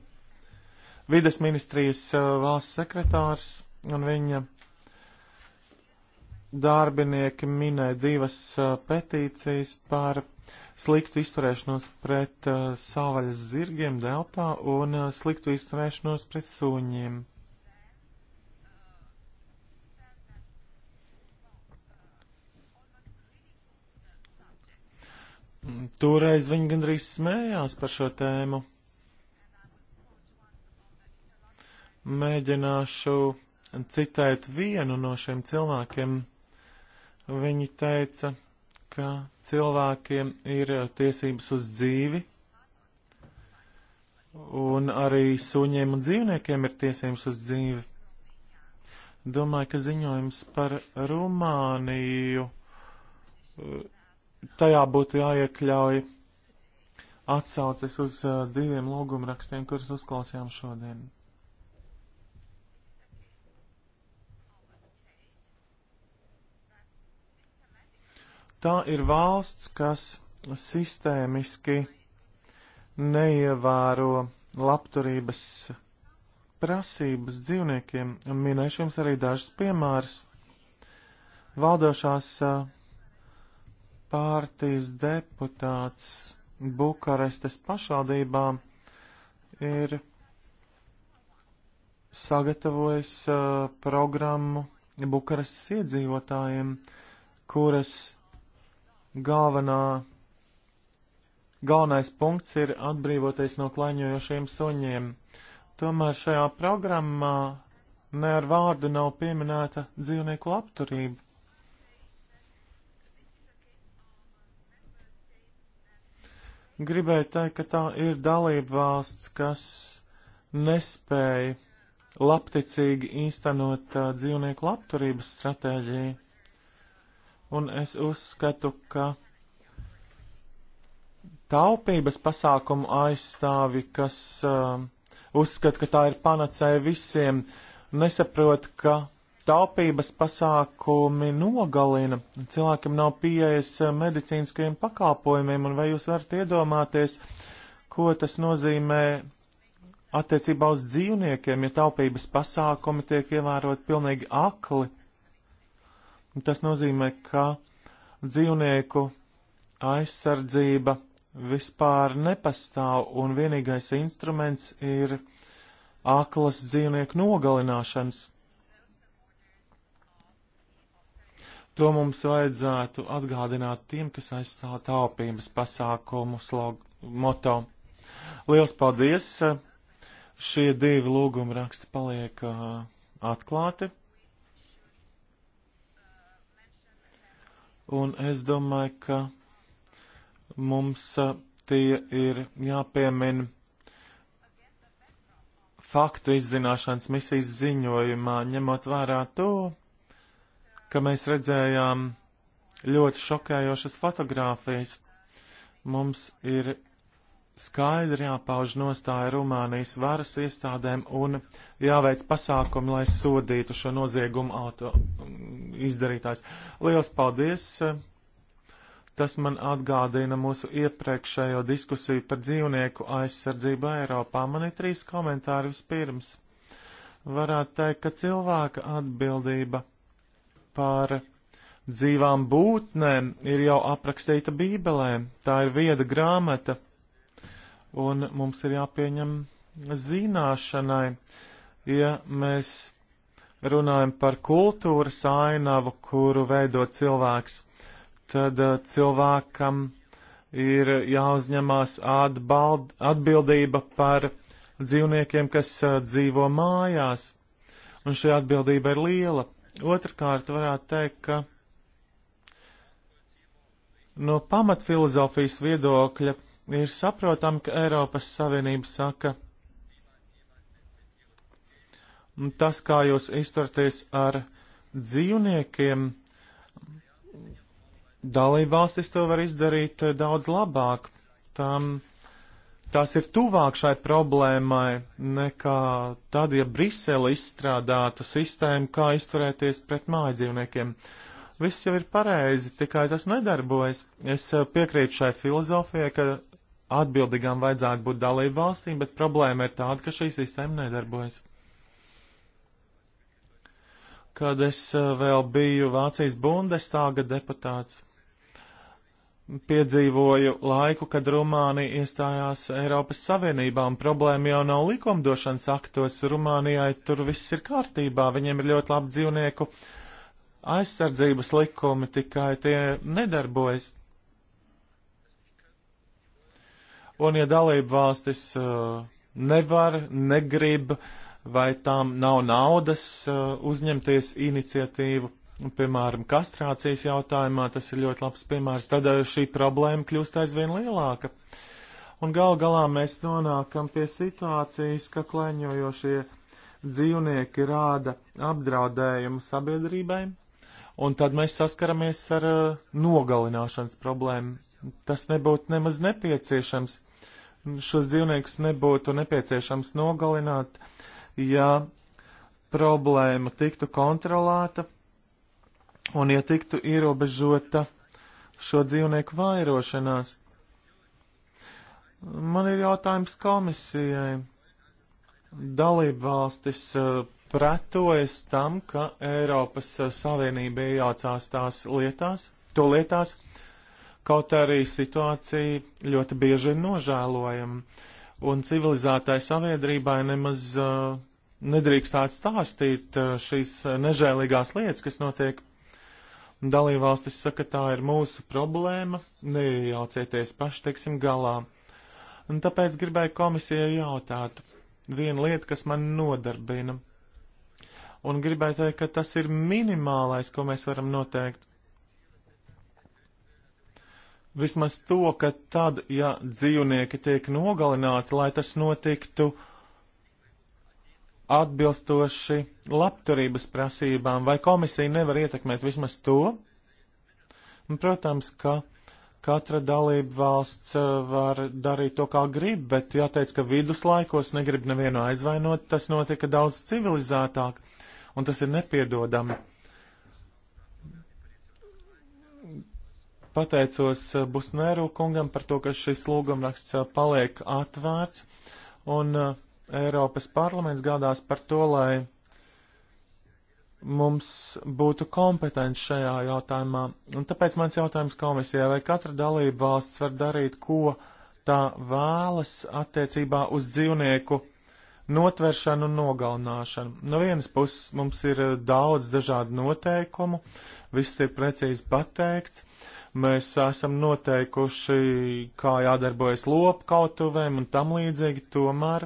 vides ministrijas uh, valsts sekretārs un viņa darbinieki minēja divas uh, petīcijas par sliktu izturēšanos pret uh, savvaļas zirgiem deltā un uh, sliktu izturēšanos pret suņiem. Toreiz viņi gandrīz smējās par šo tēmu. Mēģināšu citēt vienu no šiem cilvēkiem. Viņi teica, ka cilvēkiem ir eh, tiesības uz dzīvi, un arī suņiem un dzīvniekiem ir tiesības uz dzīvi. Domāju, ka ziņojums par Rumāniju eh, tajā būtu jāiekļauj atsauces uz eh, diviem lūgumrakstiem, kurus uzklausījām šodien. Tā ir valsts, kas sistēmiski neievēro labturības prasības dzīvniekiem, un minēšu jums arī dažus piemērus. Valdošās pārtīs deputāts Bukarestes pašvaldībā ir sagatavojis programmu Bukarestes iedzīvotājiem, kuras galvenā, galvenais punkts ir atbrīvoties no klaņojošiem suņiem. Tomēr šajā programmā ne ar vārdu nav pieminēta dzīvnieku labturība. Gribēju teikt, ka tā ir dalība valsts, kas nespēja labticīgi īstenot uh, dzīvnieku labturības stratēģiju un es uzskatu, ka taupības pasākumu aizstāvi, kas uh, uzskata, ka tā ir panacēja visiem, nesaprot, ka taupības pasākumi nogalina. Cilvēkam nav pieejas uh, medicīniskajiem pakalpojumiem, un vai jūs varat iedomāties, ko tas nozīmē attiecībā uz dzīvniekiem, ja taupības pasākumi tiek ievērot pilnīgi akli Tas nozīmē, ka dzīvnieku aizsardzība vispār nepastāv un vienīgais instruments ir aklas dzīvnieku nogalināšanas. To mums vajadzētu atgādināt tiem, kas aizstāv taupības pasākumu slog, moto. Liels paldies! Šie divi lūguma raksti paliek uh, atklāti. un es domāju, ka mums tie ir jāpiemina faktu izzināšanas misijas ziņojumā, ņemot vērā to, ka mēs redzējām ļoti šokējošas fotogrāfijas. Mums ir skaidri jāpauž nostāja Rumānijas varas iestādēm un jāveic pasākumi, lai sodītu šo noziegumu auto izdarītājs. Liels paldies! Tas man atgādina mūsu iepriekšējo diskusiju par dzīvnieku aizsardzību Eiropā. Man ir trīs komentāri vispirms. Varētu teikt, ka cilvēka atbildība par dzīvām būtnēm ir jau aprakstīta Bībelē. Tā ir vieda grāmata un mums ir jāpieņem zināšanai, ja mēs runājam par kultūras ainavu, kuru veido cilvēks, tad eh, cilvēkam ir jāuzņemās atbald, atbildība par dzīvniekiem, kas eh, dzīvo mājās, un šī atbildība ir liela. Otrakārt varētu teikt, ka no pamatfilozofijas viedokļa Ir saprotami, ka Eiropas Savienība saka, tas, kā jūs izturties ar dzīvniekiem, dalībvalstis to var izdarīt eh, daudz labāk. Tam tās ir tuvāk šai problēmai nekā tad, ja Brisele izstrādāta sistēma, kā izturēties pret mājdzīvniekiem. Viss jau ir pareizi, tikai tas nedarbojas. Es eh, piekrītu šai filozofijai, ka atbildīgām vajadzētu būt dalību valstīm, bet problēma ir tāda, ka šī sistēma nedarbojas. Kad es eh, vēl biju Vācijas Bundestāga deputāts, piedzīvoju laiku, kad Rumānija iestājās Eiropas Savienībā, un problēma jau nav likumdošanas aktos. Rumānijai tur viss ir kārtībā, viņiem ir ļoti labi dzīvnieku aizsardzības likumi, tikai tie nedarbojas. Un, ja dalība valstis uh, nevar, negrib vai tām nav naudas uh, uzņemties iniciatīvu, piemēram, kastrācijas jautājumā, tas ir ļoti labs piemērs, tad uh, šī problēma kļūst aizvien lielāka. Un gal galā mēs nonākam pie situācijas, ka kleņojošie dzīvnieki rāda apdraudējumu sabiedrībai, un tad mēs saskaramies ar uh, nogalināšanas problēmu. Tas nebūtu nemaz nepieciešams šos dzīvniekus nebūtu nepieciešams nogalināt, ja problēma tiktu kontrolēta un ja tiktu ierobežota šo dzīvnieku vairošanās. Man ir jautājums komisijai. Dalība valstis eh, pretojas tam, ka Eiropas eh, Savienība iejaucās tās lietās, to lietās, kaut arī situācija ļoti bieži ir nožēlojama, un civilizētai sabiedrībai nemaz uh, nedrīkstētu stāstīt uh, šīs nežēlīgās lietas, kas notiek. Dalībvalstis saka, tā ir mūsu problēma, neiejaucieties paši, teiksim, galā. Un tāpēc gribēju komisijai jautāt vienu lietu, kas man nodarbina. Un gribēju teikt, ka tas ir minimālais, ko mēs varam noteikt Vismaz to, ka tad, ja dzīvnieki tiek nogalināti, lai tas notiktu atbilstoši labturības prasībām, vai komisija nevar ietekmēt vismaz to? Protams, ka katra dalība valsts uh, var darīt to, kā grib, bet jāteic, ka viduslaikos negrib nevienu aizvainot, tas notika daudz civilizētāk, un tas ir nepiedodami. pateicos eh, Busnēru kungam par to, ka šis lūgumraksts eh, paliek atvērts, un eh, Eiropas parlaments gādās par to, lai mums būtu kompetenci šajā jautājumā. Un tāpēc mans jautājums komisijai, vai katra dalība valsts var darīt, ko tā vēlas attiecībā uz dzīvnieku notveršanu un nogalināšanu. No vienas puses mums ir eh, daudz dažādu noteikumu, viss ir precīzi pateikts. Mēs esam noteikuši, kā jādarbojas lopkautuvēm un tam līdzīgi, tomēr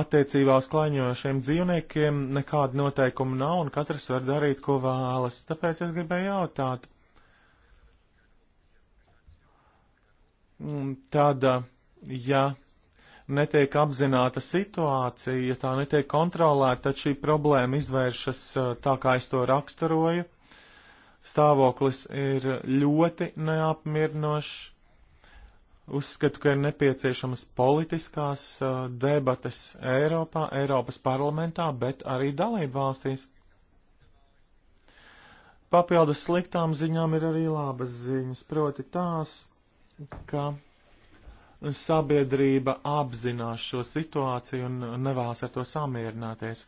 attiecībā uz klaiņojošiem dzīvniekiem nekāda noteikuma nav un katrs var darīt, ko vēlas. Tāpēc es gribēju jautāt. Tāda, ja netiek apzināta situācija, ja tā netiek kontrolēta, tad šī problēma izvēršas eh, tā, kā es to raksturoju. Stāvoklis ir ļoti neapmierinošs. Uzskatu, ka ir nepieciešamas politiskās eh, debates Eiropā, Eiropas parlamentā, bet arī dalību valstīs. Papildus sliktām ziņām ir arī labas ziņas, proti tās, ka sabiedrība apzinās šo situāciju un nevēlas ar to samierināties.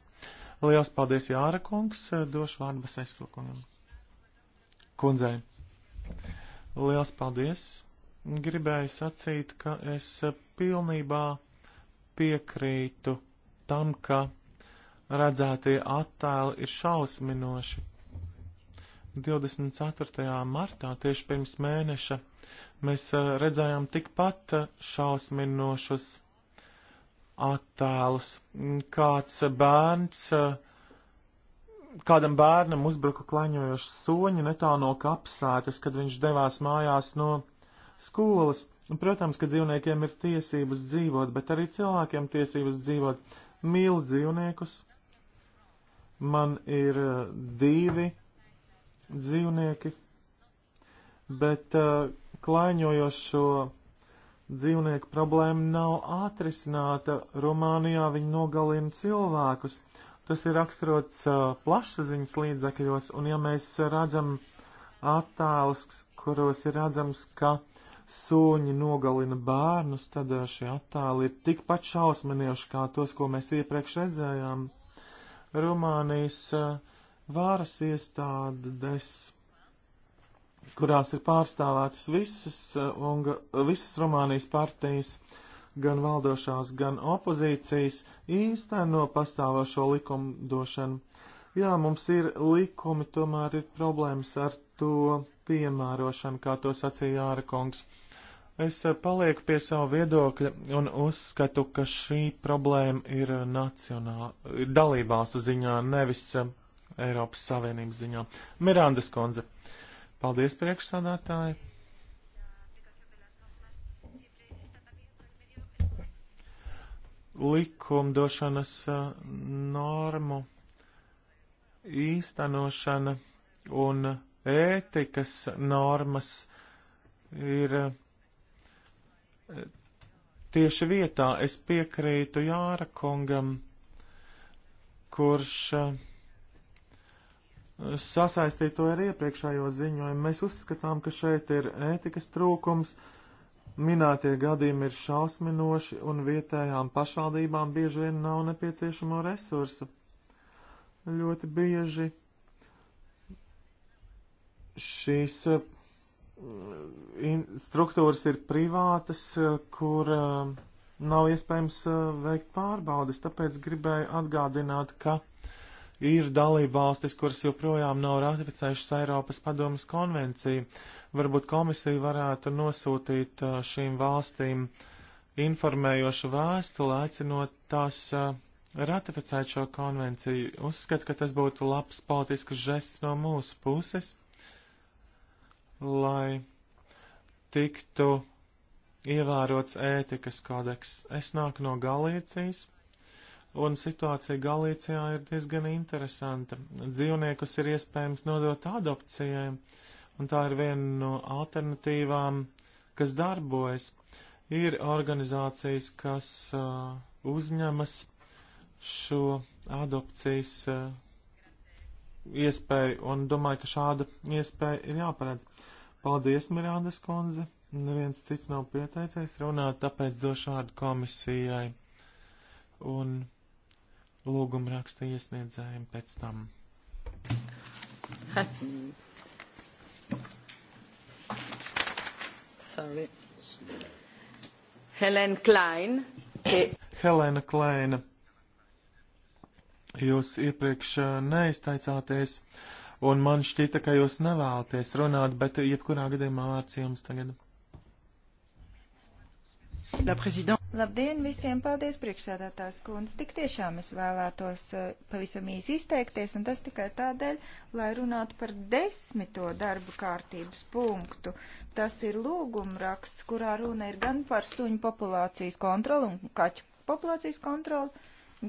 Lielas paldies, Jāra kungs, došu vārdu Basesku kungam. Kundzei. Lielas paldies. Gribēju sacīt, ka es pilnībā piekrītu tam, ka redzētie attēli ir šausminoši. 24. martā, tieši pirms mēneša, mēs eh, redzējām tikpat eh, šausminošus attēlus. Mm, kāds eh, bērns, kādam bērnam uzbruka klaņojoši soņi netālu no kapsētas, kad viņš devās mājās no skolas. Protams, ka dzīvniekiem ir tiesības dzīvot, bet arī cilvēkiem tiesības dzīvot. Mīlu dzīvniekus. Man ir divi dzīvnieki, bet uh, klaiņojošo dzīvnieku problēma nav atrisināta. Rumānijā viņi nogalina cilvēkus. Tas ir raksturots uh, plašsaziņas līdzekļos, un ja mēs redzam attēlus, kuros ir redzams, ka sūņi nogalina bērnus, tad uh, šie attēli ir tikpat šausminoši kā tos, ko mēs iepriekš redzējām. Rumānijas uh, vāras iestādes kurās ir pārstāvētas visas, eh, unga, visas Rumānijas partijas, gan valdošās, gan opozīcijas, īsteno pastāvošo likumdošanu. Jā, mums ir likumi, tomēr ir problēmas ar to piemērošanu, kā to sacīja Jāra kungs. Es eh, palieku pie savu viedokļa un uzskatu, ka šī problēma ir eh, nacionāla, ir dalībvalstu ziņā, nevis Eiropas Savienības ziņā. Mirandas konze. Uh, Paldies, priekšsādātāji! Likumdošanas uh, normu īstenošana un ētikas normas ir uh, tieši vietā. Es piekrītu Jāra kungam, kurš uh, sasaistīt to ar iepriekšējo ziņojumu. Mēs uzskatām, ka šeit ir ētikas trūkums, minētie gadījumi ir šausminoši un vietējām pašvaldībām bieži vien nav nepieciešamo resursu. Ļoti bieži šīs eh, struktūras ir privātas, eh, kur eh, nav iespējams veikt pārbaudes, tāpēc gribēju atgādināt, ka Ir dalība valstis, kuras joprojām nav ratificējušas Eiropas padomas konvenciju. Varbūt komisija varētu nosūtīt uh, šīm valstīm informējošu vēstuli, aicinot tās uh, ratificēt šo konvenciju. Uzskatu, ka tas būtu labs politisks žests no mūsu puses, lai tiktu ievērots ētikas kodeks. Es nāku no Galīcijas, un situācija Galīcijā ir diezgan interesanta. Dzīvniekus ir iespējams nodot adopcijai, un tā ir viena no alternatīvām, kas darbojas. Ir organizācijas, kas uh, uzņemas šo adopcijas uh, iespēju, un domāju, ka šāda iespēja ir jāparedz. Paldies, Mirādas kundze! Neviens cits nav pieteicies runāt, tāpēc došu vārdu komisijai. Un lūguma raksta iesniedzējiem pēc tam. Sorry. Helēna Klaina. Helēna Klaina. Jūs iepriekš uh, neizteicāties, un man šķita, ka jūs nevēlaties runāt, bet jebkurā gadījumā vārds jums tagad. La prezident. Labdien visiem! Paldies, priekšsēdētājs kundze! Tik tiešām es vēlētos eh, pavisam īsi izteikties, un tas tikai tādēļ, lai runātu par desmito darba kārtības punktu. Tas ir lūguma raksts, kurā runa ir gan par suņu populācijas kontroli un kaķu populācijas kontroli,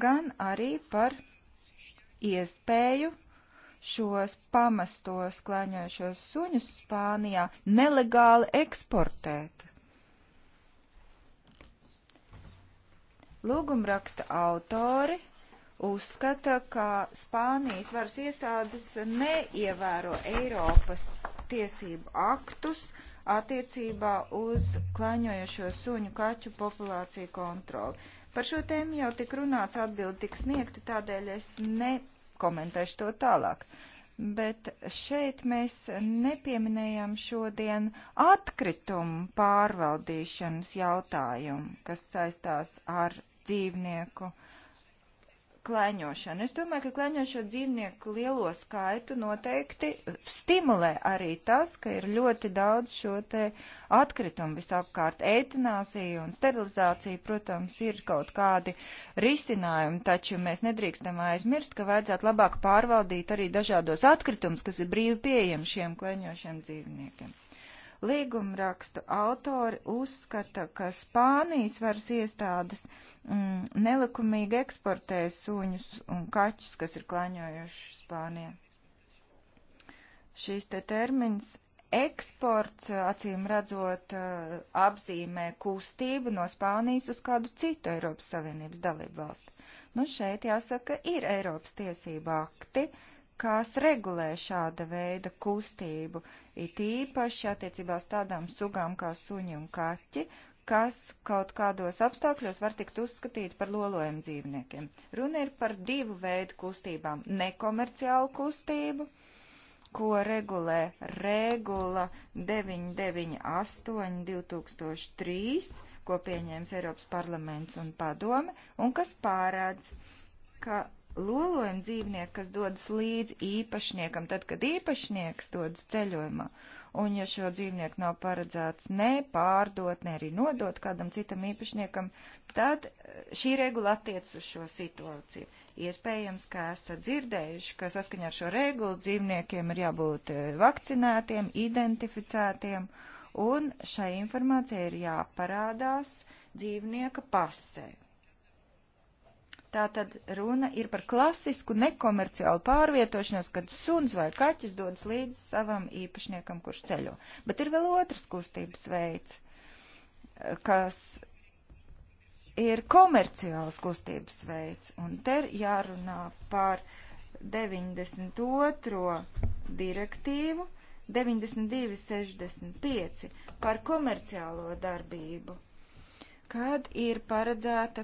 gan arī par iespēju šos pamestos klāņojušos suņus Spānijā nelegāli eksportēt Lūgumraksta autori uzskata, ka Spānijas varas iestādes neievēro Eiropas tiesību aktus attiecībā uz klaņojošo suņu kaķu populāciju kontroli. Par šo tēmu jau tik runāts, atbildi tik sniegti, tādēļ es nekomentēšu to tālāk. Uh, bet šeit mēs nepieminējam šodien atkritumu pārvaldīšanas jautājumu, kas saistās ar dzīvnieku uh, klēņošanu. Es domāju, ka klēņošo dzīvnieku lielo skaitu noteikti stimulē arī tas, ka ir ļoti daudz šo te atkritumu visapkārt. Eitanāzija un sterilizācija, protams, ir kaut kādi risinājumi, taču mēs nedrīkstam aizmirst, ka vajadzētu labāk pārvaldīt arī dažādos atkritumus, kas ir brīvi pieejami šiem klēņošiem dzīvniekiem. Līgumrakstu autori uzskata, ka Spānijas varas iestādes mm, nelikumīgi eksportē suņus un kaķus, kas ir klaņojuši Spānijā. Šis te termins eksports, acīm redzot, apzīmē kustību no Spānijas uz kādu citu Eiropas Savienības dalību valsti. Nu, šeit jāsaka, ir Eiropas tiesība akti, uh, kas regulē šāda veida kustību, it īpaši attiecībā uz tādām sugām kā suņi un kaķi, kas kaut kādos apstākļos var tikt uzskatīti par lolojumu dzīvniekiem. Runa ir par divu veidu kustībām - nekomerciālu kustību, ko regulē regula 998-2003, ko pieņēms Eiropas parlaments un padome, un kas pārādz, ka lolojumi dzīvnieki, kas dodas līdz īpašniekam, tad, kad īpašnieks dodas ceļojumā, un ja šo dzīvnieku nav paredzēts ne pārdot, ne arī nodot kādam citam īpašniekam, tad eh, šī regula attiec uz šo situāciju. Iespējams, ka esat dzirdējuši, ka saskaņā ar šo regulu dzīvniekiem ir jābūt eh, vakcinētiem, identificētiem, un šai informācijai ir jāparādās dzīvnieka pasē. Tātad runa ir par klasisku nekomerciālu pārvietošanos, kad suns vai kaķis dodas līdz savam īpašniekam, kurš ceļo. Bet ir vēl otrs kustības veids, kas ir komerciāls kustības veids, un te ir jārunā par 92. direktīvu 92.65 par komerciālo darbību, kad ir paredzēta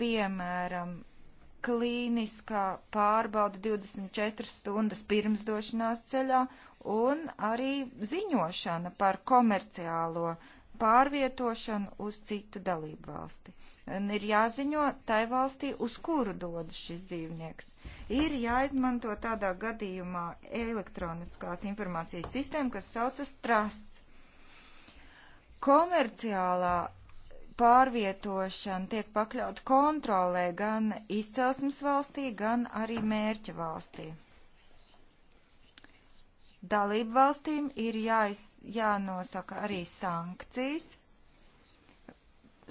piemēram, klīniskā pārbauda 24 stundas pirms došanās ceļā un arī ziņošana par komerciālo pārvietošanu uz citu dalību valsti. Un ir jāziņo tai valstī, uz kuru dodas šis dzīvnieks. Ir jāizmanto tādā gadījumā elektroniskās informācijas sistēma, kas saucas TRAS. Komerciālā pārvietošana tiek pakļaut kontrolē gan izcelsmes valstī, gan arī mērķa valstī. Dalību valstīm ir jāiz, jānosaka arī sankcijas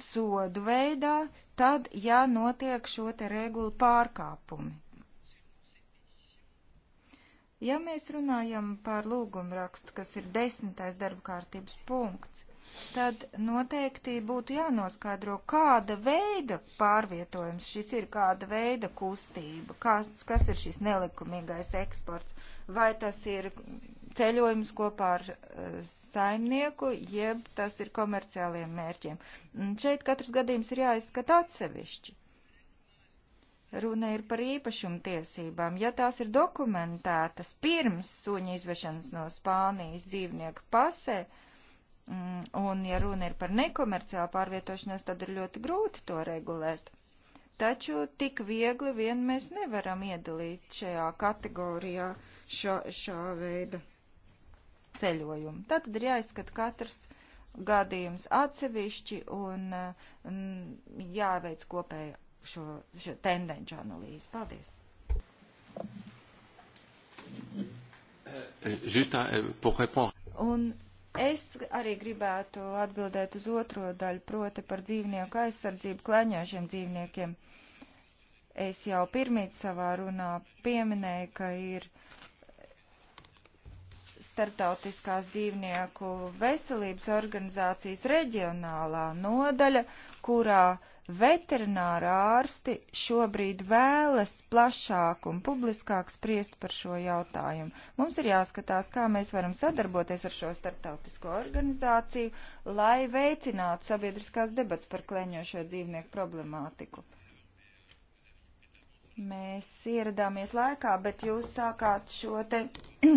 sodu veidā, tad, ja notiek šo te regulu pārkāpumi. Ja mēs runājam par lūgumu rakstu, kas ir desmitais darba kārtības punkts, tad noteikti būtu jānoskaidro, kāda veida pārvietojums šis ir, kāda veida kustība, kas, kas ir šis nelikumīgais eksports, vai tas ir ceļojums kopā ar uh, saimnieku, jeb tas ir komerciāliem mērķiem. Un šeit katrs gadījums ir jāizskata atsevišķi. Runa ir par īpašumtiesībām. Ja tās ir dokumentētas pirms suņa izvešanas no Spānijas dzīvnieka pasē, uh, Mm, un, ja runa ir par nekomerciālu pārvietošanos, tad ir ļoti grūti to regulēt. Taču tik viegli vien mēs nevaram iedalīt šajā kategorijā šo, šā veida ceļojumu. Tātad ir jāizskata katrs gadījums atsevišķi un mm, jāveic kopēja šo, šo tendenču analīzi. Paldies! Juste eh, pour répondre. Un Es arī gribētu atbildēt uz otro daļu, proti par dzīvnieku aizsardzību klaņošiem dzīvniekiem. Es jau pirmīt savā runā pieminēju, ka ir starptautiskās dzīvnieku veselības organizācijas reģionālā nodaļa, kurā uh, veterināri ārsti šobrīd vēlas plašāk un publiskāk spriest par šo jautājumu. Mums ir jāskatās, kā mēs varam sadarboties ar šo starptautisko organizāciju, lai veicinātu sabiedriskās debats par kleņošo dzīvnieku problemātiku. Mēs ieradāmies laikā, bet jūs sākāt šo te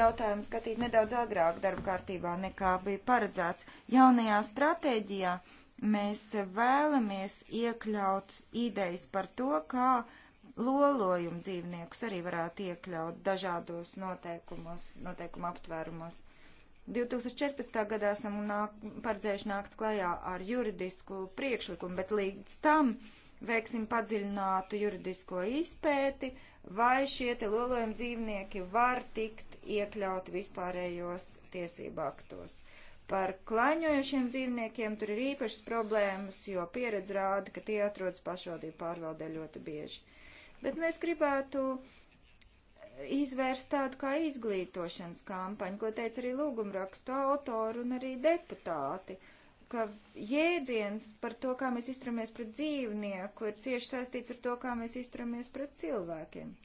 jautājumu skatīt nedaudz agrāk darba kārtībā nekā bija paredzēts. Jaunajā stratēģijā uh, Mēs vēlamies iekļaut idejas par to, kā lolojumu dzīvniekus arī varētu iekļaut dažādos noteikumos, noteikuma aptvērumos. 2014. gadā esam nāk, paredzējuši nākt klajā ar juridisku priekšlikumu, bet līdz tam veiksim padziļinātu juridisko izpēti, vai šie te lolojumi dzīvnieki var tikt iekļaut vispārējos tiesību aktos. Par klaņojošiem dzīvniekiem tur ir īpašas problēmas, jo pieredze rāda, ka tie atrodas pašvaldību pārvaldē ļoti bieži. Bet mēs gribētu izvērst tādu kā izglītošanas kampaņu, ko teica arī lūgumrakstu autori un arī deputāti, ka jēdziens par to, kā mēs izturamies pret dzīvnieku, ir cieši saistīts ar to, kā mēs izturamies pret cilvēkiem.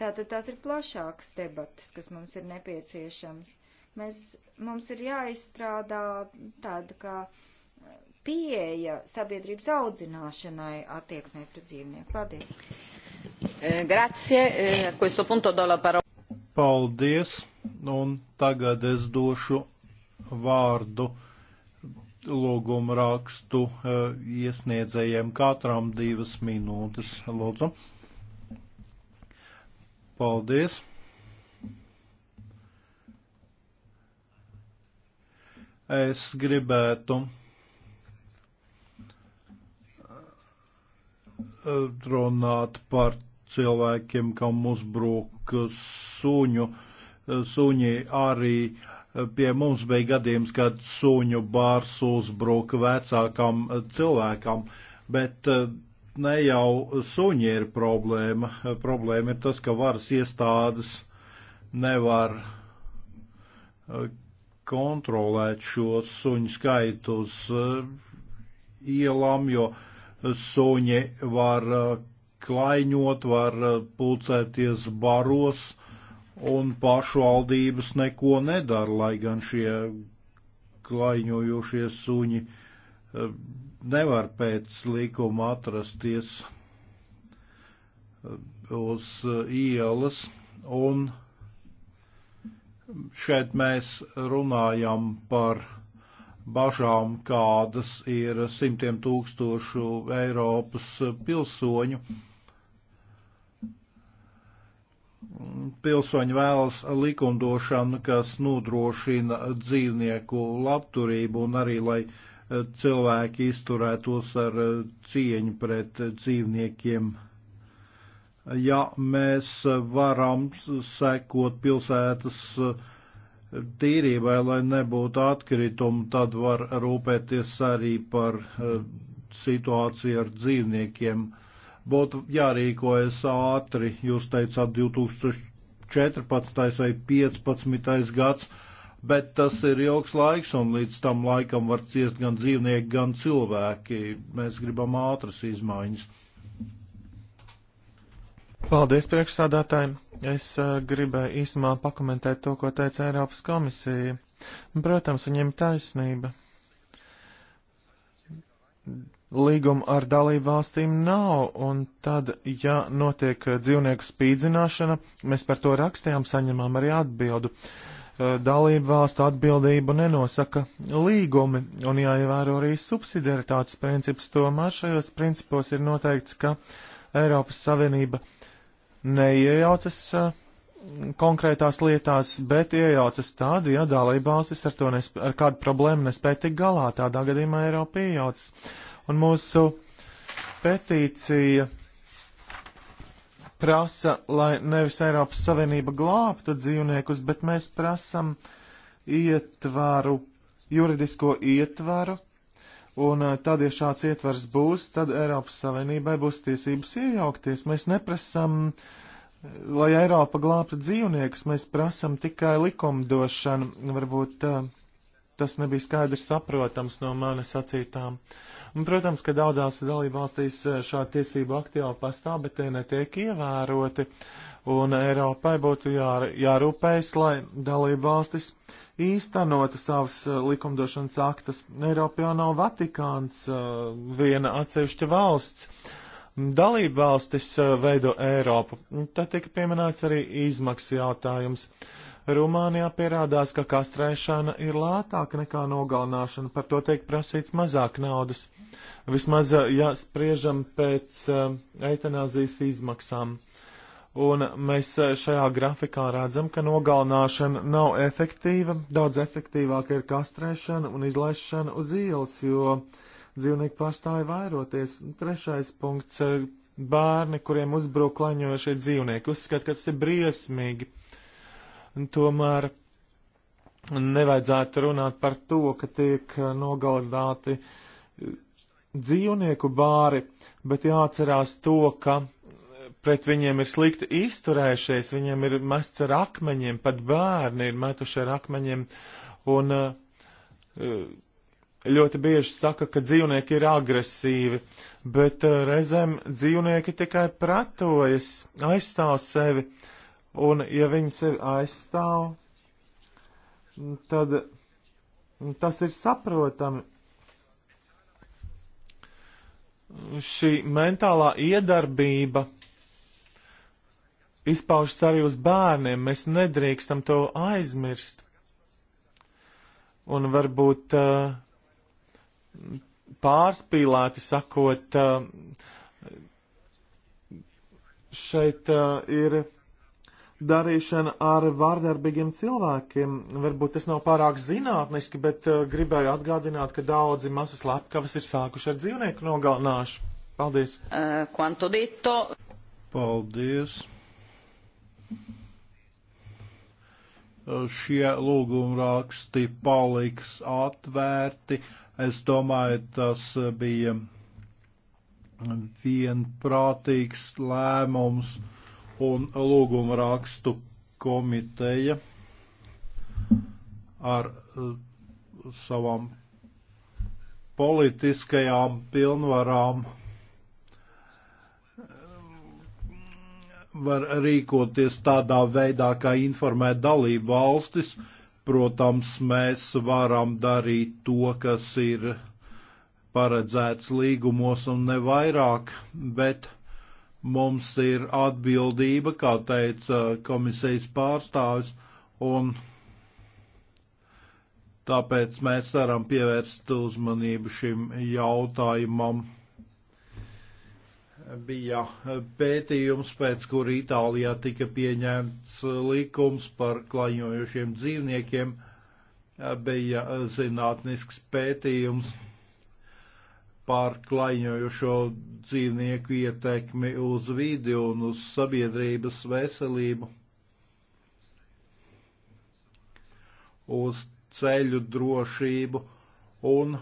Tātad tās ir plašākas debatas, kas mums ir nepieciešams. Mēs, mums ir jāizstrādā tāda kā pieeja sabiedrības audzināšanai attieksmē pret dzīvnieku. Paldies! Eh, grazie, eh, a questo punto do la parola. Paldies, un tagad es došu vārdu lūgumu rakstu eh, iesniedzējiem katram divas minūtes. Lūdzu. Paldies! Es gribētu uh, runāt par cilvēkiem, kam uzbruk suņu. Suņi arī uh, pie mums bija gadījums, kad suņu bārs uzbruka vecākam cilvēkam, bet uh, ne jau suņi ir problēma. Problēma ir tas, ka varas iestādes nevar eh, kontrolēt šo suņu skaitu uz eh, ielām, jo suņi var eh, klaiņot, var pulcēties baros, un pašvaldības neko nedara, lai gan šie klaiņojošie suņi nevar pēc likuma atrasties eh, uz eh, ielas, un šeit mēs runājam par bažām, kādas ir simtiem tūkstošu Eiropas pilsoņu. Pilsoņi vēlas likumdošanu, kas nodrošina dzīvnieku labturību un arī, lai uh, cilvēki izturētos ar eh, cieņu pret dzīvniekiem. Ja mēs varam sekot pilsētas eh, tīrībai, lai nebūtu atkritumu, tad var rūpēties arī par eh, situāciju ar dzīvniekiem. Būtu jārīkojas ātri, jūs teicāt 2014. vai 2015. gads bet tas ir ilgs laiks, un līdz tam laikam var ciest gan dzīvnieki, gan cilvēki. Mēs gribam ātras izmaiņas. Paldies priekšsādātājiem! Es uh, gribēju īsumā pakomentēt to, ko teica Eiropas komisija. Protams, viņiem taisnība. Līguma ar dalību valstīm nav, un tad, ja notiek eh, dzīvnieku spīdzināšana, mēs par to rakstījām, saņemām arī atbildu. Uh, Eh, dalību valstu atbildību nenosaka līgumi, un jāievēro arī subsidiaritātes princips. Tomēr šajos principos ir noteikts, ka Eiropas Savienība neiejaucas eh, konkrētās lietās, bet iejaucas tādi, ja dalībvalstis ar, nespē, ar kādu problēmu nespēja tik galā, tādā gadījumā Eiropa iejaucas. Un mūsu petīcija prasa, lai nevis Eiropas Savienība glābtu dzīvniekus, bet mēs prasam ietvaru, juridisko ietvaru, un eh, tad, ja šāds ietvars būs, tad Eiropas Savienībai būs tiesības iejaukties. Mēs neprasam, eh, lai Eiropa glābtu dzīvniekus, mēs prasam tikai likumdošanu. Varbūt eh, tas nebija skaidrs saprotams no manis acītām. Uh, Un, protams, ka daudzās dalībvalstīs eh, šādi tiesību akti jau pastāv, bet tie netiek ievēroti. Un Eiropai būtu jā, jārūpējas, lai dalībvalstis īstenotu savas eh, likumdošanas aktas. Eiropa jau nav Vatikāns, eh, viena atsevišķa valsts. Dalībvalstis veido Eiropu. Tad tika pieminēts arī izmaksu jautājums. Rumānijā pierādās, ka kastrēšana ir lētāka nekā nogalināšana, par to tiek prasīts mazāk naudas. Vismaz, ja spriežam pēc uh, eitanāzijas izmaksām. Un mēs eh, šajā grafikā redzam, ka nogalināšana nav efektīva, daudz efektīvāka ir kastrēšana un izlaišana uz ielas, jo dzīvnieki pārstāja vairoties. Trešais punkts eh, - bērni, kuriem uzbruk klaņojošie dzīvnieki. Uzskat, ka tas ir briesmīgi. Uh, Tomēr nevajadzētu runāt par to, ka tiek nogalināti dzīvnieku bāri, bet jāatcerās to, ka pret viņiem ir slikti izturējušies, viņiem ir mests ar akmeņiem, pat bērni ir metuši ar akmeņiem, un e, ļoti bieži saka, ka dzīvnieki ir agresīvi, bet e, reizēm dzīvnieki tikai pretojas, aizstāv sevi. Uh, Un, ja viņi sevi aizstāv, tad tas ir saprotami. Šī mentālā iedarbība izpaužas arī uz bērniem. Mēs nedrīkstam to aizmirst. Un varbūt eh, pārspīlēti sakot, eh, šeit eh, ir darīšana ar vārdarbīgiem cilvēkiem. Varbūt tas nav pārāk zinātniski, bet uh, gribēju atgādināt, ka daudzi masas lepkavas ir sākuši ar dzīvnieku nogalināšanu. Paldies! Kvanto eh, uh, dito! Paldies! Eh, šie lūgumraksti paliks atvērti. Es domāju, tas bija vienprātīgs lēmums un lūguma rakstu komiteja ar eh, savām politiskajām pilnvarām eh, var rīkoties tādā veidā, kā informēt dalību valstis. Protams, mēs varam darīt to, kas ir paredzēts līgumos un nevairāk, bet Mums ir atbildība, kā teica komisijas pārstāvis, un tāpēc mēs varam pievērst uzmanību šim jautājumam. Bija pētījums, pēc kura Itālijā tika pieņemts likums par klaņojošiem dzīvniekiem. Bija zinātnisks pētījums, par klaiņojošo dzīvnieku ietekmi uz vidi un uz sabiedrības veselību, uz ceļu drošību, un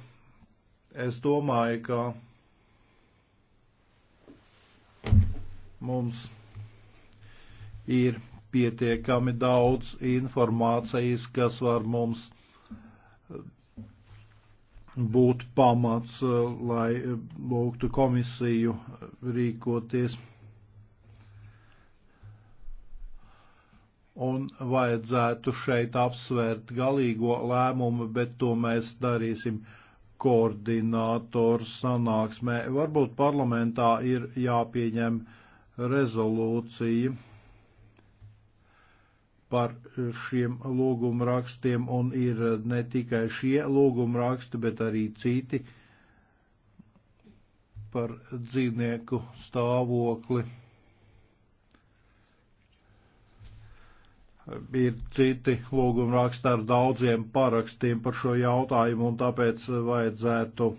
es domāju, ka mums ir pietiekami daudz informācijas, kas var mums būt pamats, eh, lai eh, lūgtu komisiju eh, rīkoties. Un vajadzētu šeit apsvērt galīgo lēmumu, bet to mēs darīsim koordinātoru sanāksmē. Varbūt parlamentā ir jāpieņem rezolūcija par šiem lūgumrakstiem, un ir ne tikai šie lūgumraksti, bet arī citi par dzīvnieku stāvokli. Ir citi lūgumraksti ar daudziem parakstiem par šo jautājumu, un tāpēc vajadzētu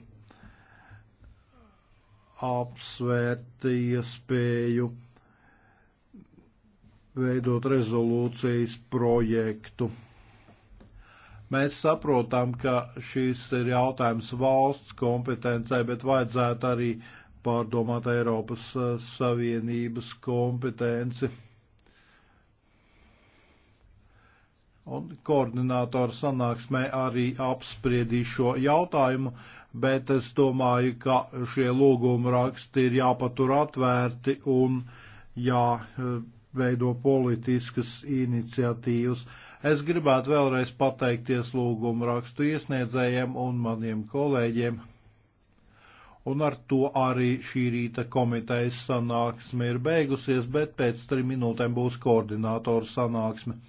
apsvērt iespēju. Ja veidot rezolūcijas projektu. Mēs saprotam, ka šis ir jautājums valsts kompetencē, bet vajadzētu arī pārdomāt Eiropas eh, Savienības kompetenci. Un koordinātora sanāksmē arī apspriedīšu šo jautājumu, bet es domāju, ka šie lūguma raksti ir jāpatur atvērti un jā. Ja, eh, veido politiskas iniciatīvas. Es gribētu vēlreiz pateikties lūgumu rakstu iesniedzējiem un maniem kolēģiem. Un ar to arī šī rīta komitejas sanāksme ir beigusies, bet pēc trim minūtēm būs koordinātoru sanāksme.